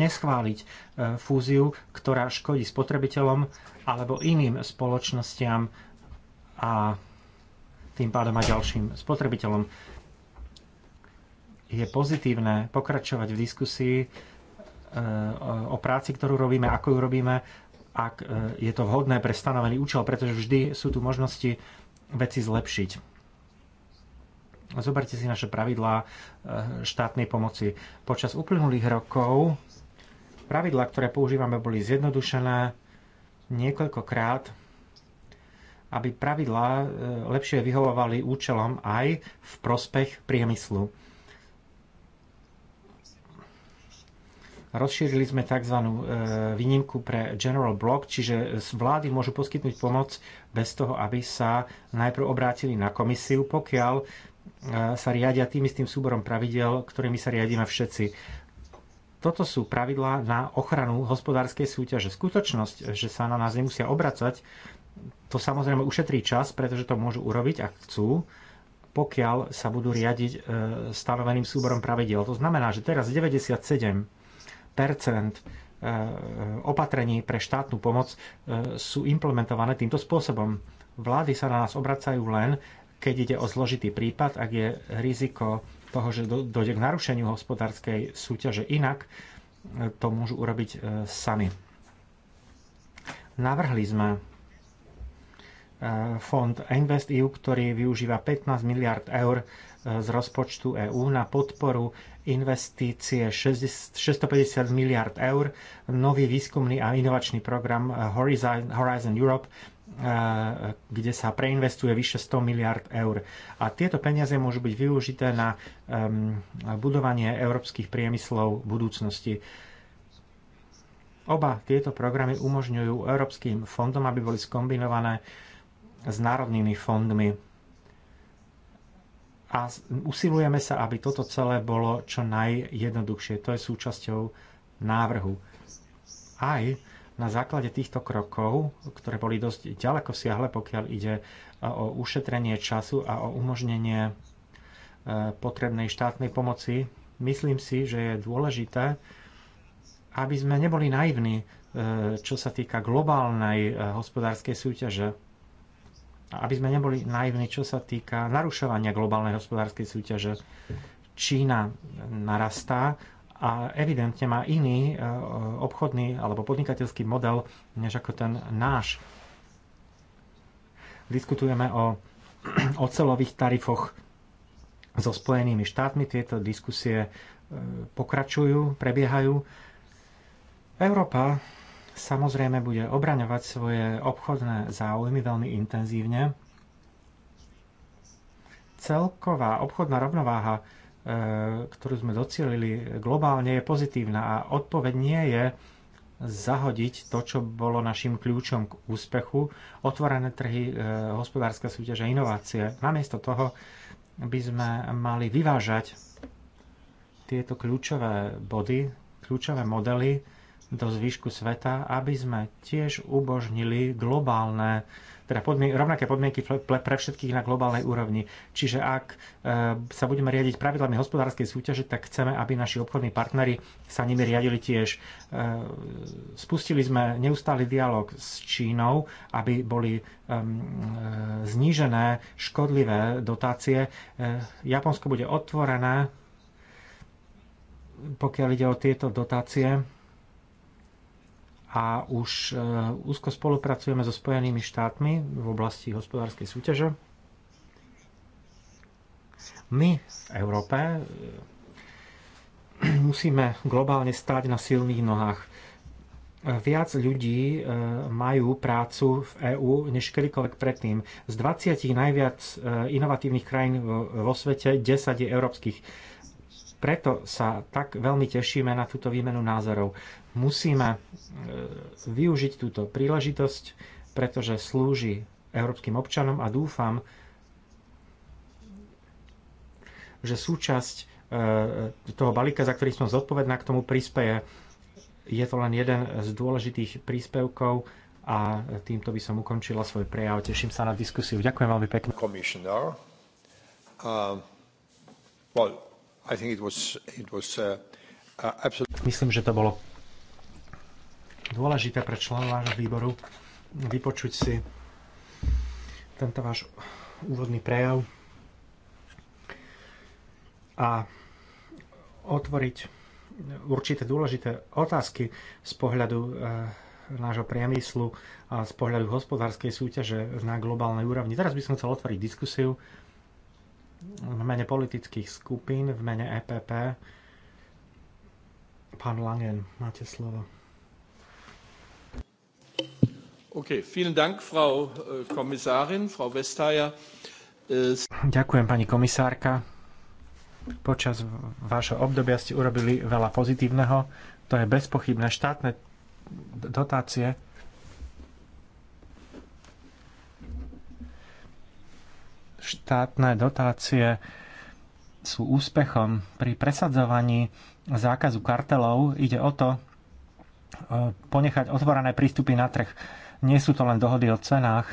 neschváliť e, fúziu, ktorá škodí spotrebiteľom alebo iným spoločnostiam a tým pádom aj ďalším spotrebiteľom. Je pozitívne pokračovať v diskusii e, o práci, ktorú robíme, ako ju robíme, ak je to vhodné pre stanovený účel, pretože vždy sú tu možnosti veci zlepšiť. Zoberte si naše pravidlá e, štátnej pomoci. Počas uplynulých rokov pravidlá, ktoré používame, boli zjednodušené niekoľkokrát, aby pravidlá e, lepšie vyhovovali účelom aj v prospech priemyslu. Rozšírili sme tzv. E, výnimku pre General Block, čiže vlády môžu poskytnúť pomoc bez toho, aby sa najprv obrátili na komisiu, pokiaľ sa riadia tým istým súborom pravidel, ktorými sa riadíme všetci. Toto sú pravidlá na ochranu hospodárskej súťaže. Skutočnosť, že sa na nás nemusia obracať, to samozrejme ušetrí čas, pretože to môžu urobiť, ak chcú, pokiaľ sa budú riadiť e, stanoveným súborom pravidel. To znamená, že teraz 97 e, opatrení pre štátnu pomoc e, sú implementované týmto spôsobom. Vlády sa na nás obracajú len, keď ide o zložitý prípad, ak je riziko toho, že dojde k narušeniu hospodárskej súťaže inak, e, to môžu urobiť e, sami. Navrhli sme e, fond Invest EU, ktorý využíva 15 miliard eur z rozpočtu EÚ na podporu investície 650 miliard eur, nový výskumný a inovačný program Horizon Europe E, kde sa preinvestuje vyše 100 miliard eur. A tieto peniaze môžu byť využité na budovanie európskych priemyslov v budúcnosti. Oba tieto programy umožňujú európskym fondom, aby boli skombinované s národnými fondmi. A usilujeme sa, aby toto celé bolo čo najjednoduchšie. To je súčasťou návrhu. Aj na základe týchto krokov, ktoré boli dosť ďaleko siahle, pokiaľ ide e, o ušetrenie času a o umožnenie e, potrebnej štátnej pomoci, myslím si, že je dôležité, aby sme neboli naivní, e, čo sa týka globálnej hospodárskej súťaže. Aby sme neboli naivní, čo sa týka narušovania globálnej hospodárskej súťaže. Čína narastá, a evidentne má iný e, obchodný alebo podnikateľský model, než ako ten náš. Diskutujeme o ocelových tarifoch so Spojenými štátmi. Tieto diskusie e, pokračujú, prebiehajú. Európa samozrejme bude obraňovať svoje obchodné záujmy veľmi intenzívne. Celková obchodná rovnováha E, ktorú sme docielili globálne, je pozitívna a odpoveď nie je zahodiť to, čo bolo našim kľúčom k úspechu, otvorené trhy, e, hospodárska súťaž a inovácie. Namiesto toho by sme mali vyvážať tieto kľúčové body, kľúčové modely do zvyšku sveta, aby sme tiež ubožnili globálne teda podmien- rovnaké podmienky pre všetkých na globálnej úrovni. Čiže ak e, sa budeme riadiť pravidlami hospodárskej súťaže, tak chceme, aby naši obchodní partnery sa nimi riadili tiež. E, spustili sme neustály dialog s Čínou, aby boli e, znížené škodlivé dotácie. Japonsko bude otvorené pokiaľ ide o tieto dotácie a už e, úzko spolupracujeme so Spojenými štátmi v oblasti hospodárskej súťaže. My v Európe e, musíme globálne stáť na silných nohách. Viac ľudí e, majú prácu v EÚ než kedykoľvek predtým. Z 20 najviac inovatívnych krajín vo svete 10 je európskych. Preto sa tak veľmi tešíme na túto výmenu názorov musíme e, využiť túto príležitosť, pretože slúži európskym občanom a dúfam, že súčasť e, toho balíka, za ktorý som zodpovedná, k tomu prispeje. Je to len jeden z dôležitých príspevkov a týmto by som ukončila svoj prejav. Teším sa na diskusiu. Ďakujem veľmi pekne. Uh, well, it was, it was, uh, uh Myslím, že to bolo dôležité pre členov vášho výboru vypočuť si tento váš úvodný prejav a otvoriť určité dôležité otázky z pohľadu eh, nášho priemyslu a z pohľadu hospodárskej súťaže na globálnej úrovni. Teraz by som chcel otvoriť diskusiu v mene politických skupín, v mene EPP. Pán Langen, máte slovo. Äh, äh, Ďakujem, pani komisárka. Počas vášho obdobia ste urobili veľa pozitívneho. To je bezpochybné štátne dotácie. Štátne dotácie sú úspechom pri presadzovaní zákazu kartelov. Ide o to e, ponechať otvorené prístupy na trh nie sú to len dohody o cenách,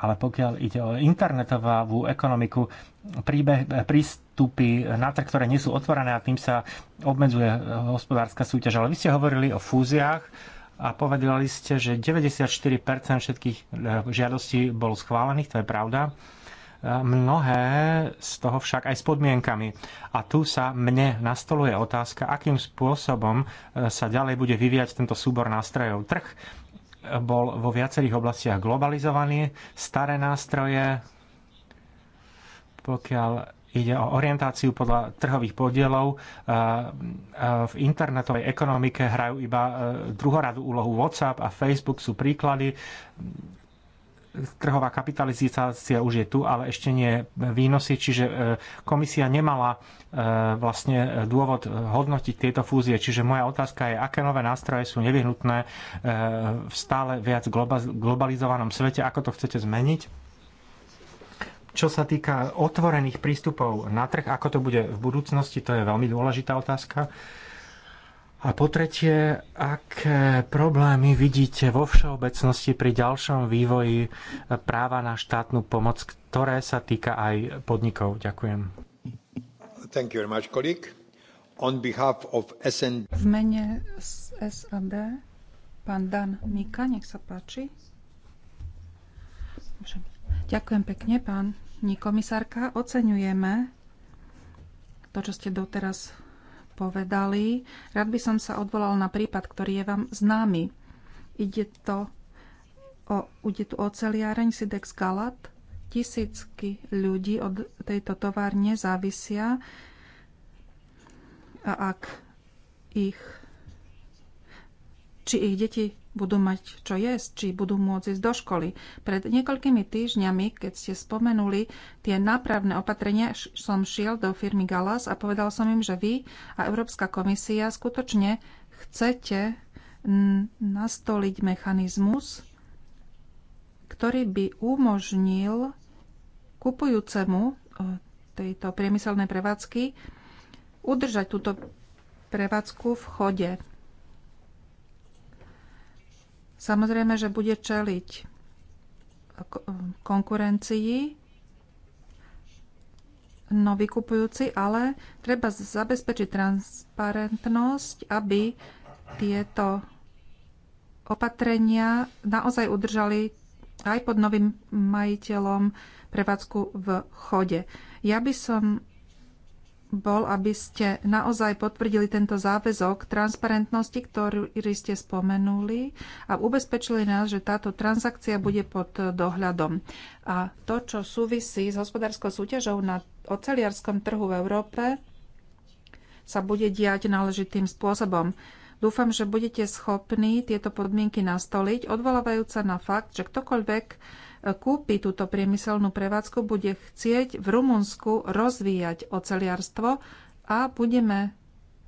ale pokiaľ ide o internetovú ekonomiku, príbeh, prístupy na trh, ktoré nie sú otvorené a tým sa obmedzuje hospodárska súťaž. Ale vy ste hovorili o fúziách a povedali ste, že 94% všetkých eh, žiadostí bolo schválených, to je pravda Mnohé z toho však aj s podmienkami. A tu sa mne nastoluje otázka, akým spôsobom e, sa ďalej bude vyvíjať tento súbor nástrojov. Trh e, bol vo viacerých oblastiach globalizovaný, staré nástroje, pokiaľ ide o orientáciu podľa trhových podielov. E, v internetovej ekonomike hrajú iba druhoradú úlohu WhatsApp a Facebook sú príklady trhová kapitalizácia už je tu, ale ešte nie výnosy, čiže e, komisia nemala e, vlastne dôvod hodnotiť tieto fúzie. Čiže moja otázka je, aké nové nástroje sú nevyhnutné e, v stále viac globalizovanom svete, ako to chcete zmeniť? Čo sa týka otvorených prístupov na trh, ako to bude v budúcnosti, to je veľmi dôležitá otázka. A po tretie, aké problémy vidíte vo všeobecnosti pri ďalšom vývoji e, práva na štátnu pomoc, ktoré sa týka aj podnikov? Ďakujem. Thank you very much, colleague. On behalf of SND... V mene z SAD, pán Dan Mika, nech sa páči. Ďakujem pekne, pán komisárka. Oceňujeme to, čo ste doteraz povedali. Rád by som sa odvolal na prípad, ktorý je vám známy. Ide to o, ide tu o celiareň Sidex Galat. Tisícky ľudí od tejto továrne závisia a ak ich či ich deti budú mať čo jesť, či budú môcť ísť do školy. Pred niekoľkými týždňami, keď ste spomenuli tie nápravné opatrenia, som šiel do firmy Galas a povedal som im, že vy a Európska komisia skutočne chcete nastoliť mechanizmus, ktorý by umožnil kupujúcemu tejto priemyselnej prevádzky udržať túto prevádzku v chode Samozrejme, že bude čeliť konkurencii no kupujúci, ale treba zabezpečiť transparentnosť, aby tieto opatrenia naozaj udržali aj pod novým majiteľom prevádzku v chode. Ja by som bol, aby ste naozaj potvrdili tento záväzok transparentnosti, ktorý ste spomenuli a ubezpečili nás, že táto transakcia bude pod dohľadom. A to, čo súvisí s hospodárskou súťažou na oceliarskom trhu v Európe, sa bude diať náležitým spôsobom. Dúfam, že budete schopní tieto podmienky nastoliť, odvolávajúca na fakt, že ktokoľvek kúpi túto priemyselnú prevádzku, bude chcieť v Rumunsku rozvíjať oceliarstvo a budeme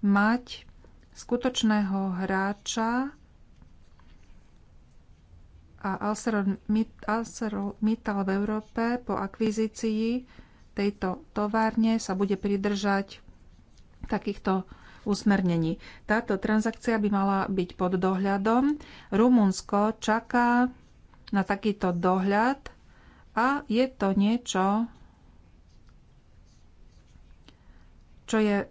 mať skutočného hráča a ArcelorMittal v Európe po akvizícii tejto továrne sa bude pridržať takýchto usmernení. Táto transakcia by mala byť pod dohľadom. Rumunsko čaká na takýto dohľad a je to niečo, čo je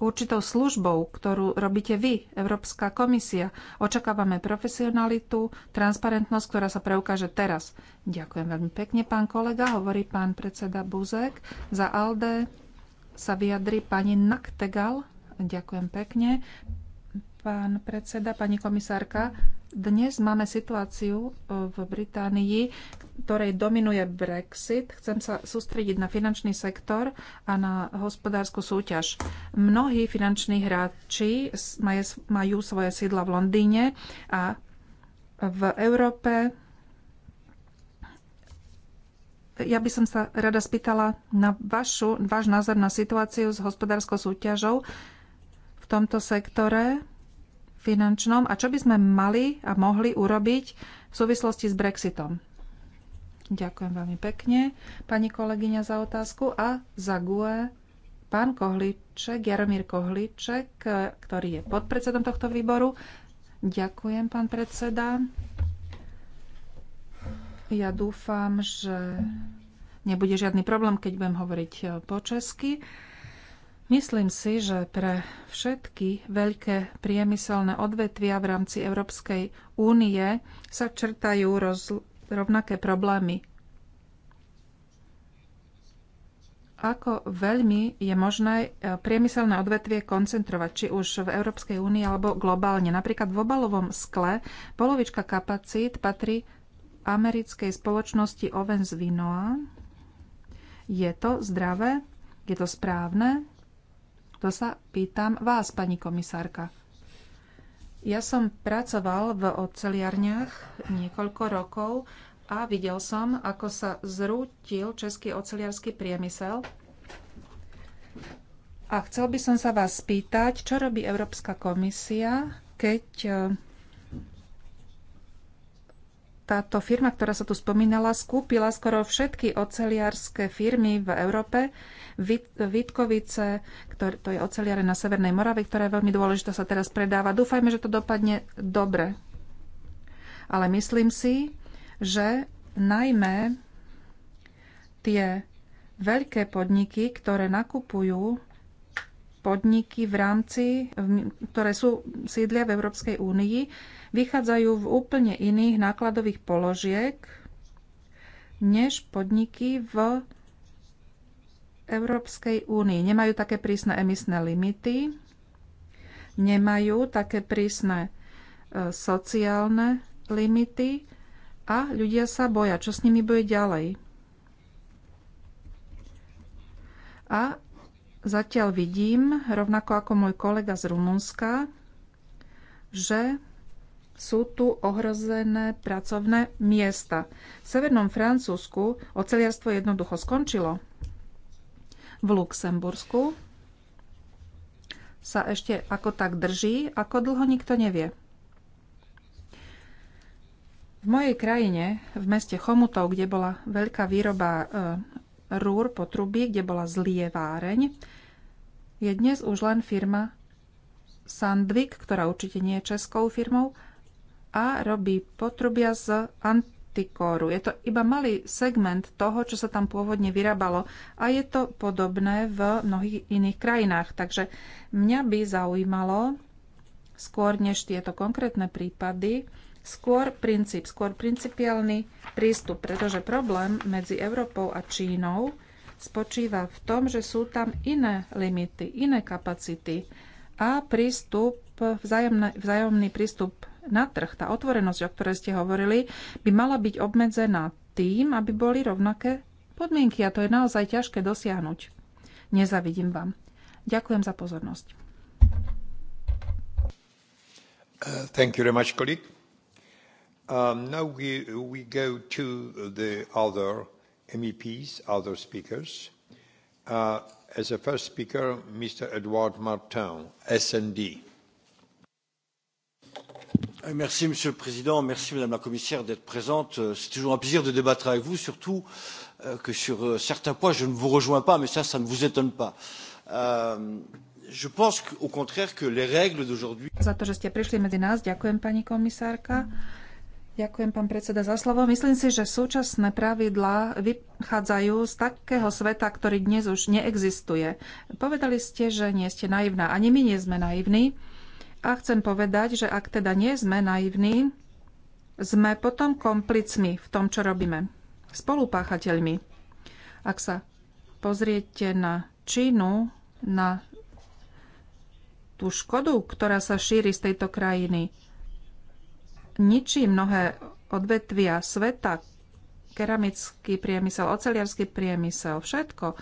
určitou službou, ktorú robíte vy, Európska komisia. Očakávame profesionalitu, transparentnosť, ktorá sa preukáže teraz. Ďakujem veľmi pekne, pán kolega, hovorí pán predseda Buzek. Za ALDE sa vyjadri pani Naktegal. Ďakujem pekne. Pán predseda, pani komisárka, dnes máme situáciu e, v Británii, ktorej dominuje Brexit. Chcem sa sústrediť na finančný sektor a na hospodárskú súťaž. Mnohí finanční hráči majú svoje sídla v Londýne a v Európe. Ja by som sa rada spýtala na vašu, váš názor na situáciu s hospodárskou súťažou v tomto sektore finančnom a čo by sme mali a mohli urobiť v súvislosti s Brexitom. Ďakujem veľmi pekne, pani kolegyňa, za otázku a za GUE pán Kohliček, Jaromír Kohliček, ktorý je podpredsedom tohto výboru. Ďakujem, pán predseda. Ja dúfam, že nebude žiadny problém, keď budem hovoriť po česky. Myslím si, že pre všetky veľké priemyselné odvetvia v rámci Európskej únie sa črtajú roz, rovnaké problémy. Ako veľmi je možné e, priemyselné odvetvie koncentrovať, či už v Európskej únii alebo globálne. Napríklad v obalovom skle polovička kapacít patrí americkej spoločnosti Owens Vinoa. Je to zdravé? Je to správne? To sa pýtam vás, pani komisárka. Ja som pracoval v oceliarniach niekoľko rokov a videl som, ako sa zrútil český oceliarský priemysel. A chcel by som sa vás spýtať, čo robí Európska komisia, keď eh, táto firma, ktorá sa tu spomínala, skúpila skoro všetky oceliarské firmy v Európe. Vitkovice, ktoré, to je oceliare na Severnej Morave, ktorá je veľmi dôležitá, sa teraz predáva. Dúfajme, že to dopadne dobre. Ale myslím si, že najmä tie veľké podniky, ktoré nakupujú podniky v rámci, ktoré sú sídlia v Európskej únii, vychádzajú v úplne iných nákladových položiek než podniky v Európskej únii. Nemajú také prísne emisné limity, nemajú také prísne e, sociálne limity a ľudia sa boja, čo s nimi bude ďalej. A zatiaľ vidím, rovnako ako môj kolega z Rumunska, že sú tu ohrozené pracovné miesta. V severnom Francúzsku oceliarstvo jednoducho skončilo v Luxembursku sa ešte ako tak drží, ako dlho nikto nevie. V mojej krajine, v meste Chomutov, kde bola veľká výroba e, rúr po truby, kde bola zlieváreň, je dnes už len firma Sandvik, ktorá určite nie je českou firmou, a robí potrubia z ant- mantikóru. Je to iba malý segment toho, čo sa tam pôvodne vyrábalo a je to podobné v mnohých iných krajinách. Takže mňa by zaujímalo, skôr než tieto konkrétne prípady, skôr princíp, skôr principiálny prístup, pretože problém medzi Európou a Čínou spočíva v tom, že sú tam iné limity, iné kapacity a prístup, vzájomný prístup na trh, tá otvorenosť, o ktorej ste hovorili, by mala byť obmedzená tým, aby boli rovnaké podmienky a to je naozaj ťažké dosiahnuť. Nezavidím vám. Ďakujem za pozornosť. Uh, thank you very much, colleague. Um, now we, we go to the other MEPs, other speakers. Uh, as a first speaker, Mr. Martin, SND. Euh, Monsieur le Président. Merci, Madame la Commissaire, d'être présente. Euh, c'est toujours un plaisir de débattre avec vous, surtout euh, que sur certains points, je ne vous rejoins pas, mais cela ça ne vous étonne pas. je pense au contraire que les règles d'aujourd'hui... Za to, že ste prišli medzi nás, ďakujem, pani komisárka. Ďakujem, pán predseda, za slovo. Myslím si, že súčasné pravidlá vychádzajú z takého sveta, ktorý dnes už neexistuje. Povedali ste, že nie ste naivná. Ani my nie sme naivní. A chcem povedať, že ak teda nie sme naivní, sme potom komplicmi v tom, čo robíme. Spolupáchateľmi. Ak sa pozriete na Čínu, na tú škodu, ktorá sa šíri z tejto krajiny, ničí mnohé odvetvia sveta, keramický priemysel, oceliarský priemysel, všetko.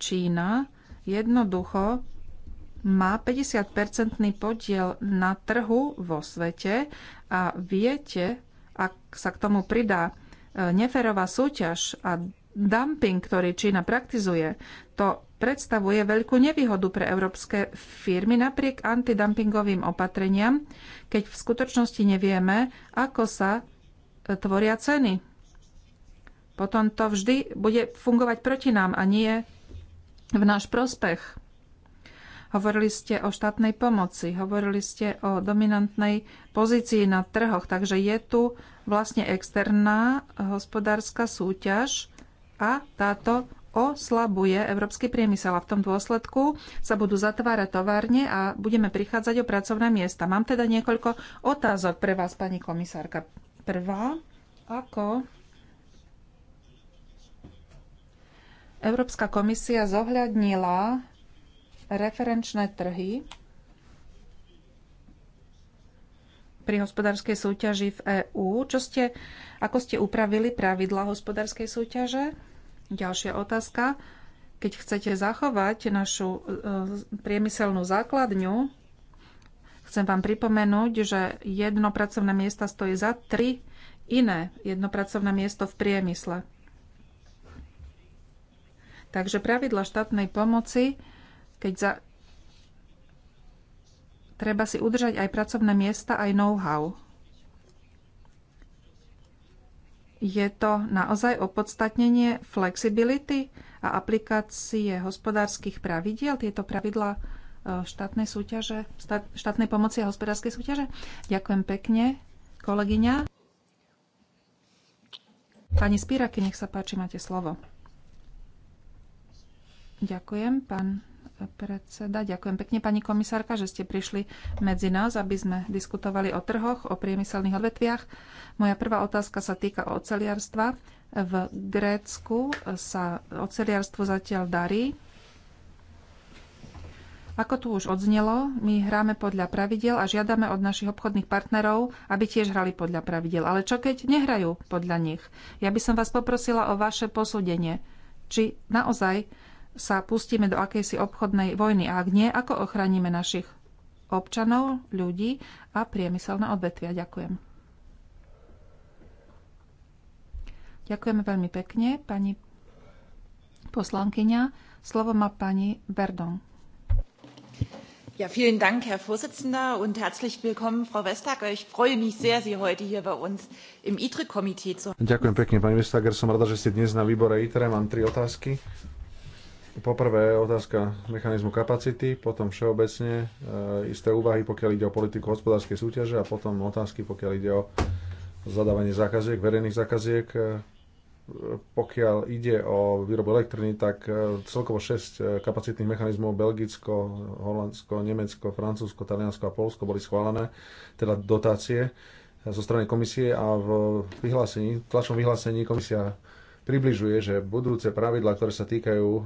Čína jednoducho má 50-percentný podiel na trhu vo svete a viete, ak sa k tomu pridá e, neferová súťaž a dumping, ktorý Čína praktizuje, to predstavuje veľkú nevýhodu pre európske firmy napriek antidumpingovým opatreniam, keď v skutočnosti nevieme, ako sa e, tvoria ceny. Potom to vždy bude fungovať proti nám a nie v náš prospech. Hovorili ste o štátnej pomoci, hovorili ste o dominantnej pozícii na trhoch, takže je tu vlastne externá hospodárska súťaž a táto oslabuje európsky priemysel a v tom dôsledku sa budú zatvárať továrne a budeme prichádzať o pracovné miesta. Mám teda niekoľko otázok pre vás, pani komisárka. Prvá, ako Európska komisia zohľadnila referenčné trhy pri hospodárskej súťaži v EÚ. Čo ste, ako ste upravili pravidla hospodárskej súťaže? Ďalšia otázka. Keď chcete zachovať našu e, priemyselnú základňu, chcem vám pripomenúť, že jedno pracovné miesto stojí za tri iné jedno pracovné miesto v priemysle. Takže pravidla štátnej pomoci keď za... Treba si udržať aj pracovné miesta, aj know-how. Je to naozaj opodstatnenie flexibility a aplikácie hospodárskych pravidiel, tieto pravidlá e, štátnej súťaže, štátnej pomoci a hospodárskej súťaže. Ďakujem pekne, kolegyňa. Pani Spíraky, nech sa páči, máte slovo. Ďakujem, pán predseda. Ďakujem pekne, pani komisárka, že ste prišli medzi nás, aby sme diskutovali o trhoch, o priemyselných odvetviach. Moja prvá otázka sa týka oceliarstva. V Grécku sa oceliarstvo zatiaľ darí. Ako tu už odznelo, my hráme podľa pravidel a žiadame od našich obchodných partnerov, aby tiež hrali podľa pravidel. Ale čo keď nehrajú podľa nich? Ja by som vás poprosila o vaše posúdenie. Či naozaj sa pustíme do akejsi obchodnej vojny a ak nie, ako ochránime našich občanov, ľudí a priemyselné odvetvia. Ďakujem. Ďakujeme veľmi pekne, pani poslankyňa. Slovo má pani Verdon. Ja, vielen Dank, Herr Vorsitzender, und herzlich willkommen, Frau Vestager. Ich freue mich sehr, Sie heute hier bei uns im ITRE-Komitee zu haben. Ďakujem pekne, pani Vestager. Som rada, že ste dnes na výbore ITRE. Mám tri otázky. Poprvé otázka mechanizmu kapacity, potom všeobecne e, isté úvahy, pokiaľ ide o politiku hospodárskej súťaže a potom otázky, pokiaľ ide o zadávanie zákaziek, verejných zákaziek. E, pokiaľ ide o výrobu elektriny, tak e, celkovo 6 e, kapacitných mechanizmov Belgicko, Holandsko, Nemecko, Francúzsko, Taliansko a Polsko boli schválené, teda dotácie zo strany komisie a v vyhlásení, tlačnom vyhlásení komisia približuje, že budúce pravidlá, ktoré sa týkajú e,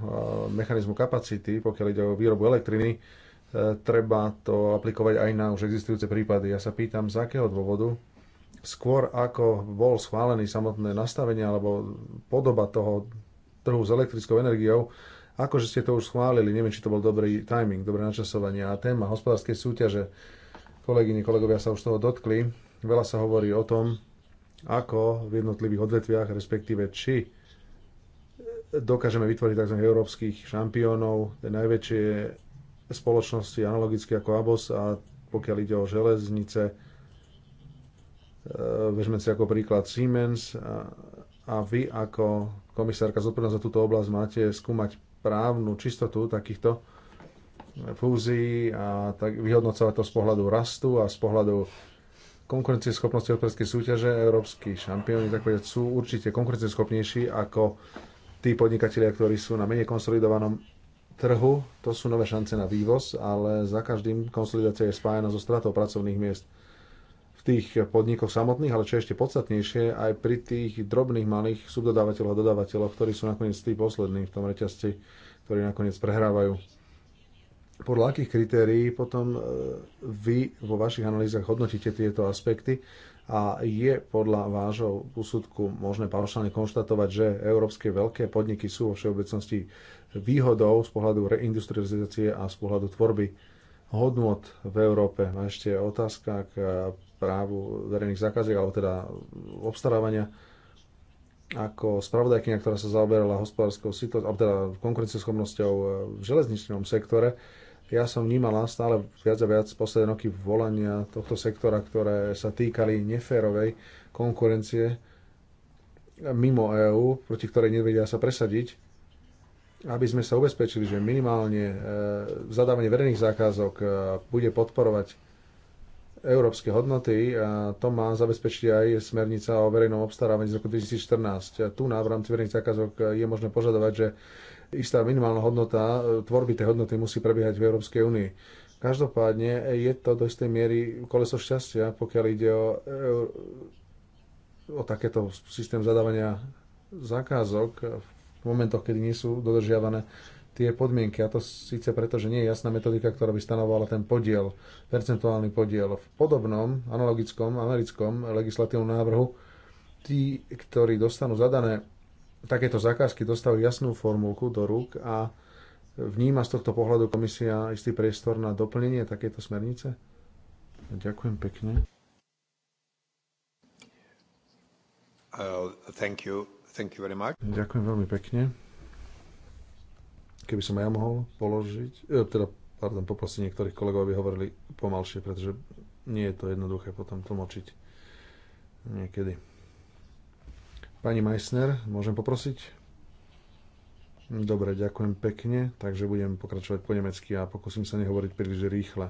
mechanizmu kapacity, pokiaľ ide o výrobu elektriny, e, treba to aplikovať aj na už existujúce prípady. Ja sa pýtam, z akého dôvodu skôr ako bol schválený samotné nastavenie alebo podoba toho trhu s elektrickou energiou, akože ste to už schválili, neviem, či to bol dobrý timing, dobré načasovanie a téma hospodárskej súťaže, kolegyne, kolegovia sa už toho dotkli, veľa sa hovorí o tom, ako v jednotlivých odvetviach, respektíve či dokážeme vytvoriť tzv. európskych šampiónov, tie najväčšie spoločnosti analogicky ako ABOS a pokiaľ ide o železnice, e, vežme si ako príklad Siemens a, a vy ako komisárka zodpovedná za túto oblasť máte skúmať právnu čistotu takýchto fúzií a tak vyhodnocovať to z pohľadu rastu a z pohľadu konkurencieschopnosti hospodárskej súťaže európsky šampióni tak povedať, sú určite konkurencieschopnejší ako tí podnikatelia, ktorí sú na menej konsolidovanom trhu. To sú nové šance na vývoz, ale za každým konsolidácia je spájana so stratou pracovných miest v tých podnikoch samotných, ale čo je ešte podstatnejšie, aj pri tých drobných malých subdodávateľov a dodávateľov, ktorí sú nakoniec tí poslední v tom reťazci, ktorí nakoniec prehrávajú podľa akých kritérií potom e, vy vo vašich analýzach hodnotíte tieto aspekty a je podľa vášho úsudku možné paušálne konštatovať, že európske veľké podniky sú vo všeobecnosti výhodou z pohľadu reindustrializácie a z pohľadu tvorby hodnot v Európe. A ešte otázka k e, právu verejných zákaziek, alebo teda obstarávania ako spravodajkynia, ktorá sa zaoberala hospodárskou situáciou, teda konkurencieschopnosťou e, v železničnom sektore, ja som vnímala stále viac a viac posledné roky volania tohto sektora, ktoré sa týkali neférovej konkurencie mimo EÚ, proti ktorej nevedia sa presadiť, aby sme sa ubezpečili, že minimálne e, zadávanie verejných zákazok e, bude podporovať európske hodnoty a to má zabezpečiť aj smernica o verejnom obstarávaní z roku 2014. Tu na v rámci verejných zákazok e, je možné požadovať, že istá minimálna hodnota e, tvorby tej hodnoty musí prebiehať v Európskej únii. Každopádne e, je to do istej miery koleso šťastia, pokiaľ ide o, e, o takéto systém zadávania zákazok v momentoch, kedy nie sú dodržiavané tie podmienky. A to síce preto, že nie je jasná metodika, ktorá by stanovala ten podiel, percentuálny podiel. V podobnom, analogickom, americkom legislatívnom návrhu tí, ktorí dostanú zadané takéto zákazky dostali jasnú formulku do rúk a vníma z tohto pohľadu komisia istý priestor na doplnenie takéto smernice? Ďakujem pekne. Uh, thank you. Thank you very much. Ďakujem veľmi pekne. Keby som ja mohol položiť, eh, teda, pardon, poprosiť niektorých kolegov, aby hovorili pomalšie, pretože nie je to jednoduché potom tlmočiť niekedy. Pani Meissner, môžem poprosiť? Dobre, ďakujem pekne, takže budem pokračovať po nemecky a pokúsim sa nehovoriť príliš rýchle.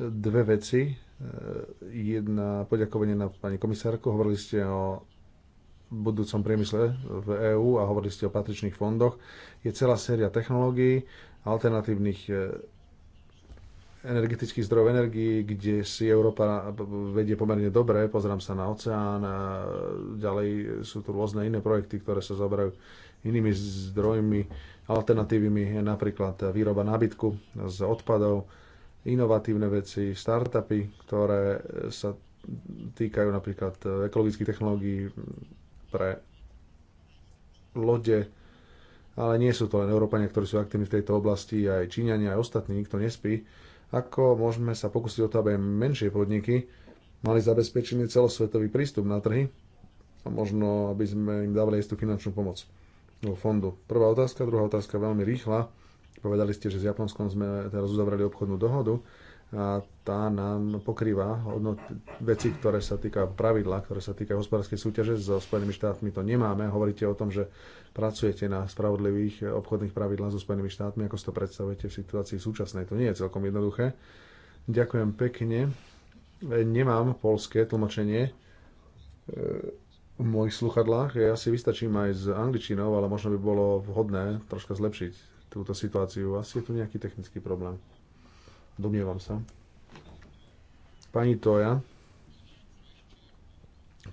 Dve veci. E, jedna poďakovanie na pani komisárku. Hovorili ste o budúcom priemysle v EÚ a hovorili ste o patričných fondoch. Je celá séria technológií, alternatívnych e, energetických zdrojov energii, kde si Európa vedie pomerne dobre, pozrám sa na oceán, a ďalej sú tu rôzne iné projekty, ktoré sa zoberajú inými zdrojmi, alternatívami, napríklad výroba nábytku z odpadov, inovatívne veci, startupy, ktoré sa týkajú napríklad ekologických technológií pre lode, ale nie sú to len Európania, ktorí sú aktívni v tejto oblasti, aj Číňania, aj ostatní, nikto nespí ako môžeme sa pokúsiť o to, aby menšie podniky mali zabezpečený celosvetový prístup na trhy a možno, aby sme im dávali istú finančnú pomoc do fondu. Prvá otázka, druhá otázka veľmi rýchla. Povedali ste, že s Japonskom sme teraz uzavrali obchodnú dohodu a tá nám pokrýva hodnot veci, ktoré sa týka pravidla, ktoré sa týka hospodárskej súťaže so Spojenými štátmi. To nemáme. Hovoríte o tom, že pracujete na spravodlivých obchodných pravidlách so Spojenými štátmi. Ako si to predstavujete v situácii súčasnej? To nie je celkom jednoduché. Ďakujem pekne. Nemám polské tlmočenie e, v mojich sluchadlách. Ja si vystačím aj s angličinou, ale možno by bolo vhodné troška zlepšiť túto situáciu. Asi je tu nejaký technický problém. Domnievam sa. Pani Toja,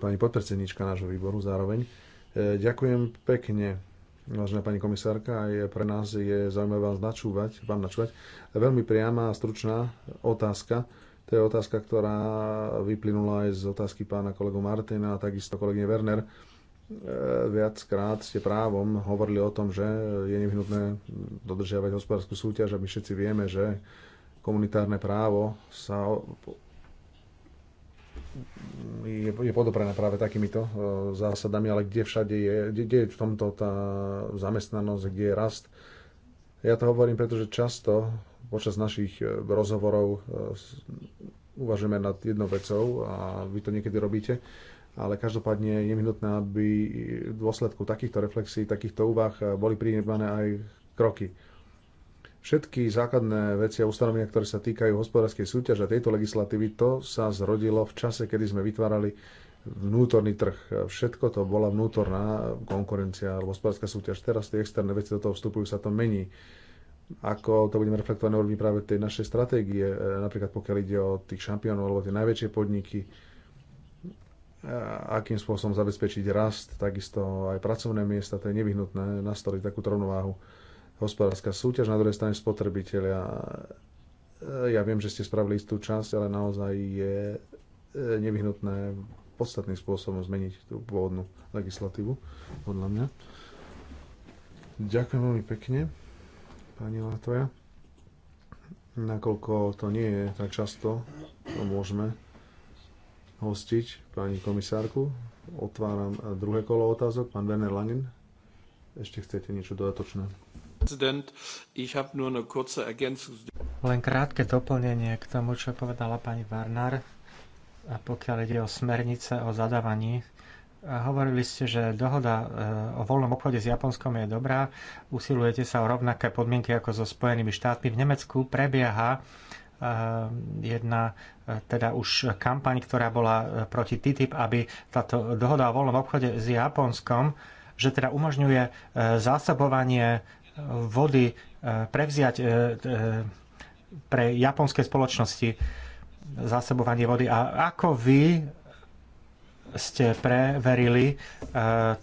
pani podpredsednička nášho výboru zároveň, e, ďakujem pekne vážená pani komisárka, aj pre nás je zaujímavé vás načúvať, vám načúvať. Veľmi priama a stručná otázka. To je otázka, ktorá vyplynula aj z otázky pána kolegu Martina a takisto kolegyne Werner. E, viackrát ste právom hovorili o tom, že je nevyhnutné dodržiavať hospodárskú súťaž a my všetci vieme, že komunitárne právo sa je, je podoprené práve takýmito e, zásadami, ale kde všade je, kde, kde je v tomto tá zamestnanosť, kde je rast. Ja to hovorím, pretože často počas našich e, rozhovorov e, uvažujeme nad jednou vecou a vy to niekedy robíte, ale každopádne je nevyhnutné, aby v dôsledku takýchto reflexí, takýchto úvah boli prijímané aj kroky Všetky základné veci a ustanovenia, ktoré sa týkajú hospodárskej súťaže a tejto legislatívy, to sa zrodilo v čase, kedy sme vytvárali vnútorný trh. Všetko to bola vnútorná konkurencia alebo hospodárska súťaž. Teraz tie externé veci do toho vstupujú, sa to mení. Ako to budeme reflektovať na úrovni práve tej našej stratégie, e, napríklad pokiaľ ide o tých šampiónov alebo tie najväčšie podniky, e, akým spôsobom zabezpečiť rast, takisto aj pracovné miesta, to je nevyhnutné nastoliť takúto rovnováhu hospodárska súťaž, na druhej strane spotrebitelia. E, ja viem, že ste spravili istú časť, ale naozaj je e, nevyhnutné podstatným spôsobom zmeniť tú pôvodnú legislatívu, podľa mňa. Ďakujem veľmi pekne, pani Latoja. Nakoľko to nie je tak často, to môžeme hostiť pani komisárku. Otváram druhé kolo otázok. Pán Werner Lanin, ešte chcete niečo dodatočné? Len krátke doplnenie k tomu, čo povedala pani Varnar, a pokiaľ ide o smernice o zadávaní. E, hovorili ste, že dohoda e, o voľnom obchode s Japonskom je dobrá, usilujete sa o rovnaké podmienky ako so Spojenými štátmi. V Nemecku prebieha e, jedna teda už kampaň, ktorá bola proti TTIP, aby táto dohoda o voľnom obchode s Japonskom, že teda umožňuje zásobovanie vody e, prevziať e, e, pre japonské spoločnosti zásobovanie vody. A ako vy ste preverili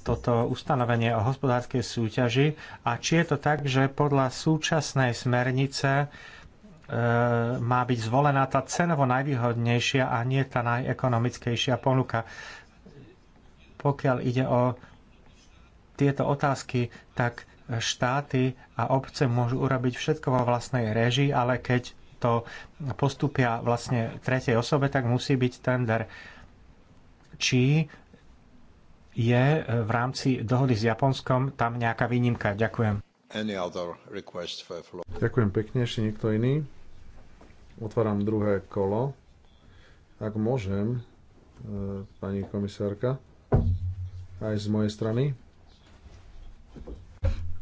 toto ustanovenie o hospodárskej súťaži a či je to tak, že podľa súčasnej smernice má byť zvolená tá cenovo najvýhodnejšia a nie tá najekonomickejšia ponuka. Pokiaľ ide o tieto otázky, tak štáty a obce môžu urobiť všetko vo vlastnej režii, ale keď to postupia vlastne tretej osobe, tak musí byť tender. Či je v rámci dohody s Japonskom tam nejaká výnimka? Ďakujem. Ďakujem pekne, ešte niekto iný. Otváram druhé kolo. Ak môžem, e, pani komisárka, aj z mojej strany.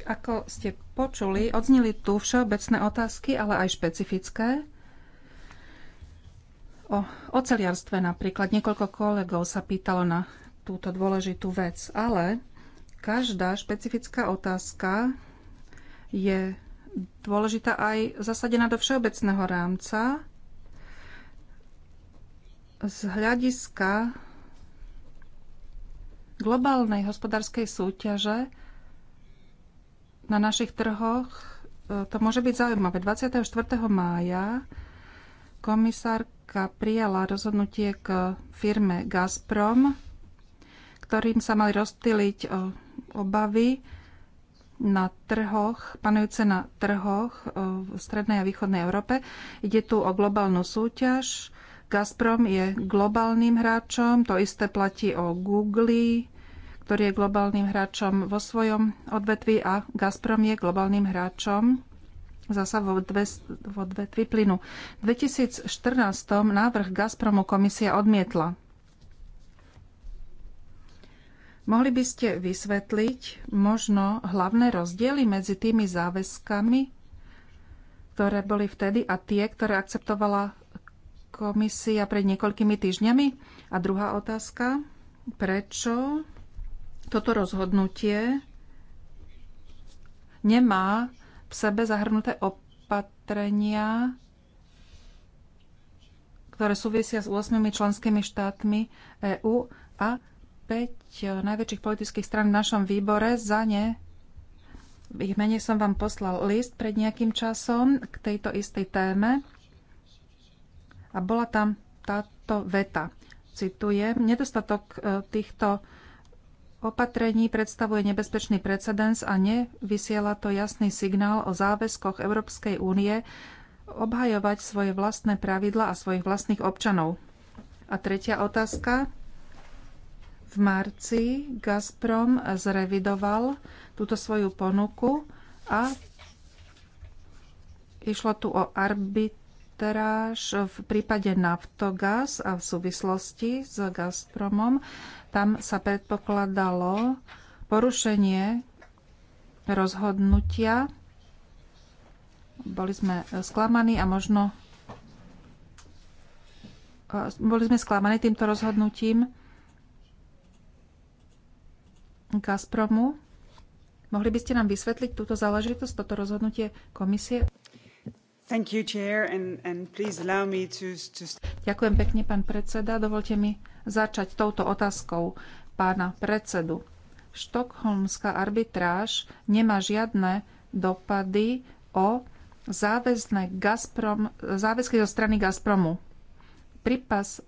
Ako ste počuli, odznili tu všeobecné otázky, ale aj špecifické. O oceliarstve napríklad niekoľko kolegov sa pýtalo na túto dôležitú vec, ale každá špecifická otázka je dôležitá aj zasadená do všeobecného rámca z hľadiska globálnej hospodárskej súťaže na našich trhoch. E, to môže byť zaujímavé. 24. mája komisárka prijala rozhodnutie k firme Gazprom, ktorým sa mali rozptýliť e, obavy na trhoch, panujúce na trhoch e, v strednej a východnej Európe. Ide tu o globálnu súťaž, Gazprom je globálnym hráčom, to isté platí o Google, ktorý je globálnym hráčom vo svojom odvetvi a Gazprom je globálnym hráčom zasa vo, odvetvi plynu. V 2014 návrh Gazpromu komisia odmietla. Mohli by ste vysvetliť možno hlavné rozdiely medzi tými záväzkami, ktoré boli vtedy a tie, ktoré akceptovala komisia pred niekoľkými týždňami? A druhá otázka, prečo toto rozhodnutie nemá v sebe zahrnuté opatrenia, ktoré súvisia s 8 členskými štátmi EÚ a 5 najväčších politických stran v našom výbore za ne. V ich mene som vám poslal list pred nejakým časom k tejto istej téme a bola tam táto veta. Citujem, nedostatok e, týchto opatrení predstavuje nebezpečný precedens a nevysiela to jasný signál o záväzkoch Európskej únie obhajovať svoje vlastné pravidla a svojich vlastných občanov. A tretia otázka. V marci Gazprom zrevidoval túto svoju ponuku a išlo tu o arbit arbitráž v prípade Naftogaz a v súvislosti s Gazpromom. Tam sa predpokladalo porušenie rozhodnutia. Boli sme sklamaní a možno e, boli sme sklamaní týmto rozhodnutím Gazpromu. Mohli by ste nám vysvetliť túto záležitosť, toto rozhodnutie komisie? Ďakujem pekne, pán predseda. Dovolte mi začať touto otázkou pána predsedu. Štokholmská arbitráž nemá žiadne dopady o záväzne Gazprom, záväzky zo strany Gazpromu. Prípas e,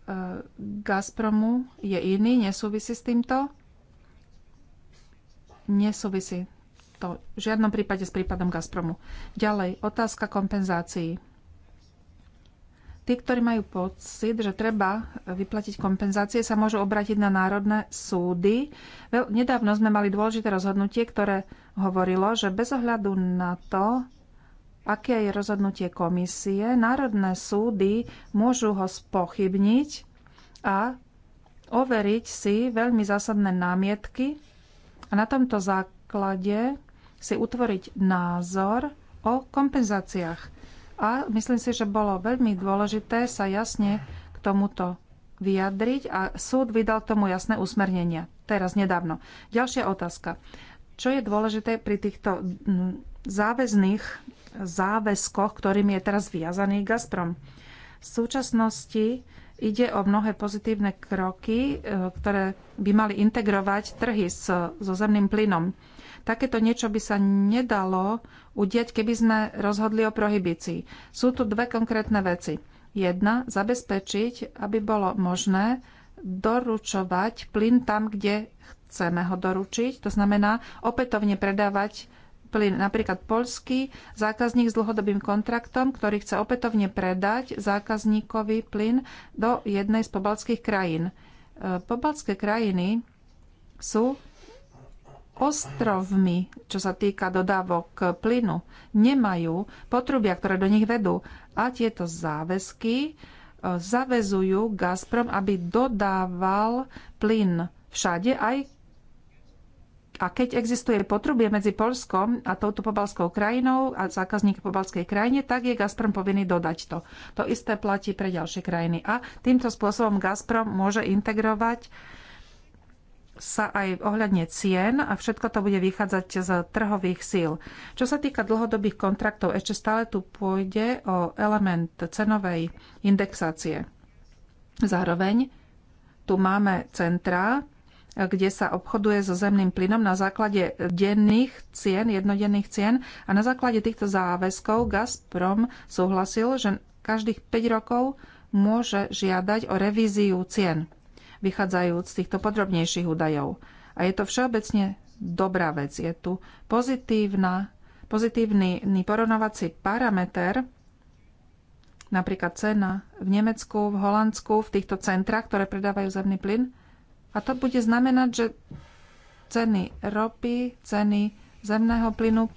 Gazpromu je iný, nesúvisí s týmto? Nesúvisí to v žiadnom prípade s prípadom Gazpromu. Ďalej, otázka kompenzácií. Tí, ktorí majú pocit, že treba vyplatiť kompenzácie, sa môžu obrátiť na národné súdy. Nedávno sme mali dôležité rozhodnutie, ktoré hovorilo, že bez ohľadu na to, aké je rozhodnutie komisie, národné súdy môžu ho spochybniť a overiť si veľmi zásadné námietky a na tomto základe si utvoriť názor o kompenzáciách. A myslím si, že bolo veľmi dôležité sa jasne k tomuto vyjadriť a súd vydal tomu jasné usmernenia. Teraz nedávno. Ďalšia otázka. Čo je dôležité pri týchto záväzných záväzkoch, ktorým je teraz viazaný Gazprom? V súčasnosti ide o mnohé pozitívne kroky, e, ktoré by mali integrovať trhy so, so zemným plynom Takéto niečo by sa nedalo udiať, keby sme rozhodli o prohibícii. Sú tu dve konkrétne veci. Jedna, zabezpečiť, aby bolo možné doručovať plyn tam, kde chceme ho doručiť. To znamená opätovne predávať plyn napríklad polský zákazník s dlhodobým kontraktom, ktorý chce opätovne predať zákazníkovi plyn do jednej z pobalských krajín. E, Pobalské krajiny sú ostrovmi, čo sa týka dodávok plynu, nemajú potrubia, ktoré do nich vedú. A tieto záväzky e, zavezujú Gazprom, aby dodával plyn všade, aj a keď existuje potrubie medzi Polskom a touto pobalskou krajinou a zákazník pobalskej krajine, tak je Gazprom povinný dodať to. To isté platí pre ďalšie krajiny. A týmto spôsobom Gazprom môže integrovať uh, sa aj ohľadne cien a všetko to bude vychádzať z trhových síl. Čo sa týka dlhodobých kontraktov, ešte stále tu pôjde o element cenovej indexácie. Zároveň tu máme centra, kde sa obchoduje so zemným plynom na základe denných cien, jednodenných cien a na základe týchto záväzkov Gazprom súhlasil, že každých 5 rokov môže žiadať o revíziu cien vychádzajúc z týchto podrobnejších údajov. A je to všeobecne dobrá vec. Je tu pozitívna, pozitívny porovnávací parameter, napríklad cena v Nemecku, v Holandsku, v týchto centrách, ktoré predávajú zemný plyn. A to bude znamenať, že ceny ropy, ceny zemného plynu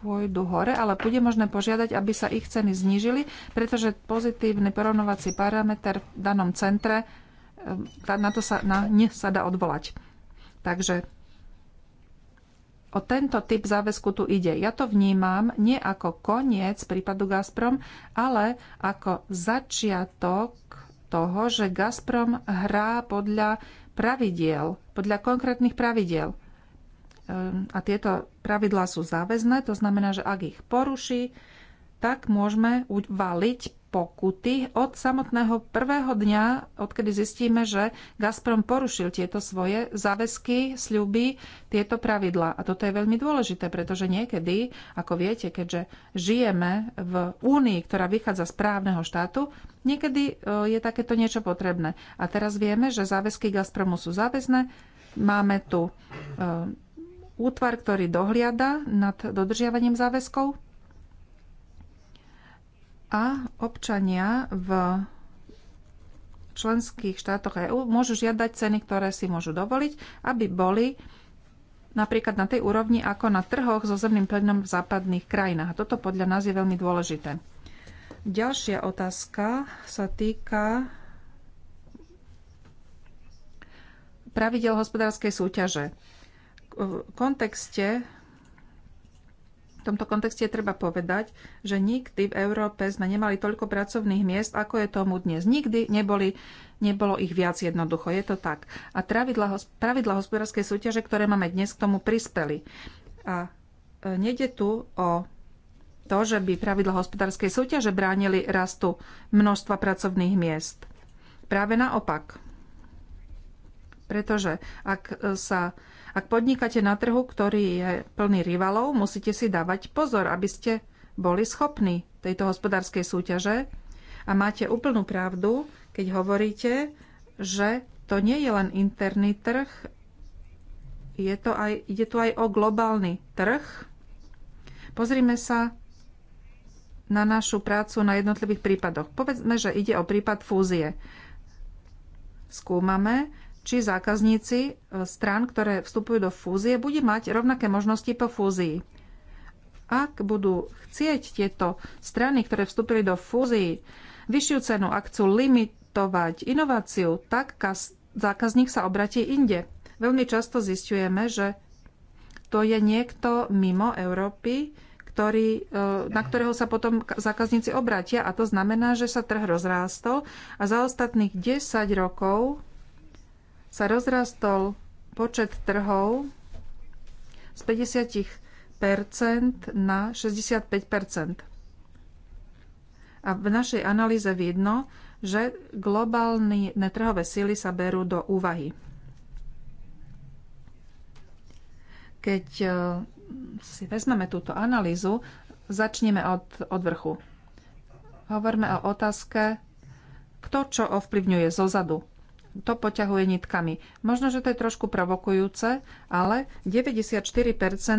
pôjdu hore, ale bude možné požiadať, aby sa ich ceny znížili, pretože pozitívny porovnovací parameter v danom centre Ehm, na to sa, na ne sa dá odvolať. Takže o tento typ záväzku tu ide. Ja to vnímam nie ako koniec prípadu Gazprom, ale ako začiatok toho, že Gazprom hrá podľa pravidiel, podľa konkrétnych pravidiel. Ehm, a tieto pravidlá sú záväzné, to znamená, že ak ich poruší, tak môžeme valiť pokuty od samotného prvého dňa, odkedy zistíme, že Gazprom porušil tieto svoje záväzky, sľuby, tieto pravidlá. A toto je veľmi dôležité, pretože niekedy, ako viete, keďže žijeme v únii, ktorá vychádza z právneho štátu, niekedy e, je takéto niečo potrebné. A teraz vieme, že záväzky Gazpromu sú záväzné. Máme tu e, útvar, ktorý dohliada nad dodržiavaním záväzkov a občania v členských štátoch EÚ môžu žiadať ceny, ktoré si môžu dovoliť, aby boli napríklad na tej úrovni ako na trhoch so zemným plynom v západných krajinách. Toto podľa nás je veľmi dôležité. Ďalšia otázka sa týka pravidel hospodárskej súťaže. V kontexte v tomto kontexte treba povedať, že nikdy v Európe sme nemali toľko pracovných miest, ako je tomu dnes. Nikdy neboli, nebolo ich viac jednoducho. Je to tak. A pravidla, pravidla hospodárskej súťaže, ktoré máme dnes, k tomu prispeli. A e, nejde tu o to, že by pravidla hospodárskej súťaže bránili rastu množstva pracovných miest. Práve naopak. Pretože ak e, sa ak podnikáte na trhu, ktorý je plný rivalov, musíte si dávať pozor, aby ste boli schopní tejto hospodárskej súťaže. A máte úplnú pravdu, keď hovoríte, že to nie je len interný trh, je to aj, ide tu aj o globálny trh. Pozrime sa na našu prácu na jednotlivých prípadoch. Povedzme, že ide o prípad fúzie. Skúmame, či zákazníci e, strán, ktoré vstupujú do fúzie, bude mať rovnaké možnosti po fúzii. Ak budú chcieť tieto strany, ktoré vstúpili do fúzii, vyššiu cenu, ak chcú limitovať inováciu, tak zákazník sa obratí inde. Veľmi často zistujeme, že to je niekto mimo Európy, ktorý, e, na ktorého sa potom zákazníci obratia a to znamená, že sa trh rozrástol a za ostatných 10 rokov sa rozrastol počet trhov z 50 na 65 A v našej analýze vidno, že globálne trhové síly sa berú do úvahy. Keď e, si vezmeme túto analýzu, začneme od, od vrchu. Hovoríme o otázke, kto čo ovplyvňuje zozadu to poťahuje nitkami. Možno, že to je trošku provokujúce, ale 94%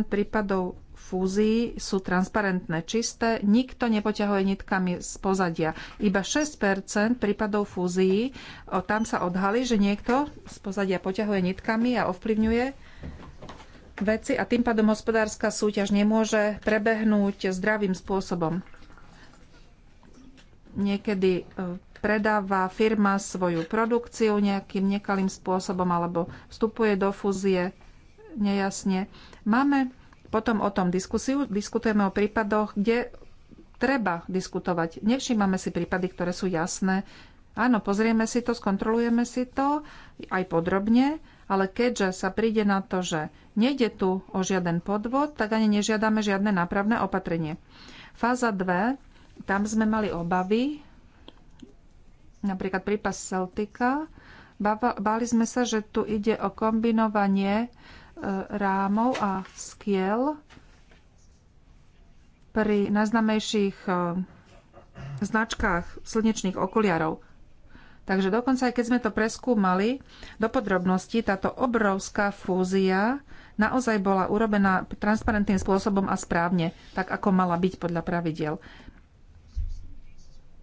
prípadov fúzií sú transparentné, čisté, nikto nepoťahuje nitkami z pozadia. Iba 6% prípadov fúzií, o, tam sa odhalí, že niekto z pozadia poťahuje nitkami a ovplyvňuje veci a tým pádom hospodárska súťaž nemôže prebehnúť zdravým spôsobom. Niekedy e, predáva firma svoju produkciu nejakým nekalým spôsobom alebo vstupuje do fúzie nejasne. Máme potom o tom diskusiu, diskutujeme o prípadoch, kde treba diskutovať. Nevšímame si prípady, ktoré sú jasné. Áno, pozrieme si to, skontrolujeme si to aj podrobne, ale keďže sa príde na to, že nejde tu o žiaden podvod, tak ani nežiadame žiadne nápravné opatrenie. Fáza 2, tam sme mali obavy, napríklad prípas Celtica, báli sme sa, že tu ide o kombinovanie e, rámov a skiel pri najznamejších e, značkách slnečných okuliarov. Takže dokonca aj keď sme to preskúmali do podrobností, táto obrovská fúzia naozaj bola urobená transparentným spôsobom a správne, tak ako mala byť podľa pravidiel.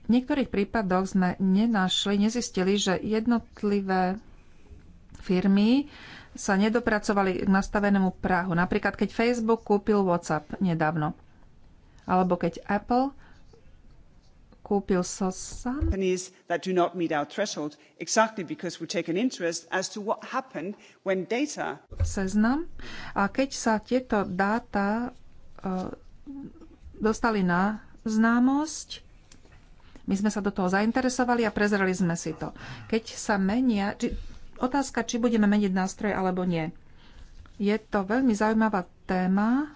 V niektorých prípadoch sme nenašli, nezistili, že jednotlivé firmy sa nedopracovali k nastavenému práhu. Napríklad, keď Facebook kúpil WhatsApp nedávno. Alebo keď Apple kúpil SOSAM. Seznam. A keď sa tieto dáta uh, dostali na známosť, my sme sa do toho zainteresovali a prezreli sme si to. Keď sa menia, či, otázka, či budeme meniť nástroje alebo nie. Je to veľmi zaujímavá téma,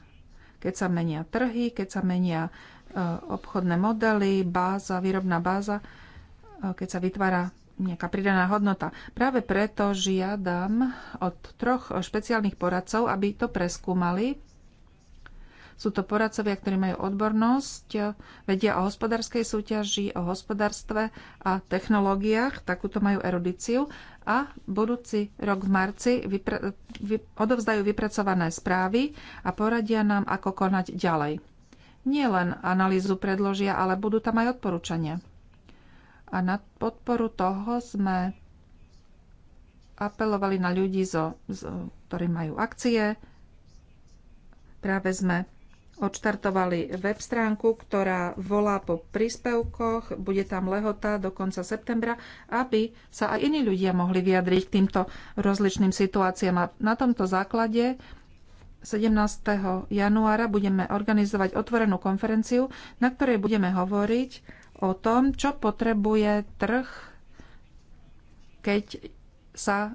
keď sa menia trhy, keď sa menia e, obchodné modely, báza, výrobná báza, e, keď sa vytvára nejaká pridaná hodnota. Práve preto žiadam od troch špeciálnych poradcov, aby to preskúmali sú to poradcovia, ktorí majú odbornosť, vedia o hospodárskej súťaži, o hospodárstve a technológiách, takúto majú erudíciu a budúci rok v marci vypr- vy- odovzdajú vypracované správy a poradia nám, ako konať ďalej. Nie len analýzu predložia, ale budú tam aj odporúčania. A na podporu toho sme apelovali na ľudí, zo, zo, ktorí majú akcie. Práve sme odštartovali web stránku, ktorá volá po príspevkoch, bude tam lehota do konca septembra, aby sa aj iní ľudia mohli vyjadriť k týmto rozličným situáciám. A na tomto základe 17. januára budeme organizovať otvorenú konferenciu, na ktorej budeme hovoriť o tom, čo potrebuje trh, keď sa e,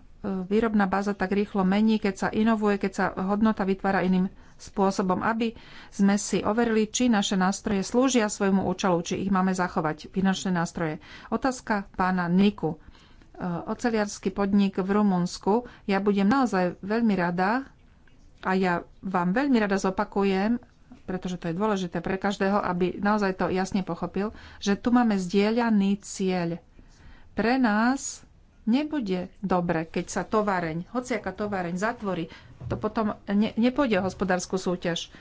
výrobná báza tak rýchlo mení, keď sa inovuje, keď sa hodnota vytvára iným spôsobom, aby sme si overili, či naše nástroje slúžia svojmu účelu, či ich máme zachovať, finančné nástroje. Otázka pána Niku. E, oceliarský podnik v Rumunsku. Ja budem naozaj veľmi rada a ja vám veľmi rada zopakujem, pretože to je dôležité pre každého, aby naozaj to jasne pochopil, že tu máme zdieľaný cieľ. Pre nás nebude dobre, keď sa tovareň, hociaká tovareň zatvorí to potom ne, nepôjde o hospodárskú súťaž.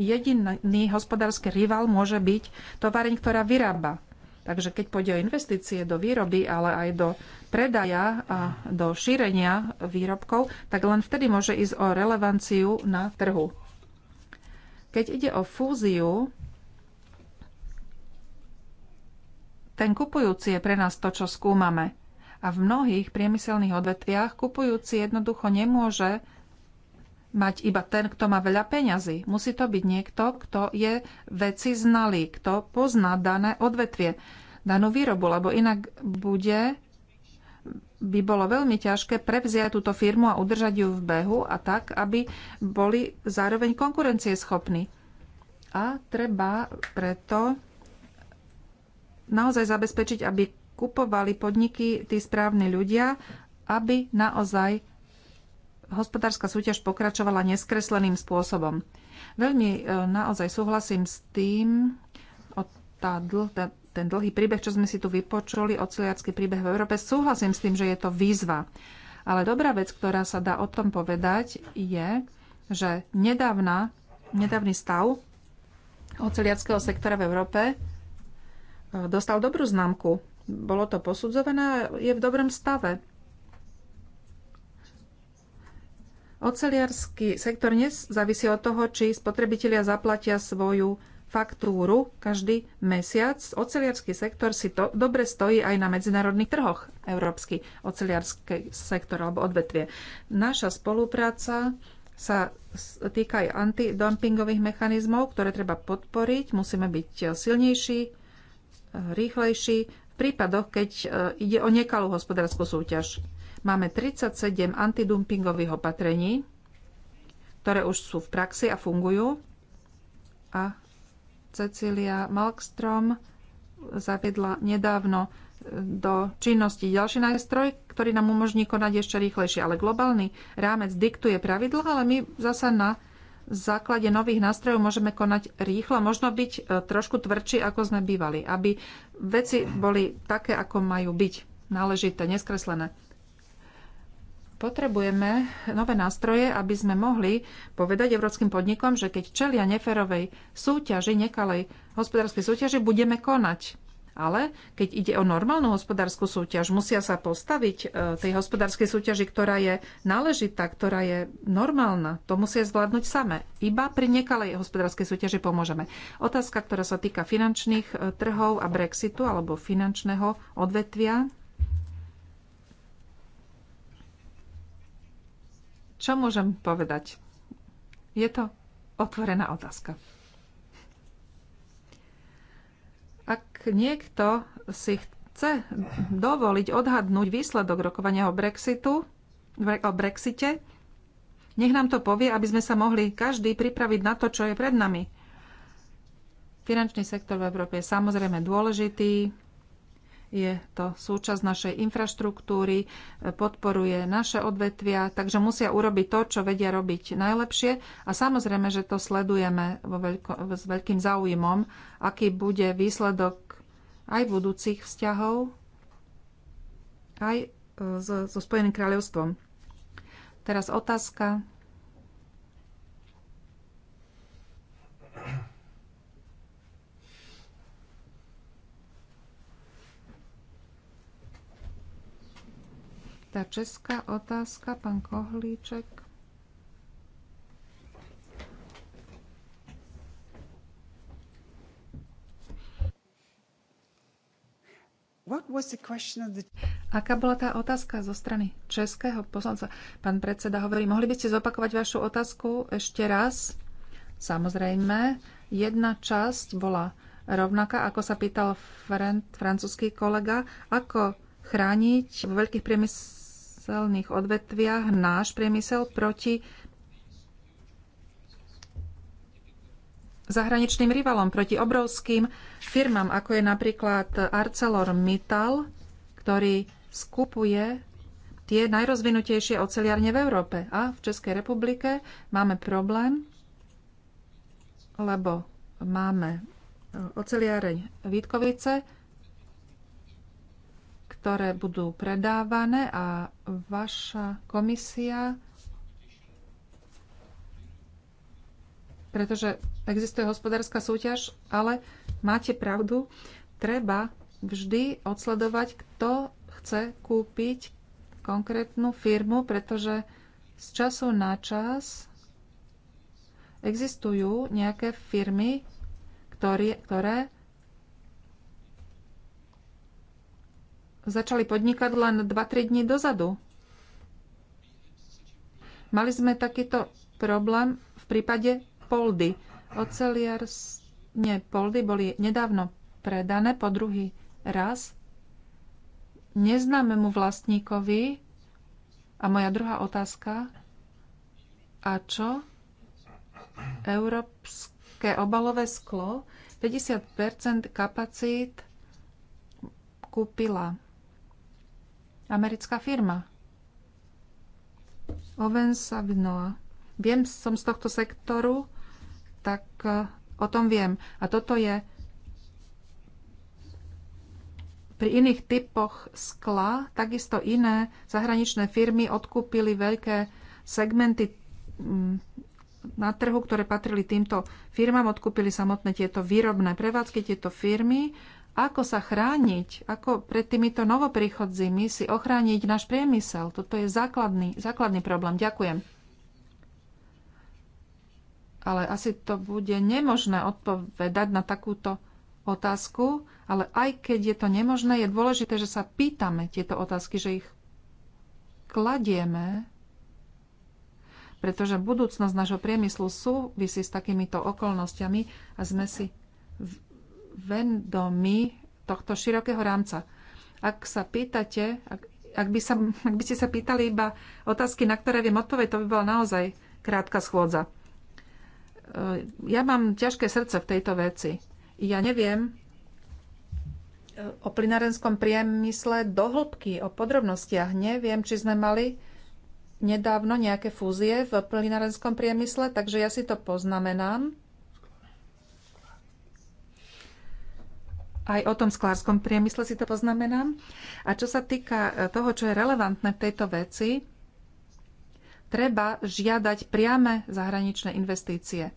Jediný hospodársky rival môže byť továreň, ktorá vyrába. Takže keď pôjde o investície do výroby, ale aj do predaja a do šírenia výrobkov, tak len vtedy môže ísť o relevanciu na trhu. Keď ide o fúziu, ten kupujúci je pre nás to, čo skúmame. A v mnohých priemyselných odvetviach kupujúci jednoducho nemôže mať iba ten, kto má veľa peňazí. Musí to byť niekto, kto je veci znalý, kto pozná dané odvetvie, danú výrobu, lebo inak bude by bolo veľmi ťažké prevziať túto firmu a udržať ju v behu a tak, aby boli zároveň konkurencieschopní. A treba preto naozaj zabezpečiť, aby kupovali podniky tí správni ľudia, aby naozaj hospodárska súťaž pokračovala neskresleným spôsobom. Veľmi e, naozaj súhlasím s tým, o tá, dl, tá, ten dlhý príbeh, čo sme si tu vypočuli, oceliacký príbeh v Európe, súhlasím s tým, že je to výzva. Ale dobrá vec, ktorá sa dá o tom povedať, je, že nedávna, nedávny stav oceliackého sektora v Európe e, dostal dobrú známku. Bolo to posudzované, a je v dobrom stave. Oceliarský sektor nezávisí od toho, či spotrebitelia zaplatia svoju faktúru každý mesiac. Oceliarský sektor si to dobre stojí aj na medzinárodných trhoch európsky oceliarský sektor alebo odvetvie. Naša spolupráca sa týka aj antidumpingových mechanizmov, ktoré treba podporiť. Musíme byť silnejší, rýchlejší v prípadoch, keď e, ide o nekalú hospodárskú súťaž. Máme 37 antidumpingových opatrení, ktoré už sú v praxi a fungujú. A Cecília Malkstrom zaviedla nedávno e, do činnosti ďalší nástroj, ktorý nám umožní konať ešte rýchlejšie. Ale globálny rámec diktuje pravidla, ale my zasa na základe nových nástrojov môžeme konať rýchlo, možno byť e, trošku tvrdší, ako sme bývali, aby veci boli také, ako majú byť, náležité, neskreslené. Potrebujeme nové nástroje, aby sme mohli povedať európskym podnikom, že keď čelia neferovej súťaži, nekalej hospodárskej súťaži, budeme konať. Ale keď ide o normálnu hospodárskú súťaž, musia sa postaviť e, tej hospodárskej súťaži, ktorá je náležitá, ktorá je normálna. To musia zvládnuť same. Iba pri nekalej hospodárskej súťaži pomôžeme. Otázka, ktorá sa týka finančných e, trhov a Brexitu alebo finančného odvetvia, Čo môžem povedať? Je to otvorená otázka. Ak niekto si chce dovoliť odhadnúť výsledok rokovania o Brexitu, o Brexite, nech nám to povie, aby sme sa mohli každý pripraviť na to, čo je pred nami. Finančný sektor v Európe je samozrejme dôležitý, je to súčasť našej infraštruktúry, e, podporuje naše odvetvia, takže musia urobiť to, čo vedia robiť najlepšie. A samozrejme, že to sledujeme vo veľko, s veľkým záujmom, aký bude výsledok aj budúcich vzťahov, aj e, so, so Spojeným kráľovstvom. Teraz otázka Tá česká otázka, pán Kohlíček. Aká bola tá otázka zo strany českého poslanca? Pán predseda hovorí, mohli by ste zopakovať vašu otázku ešte raz? Samozrejme, jedna časť bola rovnaká, ako sa pýtal francúzsky kolega, ako chrániť vo veľkých priemyselných priemyselných odvetviach náš priemysel proti zahraničným rivalom, proti obrovským firmám, ako je napríklad ArcelorMittal, ktorý skupuje tie najrozvinutejšie oceliarne v Európe. A v Českej republike máme problém, lebo máme oceliareň Vítkovice, ktoré budú predávané a vaša komisia, pretože existuje hospodárska súťaž, ale máte pravdu, treba vždy odsledovať, kto chce kúpiť konkrétnu firmu, pretože z času na čas existujú nejaké firmy, ktoré, ktoré začali podnikať len 2-3 dní dozadu. Mali sme takýto problém v prípade poldy. Oceliarne poldy boli nedávno predané po druhý raz neznámemu vlastníkovi. A moja druhá otázka, a čo európske obalové sklo 50 kapacít kúpila americká firma. Oven Savinoa. Viem, som z tohto sektoru, tak e, o tom viem. A toto je pri iných typoch skla, takisto iné zahraničné firmy odkúpili veľké segmenty mm, na trhu, ktoré patrili týmto firmám, odkúpili samotné tieto výrobné prevádzky, tieto firmy ako sa chrániť? Ako pred týmito novoprichodzimi si ochrániť náš priemysel? Toto je základný, základný problém. Ďakujem. Ale asi to bude nemožné odpovedať na takúto otázku, ale aj keď je to nemožné, je dôležité, že sa pýtame tieto otázky, že ich kladieme, pretože budúcnosť nášho priemyslu súvisí s takýmito okolnostiami a sme si vedomi tohto širokého rámca. Ak sa pýtate, ak, ak, by sa, ak by ste sa pýtali iba otázky, na ktoré viem odpoveď, to by bola naozaj krátka schôdza. E, ja mám ťažké srdce v tejto veci. Ja neviem e, o plinárenskom priemysle do hĺbky, o podrobnostiach. Neviem, či sme mali nedávno nejaké fúzie v plinárenskom priemysle, takže ja si to poznamenám aj o tom sklárskom priemysle si to poznamenám. A čo sa týka e, toho, čo je relevantné v tejto veci, treba žiadať priame zahraničné investície.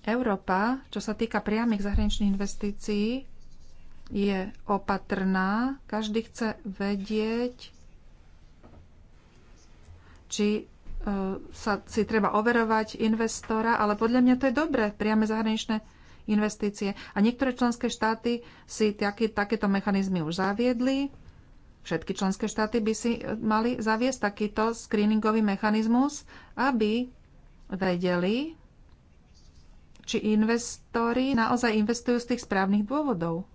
Európa, čo sa týka priamých zahraničných investícií, je opatrná. Každý chce vedieť, či e, sa si treba overovať investora, ale podľa mňa to je dobré, priame zahraničné investície investície. A niektoré členské štáty si taký, takéto mechanizmy už zaviedli. Všetky členské štáty by si e, mali zaviesť takýto screeningový mechanizmus, aby vedeli, či investori naozaj investujú z tých správnych dôvodov.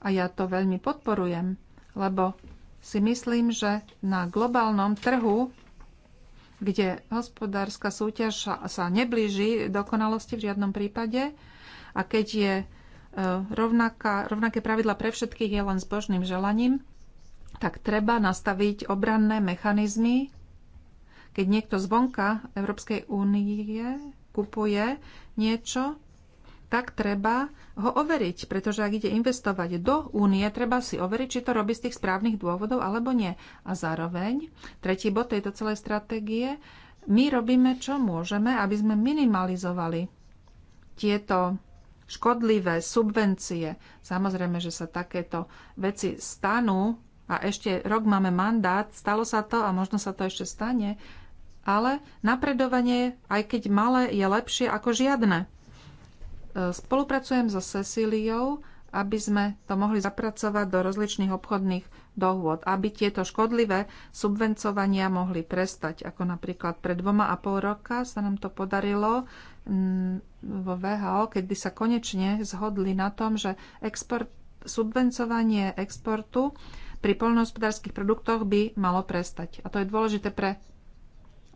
A ja to veľmi podporujem, lebo si myslím, že na globálnom trhu kde hospodárska súťaž sa neblíži dokonalosti v žiadnom prípade a keď je e, rovnaká, rovnaké pravidla pre všetkých je len s božným želaním, tak treba nastaviť obranné mechanizmy. Keď niekto zvonka Európskej únie kupuje niečo, tak treba ho overiť, pretože ak ide investovať do únie, treba si overiť, či to robí z tých správnych dôvodov alebo nie. A zároveň, tretí bod tejto celej stratégie, my robíme, čo môžeme, aby sme minimalizovali tieto škodlivé subvencie. Samozrejme, že sa takéto veci stanú a ešte rok máme mandát, stalo sa to a možno sa to ešte stane, ale napredovanie, aj keď malé, je lepšie ako žiadne. E, spolupracujem so Cecíliou, aby sme to mohli zapracovať do rozličných obchodných dohôd, aby tieto škodlivé subvencovania mohli prestať, ako napríklad pred dvoma a pol roka sa nám to podarilo vo VHO, kedy sa konečne zhodli na tom, že export, subvencovanie exportu pri poľnohospodárskych produktoch by malo prestať. A to je dôležité pre,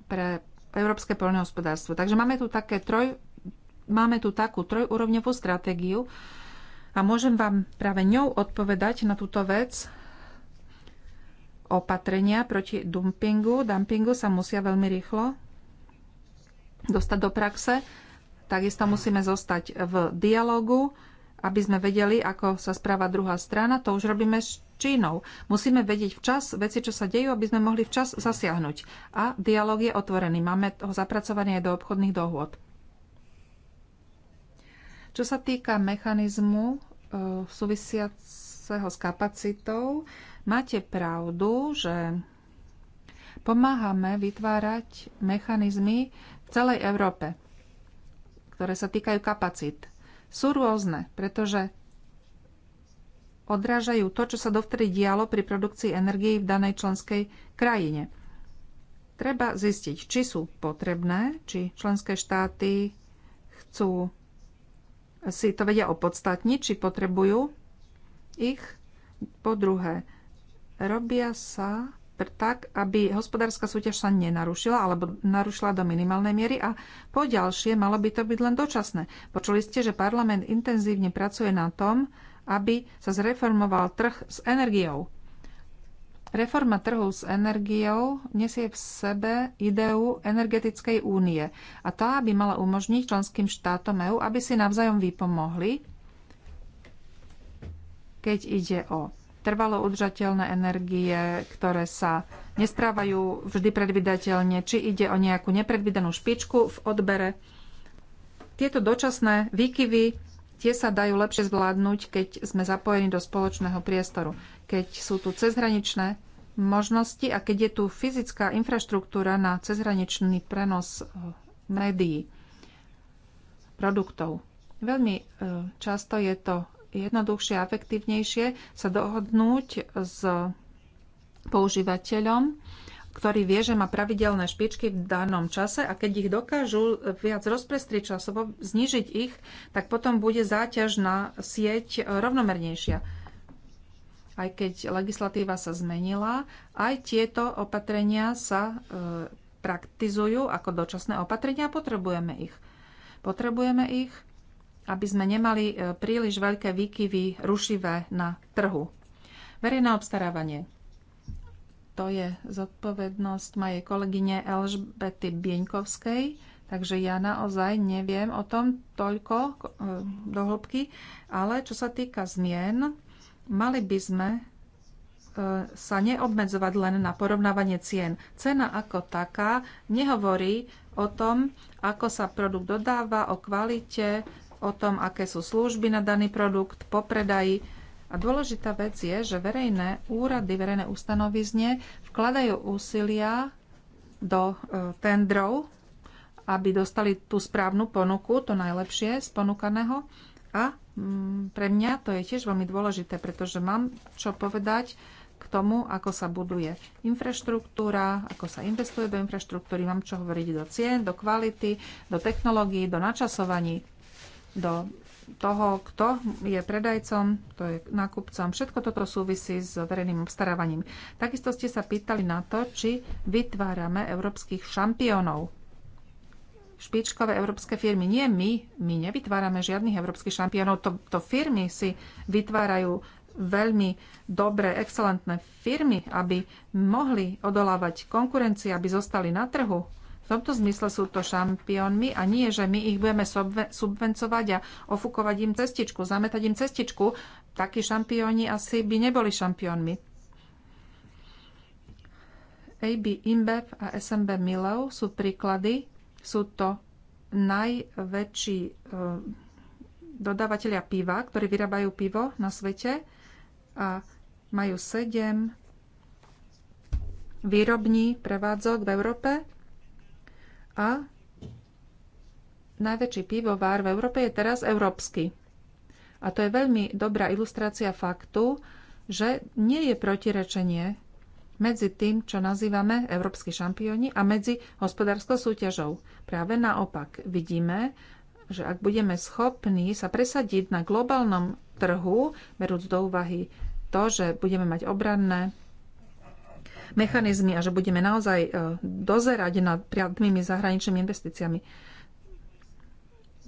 pre európske poľnohospodárstvo. Takže máme tu také troj, máme tu takú trojúrovňovú stratégiu a môžem vám práve ňou odpovedať na túto vec. Opatrenia proti dumpingu, dumpingu sa musia veľmi rýchlo dostať do praxe. Takisto musíme zostať v dialogu, aby sme vedeli, ako sa správa druhá strana. To už robíme s Čínou. Musíme vedieť včas veci, čo sa dejú, aby sme mohli včas zasiahnuť. A dialog je otvorený. Máme ho zapracovaný aj do obchodných dohôd. Čo sa týka mechanizmu e, súvisiaceho s kapacitou, máte pravdu, že pomáhame vytvárať mechanizmy v celej Európe, ktoré sa týkajú kapacít. Sú rôzne, pretože odrážajú to, čo sa dovtedy dialo pri produkcii energii v danej členskej krajine. Treba zistiť, či sú potrebné, či členské štáty chcú si to vedia opodstatniť, či potrebujú ich. Po druhé, robia sa tak, aby hospodárska súťaž sa nenarušila alebo narušila do minimálnej miery a po ďalšie malo by to byť len dočasné. Počuli ste, že parlament intenzívne pracuje na tom, aby sa zreformoval trh s energiou. Reforma trhu s energiou nesie v sebe ideu energetickej únie a tá by mala umožniť členským štátom EÚ, aby si navzájom vypomohli, keď ide o trvalo udržateľné energie, ktoré sa nesprávajú vždy predvydateľne, či ide o nejakú nepredvydanú špičku v odbere. Tieto dočasné výkyvy tie sa dajú lepšie zvládnuť, keď sme zapojení do spoločného priestoru. Keď sú tu cezhraničné možnosti a keď je tu fyzická infraštruktúra na cezhraničný prenos e, médií, produktov. Veľmi e, často je to jednoduchšie a efektívnejšie sa dohodnúť s používateľom ktorý vie, že má pravidelné špičky v danom čase a keď ich dokážu viac rozprestrieť časovo, znižiť ich, tak potom bude záťaž na sieť rovnomernejšia. Aj keď legislatíva sa zmenila, aj tieto opatrenia sa e, praktizujú ako dočasné opatrenia a potrebujeme ich. Potrebujeme ich, aby sme nemali e, príliš veľké výkyvy rušivé na trhu. Verejné obstarávanie to je zodpovednosť mojej kolegyne Elžbety Bieňkovskej, takže ja naozaj neviem o tom toľko e, do hĺbky, ale čo sa týka zmien, mali by sme e, sa neobmedzovať len na porovnávanie cien. Cena ako taká nehovorí o tom, ako sa produkt dodáva, o kvalite, o tom, aké sú služby na daný produkt po predaji a dôležitá vec je, že verejné úrady, verejné ustanovizne vkladajú úsilia do e, tendrov, aby dostali tú správnu ponuku, to najlepšie z ponúkaného. A mm, pre mňa to je tiež veľmi dôležité, pretože mám čo povedať k tomu, ako sa buduje infraštruktúra, ako sa investuje do infraštruktúry, mám čo hovoriť do cien, do kvality, do technológií, do načasovaní, do toho, kto je predajcom, to je nákupcom. Všetko toto súvisí s verejným obstarávaním. Takisto ste sa pýtali na to, či vytvárame európskych šampiónov. Špičkové európske firmy. Nie my, my nevytvárame žiadnych európskych šampiónov. To, to firmy si vytvárajú veľmi dobré, excelentné firmy, aby mohli odolávať konkurencii, aby zostali na trhu v tomto zmysle sú to šampiónmi a nie, že my ich budeme subvencovať a ofukovať im cestičku, zametať im cestičku. Takí šampióni asi by neboli šampiónmi. AB InBev a SMB Milov sú príklady. Sú to najväčší e, dodávateľia piva, ktorí vyrábajú pivo na svete a majú 7 výrobní prevádzok v Európe a najväčší pivovár v Európe je teraz európsky. A to je veľmi dobrá ilustrácia faktu, že nie je protirečenie medzi tým, čo nazývame európsky šampióni a medzi hospodárskou súťažou. Práve naopak vidíme, že ak budeme schopní sa presadiť na globálnom trhu, berúc do úvahy to, že budeme mať obranné mechanizmy a že budeme naozaj e, dozerať nad priadnými zahraničnými investíciami,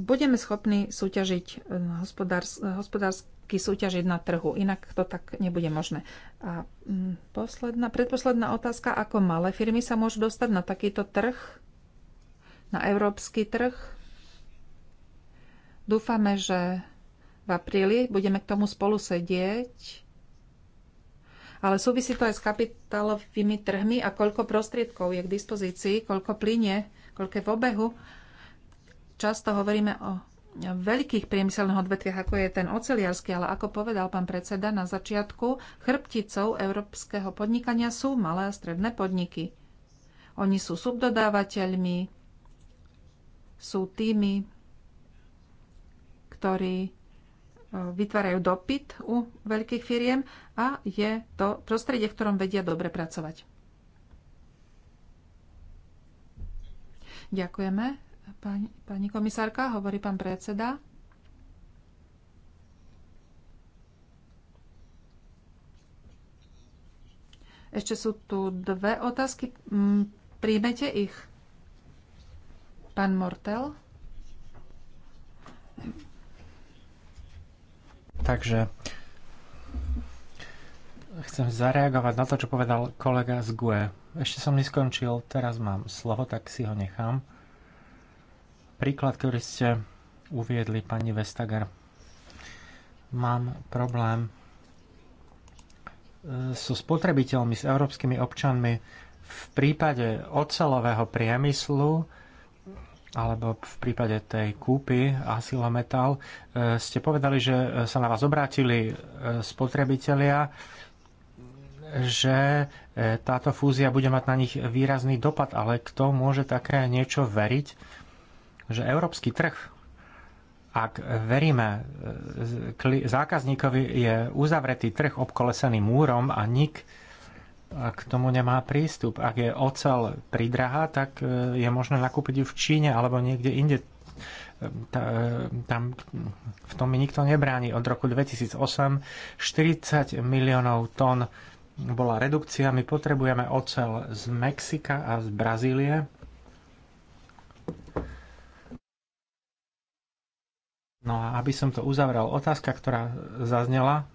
budeme schopní súťažiť e, hospodárs- hospodársky súťažiť na trhu. Inak to tak nebude možné. A mm, posledná, predposledná otázka, ako malé firmy sa môžu dostať na takýto trh, na európsky trh. Dúfame, že v apríli budeme k tomu spolu sedieť ale súvisí to aj s kapitálovými trhmi a koľko prostriedkov je k dispozícii, koľko plyne, koľko je v obehu. Často hovoríme o veľkých priemyselných odvetviach, ako je ten oceliarský, ale ako povedal pán predseda na začiatku, chrbticou európskeho podnikania sú malé a stredné podniky. Oni sú subdodávateľmi, sú tými, ktorí vytvárajú dopyt u veľkých firiem a je to prostredie, v ktorom vedia dobre pracovať. Ďakujeme. Pani, pani komisárka, hovorí pán predseda. Ešte sú tu dve otázky. Mm, príjmete ich? Pán Mortel? Takže chcem zareagovať na to, čo povedal kolega z GUE. Ešte som neskončil, teraz mám slovo, tak si ho nechám. Príklad, ktorý ste uviedli, pani Vestager. Mám problém e, so spotrebiteľmi, s európskymi občanmi v prípade ocelového priemyslu, alebo v prípade tej kúpy Metal, e, ste povedali, že e, sa na vás obrátili e, spotrebitelia, že táto fúzia bude mať na nich výrazný dopad, ale kto môže také niečo veriť, že európsky trh, ak veríme, zákazníkovi je uzavretý trh obkolesený múrom a nik k tomu nemá prístup. Ak je ocel pridrahá, tak e, je možné nakúpiť ju v Číne alebo niekde inde. E, e, tam, v tom mi nikto nebráni. Od roku 2008 40 miliónov tón bola redukcia. My potrebujeme ocel z Mexika a z Brazílie. No a aby som to uzavrel, otázka, ktorá zaznela,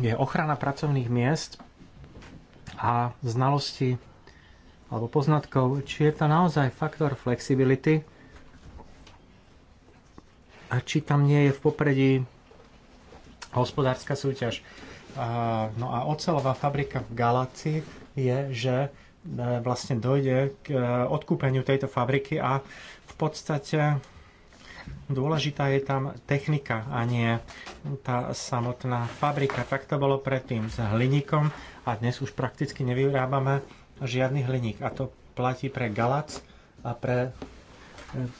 je ochrana pracovných miest a znalosti alebo poznatkov, či je to naozaj faktor flexibility a či tam nie je v popredí hospodárska súťaž. No a ocelová fabrika v Galácii je, že e, vlastne dojde k e, odkúpeniu tejto fabriky a v podstate Dôležitá je tam technika a nie tá samotná fabrika. Tak to bolo predtým s hliníkom a dnes už prakticky nevyrábame žiadny hliník. A to platí pre Galac a pre e,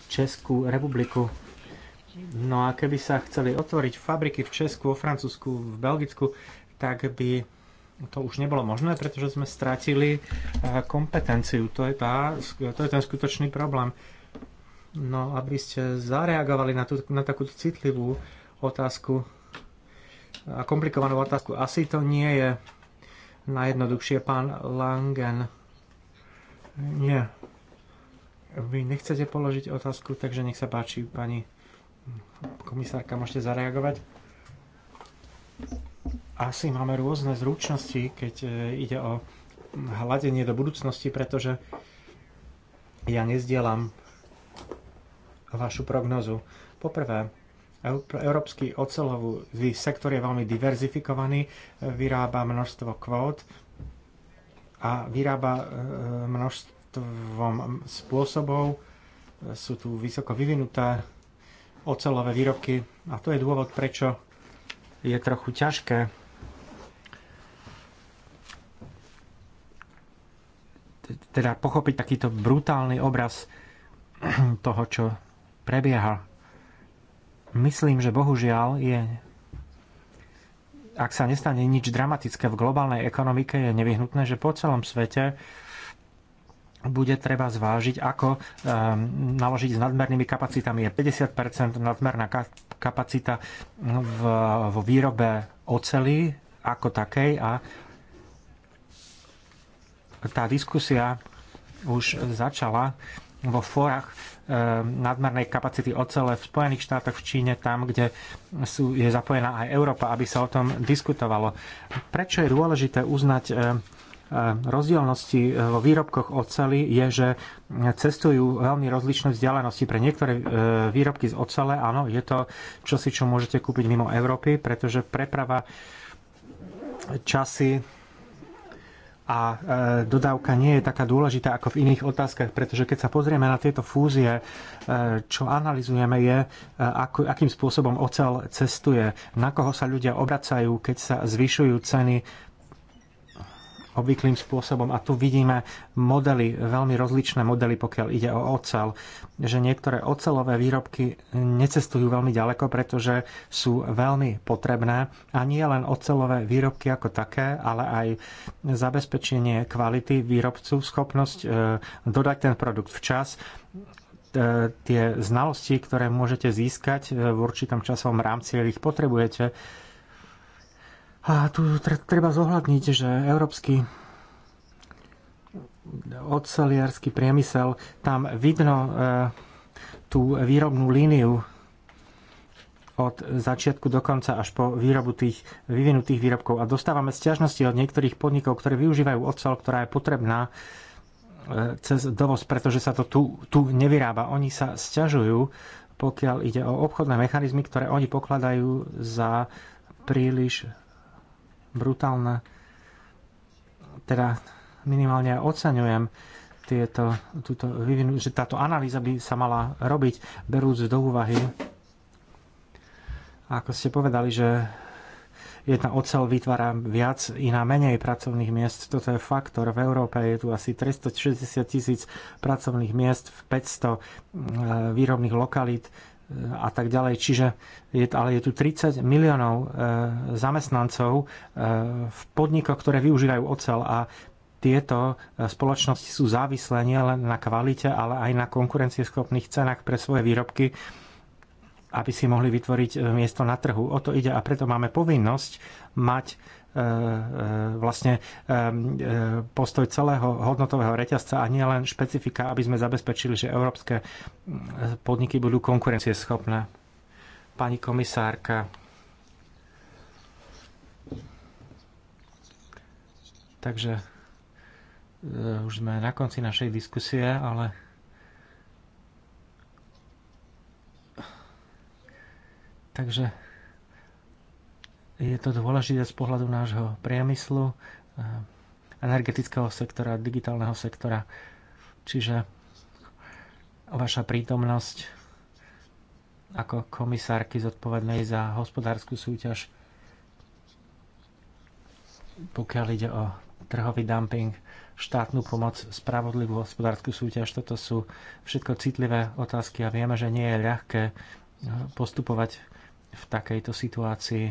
Českú republiku. No a keby sa chceli otvoriť fabriky v Česku, vo Francúzsku, v Belgicku, tak by to už nebolo možné, pretože sme strátili e, kompetenciu. To je, tá, to je ten skutočný problém. No, aby ste zareagovali na, tú, na takú citlivú otázku a komplikovanú otázku. Asi to nie je najjednoduchšie, pán Langen. Nie. Vy nechcete položiť otázku, takže nech sa páči, pani komisárka, môžete zareagovať. Asi máme rôzne zručnosti, keď e, ide o hľadenie do budúcnosti, pretože ja nezdielam vašu prognozu. Poprvé, Európsky ocelový sektor je veľmi diverzifikovaný, e, vyrába množstvo kvót a vyrába e, množstvom spôsobov. Sú tu vysoko vyvinuté ocelové výrobky a to je dôvod, prečo je trochu ťažké teda pochopiť takýto brutálny obraz toho, čo prebieha. Myslím, že bohužiaľ je ak sa nestane nič dramatické v globálnej ekonomike, je nevyhnutné, že po celom svete bude treba zvážiť, ako um, naložiť s nadmernými kapacitami. Je 50 nadmerná kapacita v, vo výrobe oceli ako takej a tá diskusia už začala vo fórach Eh, nadmernej kapacity ocele v Spojených štátoch, v Číne, tam, kde sú, je zapojená aj Európa, aby sa o tom diskutovalo. Prečo je dôležité uznať eh, eh, rozdielnosti vo výrobkoch ocely, je, že cestujú veľmi rozličné vzdialenosti. Pre niektoré výrobky z ocele, áno, je to čosi, čo môžete kúpiť mimo Európy, pretože preprava časy a e, dodávka nie je taká dôležitá ako v iných otázkach, pretože keď sa pozrieme na tieto fúzie, e, čo analizujeme je, e, ako, akým spôsobom ocel cestuje, na koho sa ľudia obracajú, keď sa zvyšujú ceny obvyklým spôsobom. A tu vidíme modely, veľmi rozličné modely, pokiaľ ide o ocel, že niektoré ocelové výrobky necestujú veľmi ďaleko, pretože sú veľmi potrebné. A nie len ocelové výrobky ako také, ale aj zabezpečenie kvality výrobcu, schopnosť e, dodať ten produkt včas, e, tie znalosti, ktoré môžete získať e, v určitom časovom rámci, ich potrebujete, a tu treba zohľadniť, že európsky oceliarský priemysel, tam vidno e, tú výrobnú líniu od začiatku do konca až po výrobu tých vyvinutých výrobkov. A dostávame stiažnosti od niektorých podnikov, ktoré využívajú ocel, ktorá je potrebná e, cez dovoz, pretože sa to tu, tu nevyrába. Oni sa sťažujú, pokiaľ ide o obchodné mechanizmy, ktoré oni pokladajú za príliš brutálna. Teda minimálne oceňujem tieto, túto že táto analýza by sa mala robiť, berúc do úvahy, ako ste povedali, že jedna ocel vytvára viac, iná menej pracovných miest. Toto je faktor. V Európe je tu asi 360 tisíc pracovných miest v 500 e, výrobných lokalít a tak ďalej. Čiže je, ale je tu 30 miliónov e, zamestnancov e, v podnikoch, ktoré využívajú ocel a tieto e, spoločnosti sú závislé nielen na kvalite, ale aj na konkurencieschopných cenách pre svoje výrobky, aby si mohli vytvoriť miesto na trhu. O to ide a preto máme povinnosť mať E, e, vlastne e, postoj celého hodnotového reťazca a nielen špecifika, aby sme zabezpečili, že európske podniky budú konkurencieschopné. Pani komisárka, Takže už sme na konci našej diskusie, ale takže je to dôležité z pohľadu nášho priemyslu, eh, energetického sektora, digitálneho sektora. Čiže vaša prítomnosť ako komisárky zodpovednej za hospodárskú súťaž, pokiaľ ide o trhový dumping, štátnu pomoc, spravodlivú hospodárskú súťaž, toto sú všetko citlivé otázky a vieme, že nie je ľahké postupovať v takejto situácii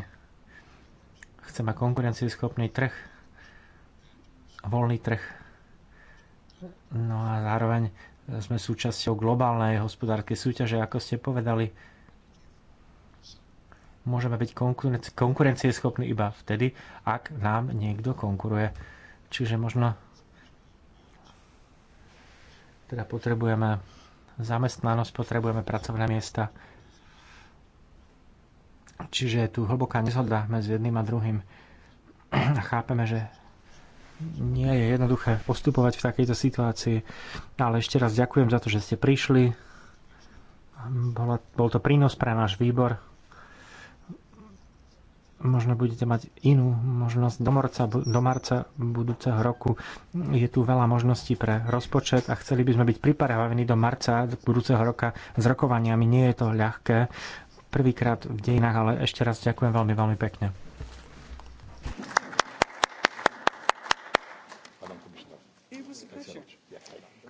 Chceme konkurencieschopný trh, voľný trh. No a zároveň sme súčasťou globálnej hospodárskej súťaže, ako ste povedali. Môžeme byť konkurencieschopní iba vtedy, ak nám niekto konkuruje. Čiže možno teda potrebujeme zamestnanosť, potrebujeme pracovné miesta, Čiže je tu hlboká nezhoda medzi jedným a druhým. A chápeme, že nie je jednoduché postupovať v takejto situácii. Ale ešte raz ďakujem za to, že ste prišli. Bolo, bol to prínos pre náš výbor. Možno budete mať inú možnosť do marca, do marca budúceho roku. Je tu veľa možností pre rozpočet a chceli by sme byť pripravení do marca budúceho roka s rokovaniami. Nie je to ľahké prvýkrát v dejinách, ale ešte raz ďakujem veľmi, veľmi pekne.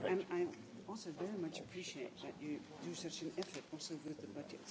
And I also very much appreciate that you do such an effort also with the budget.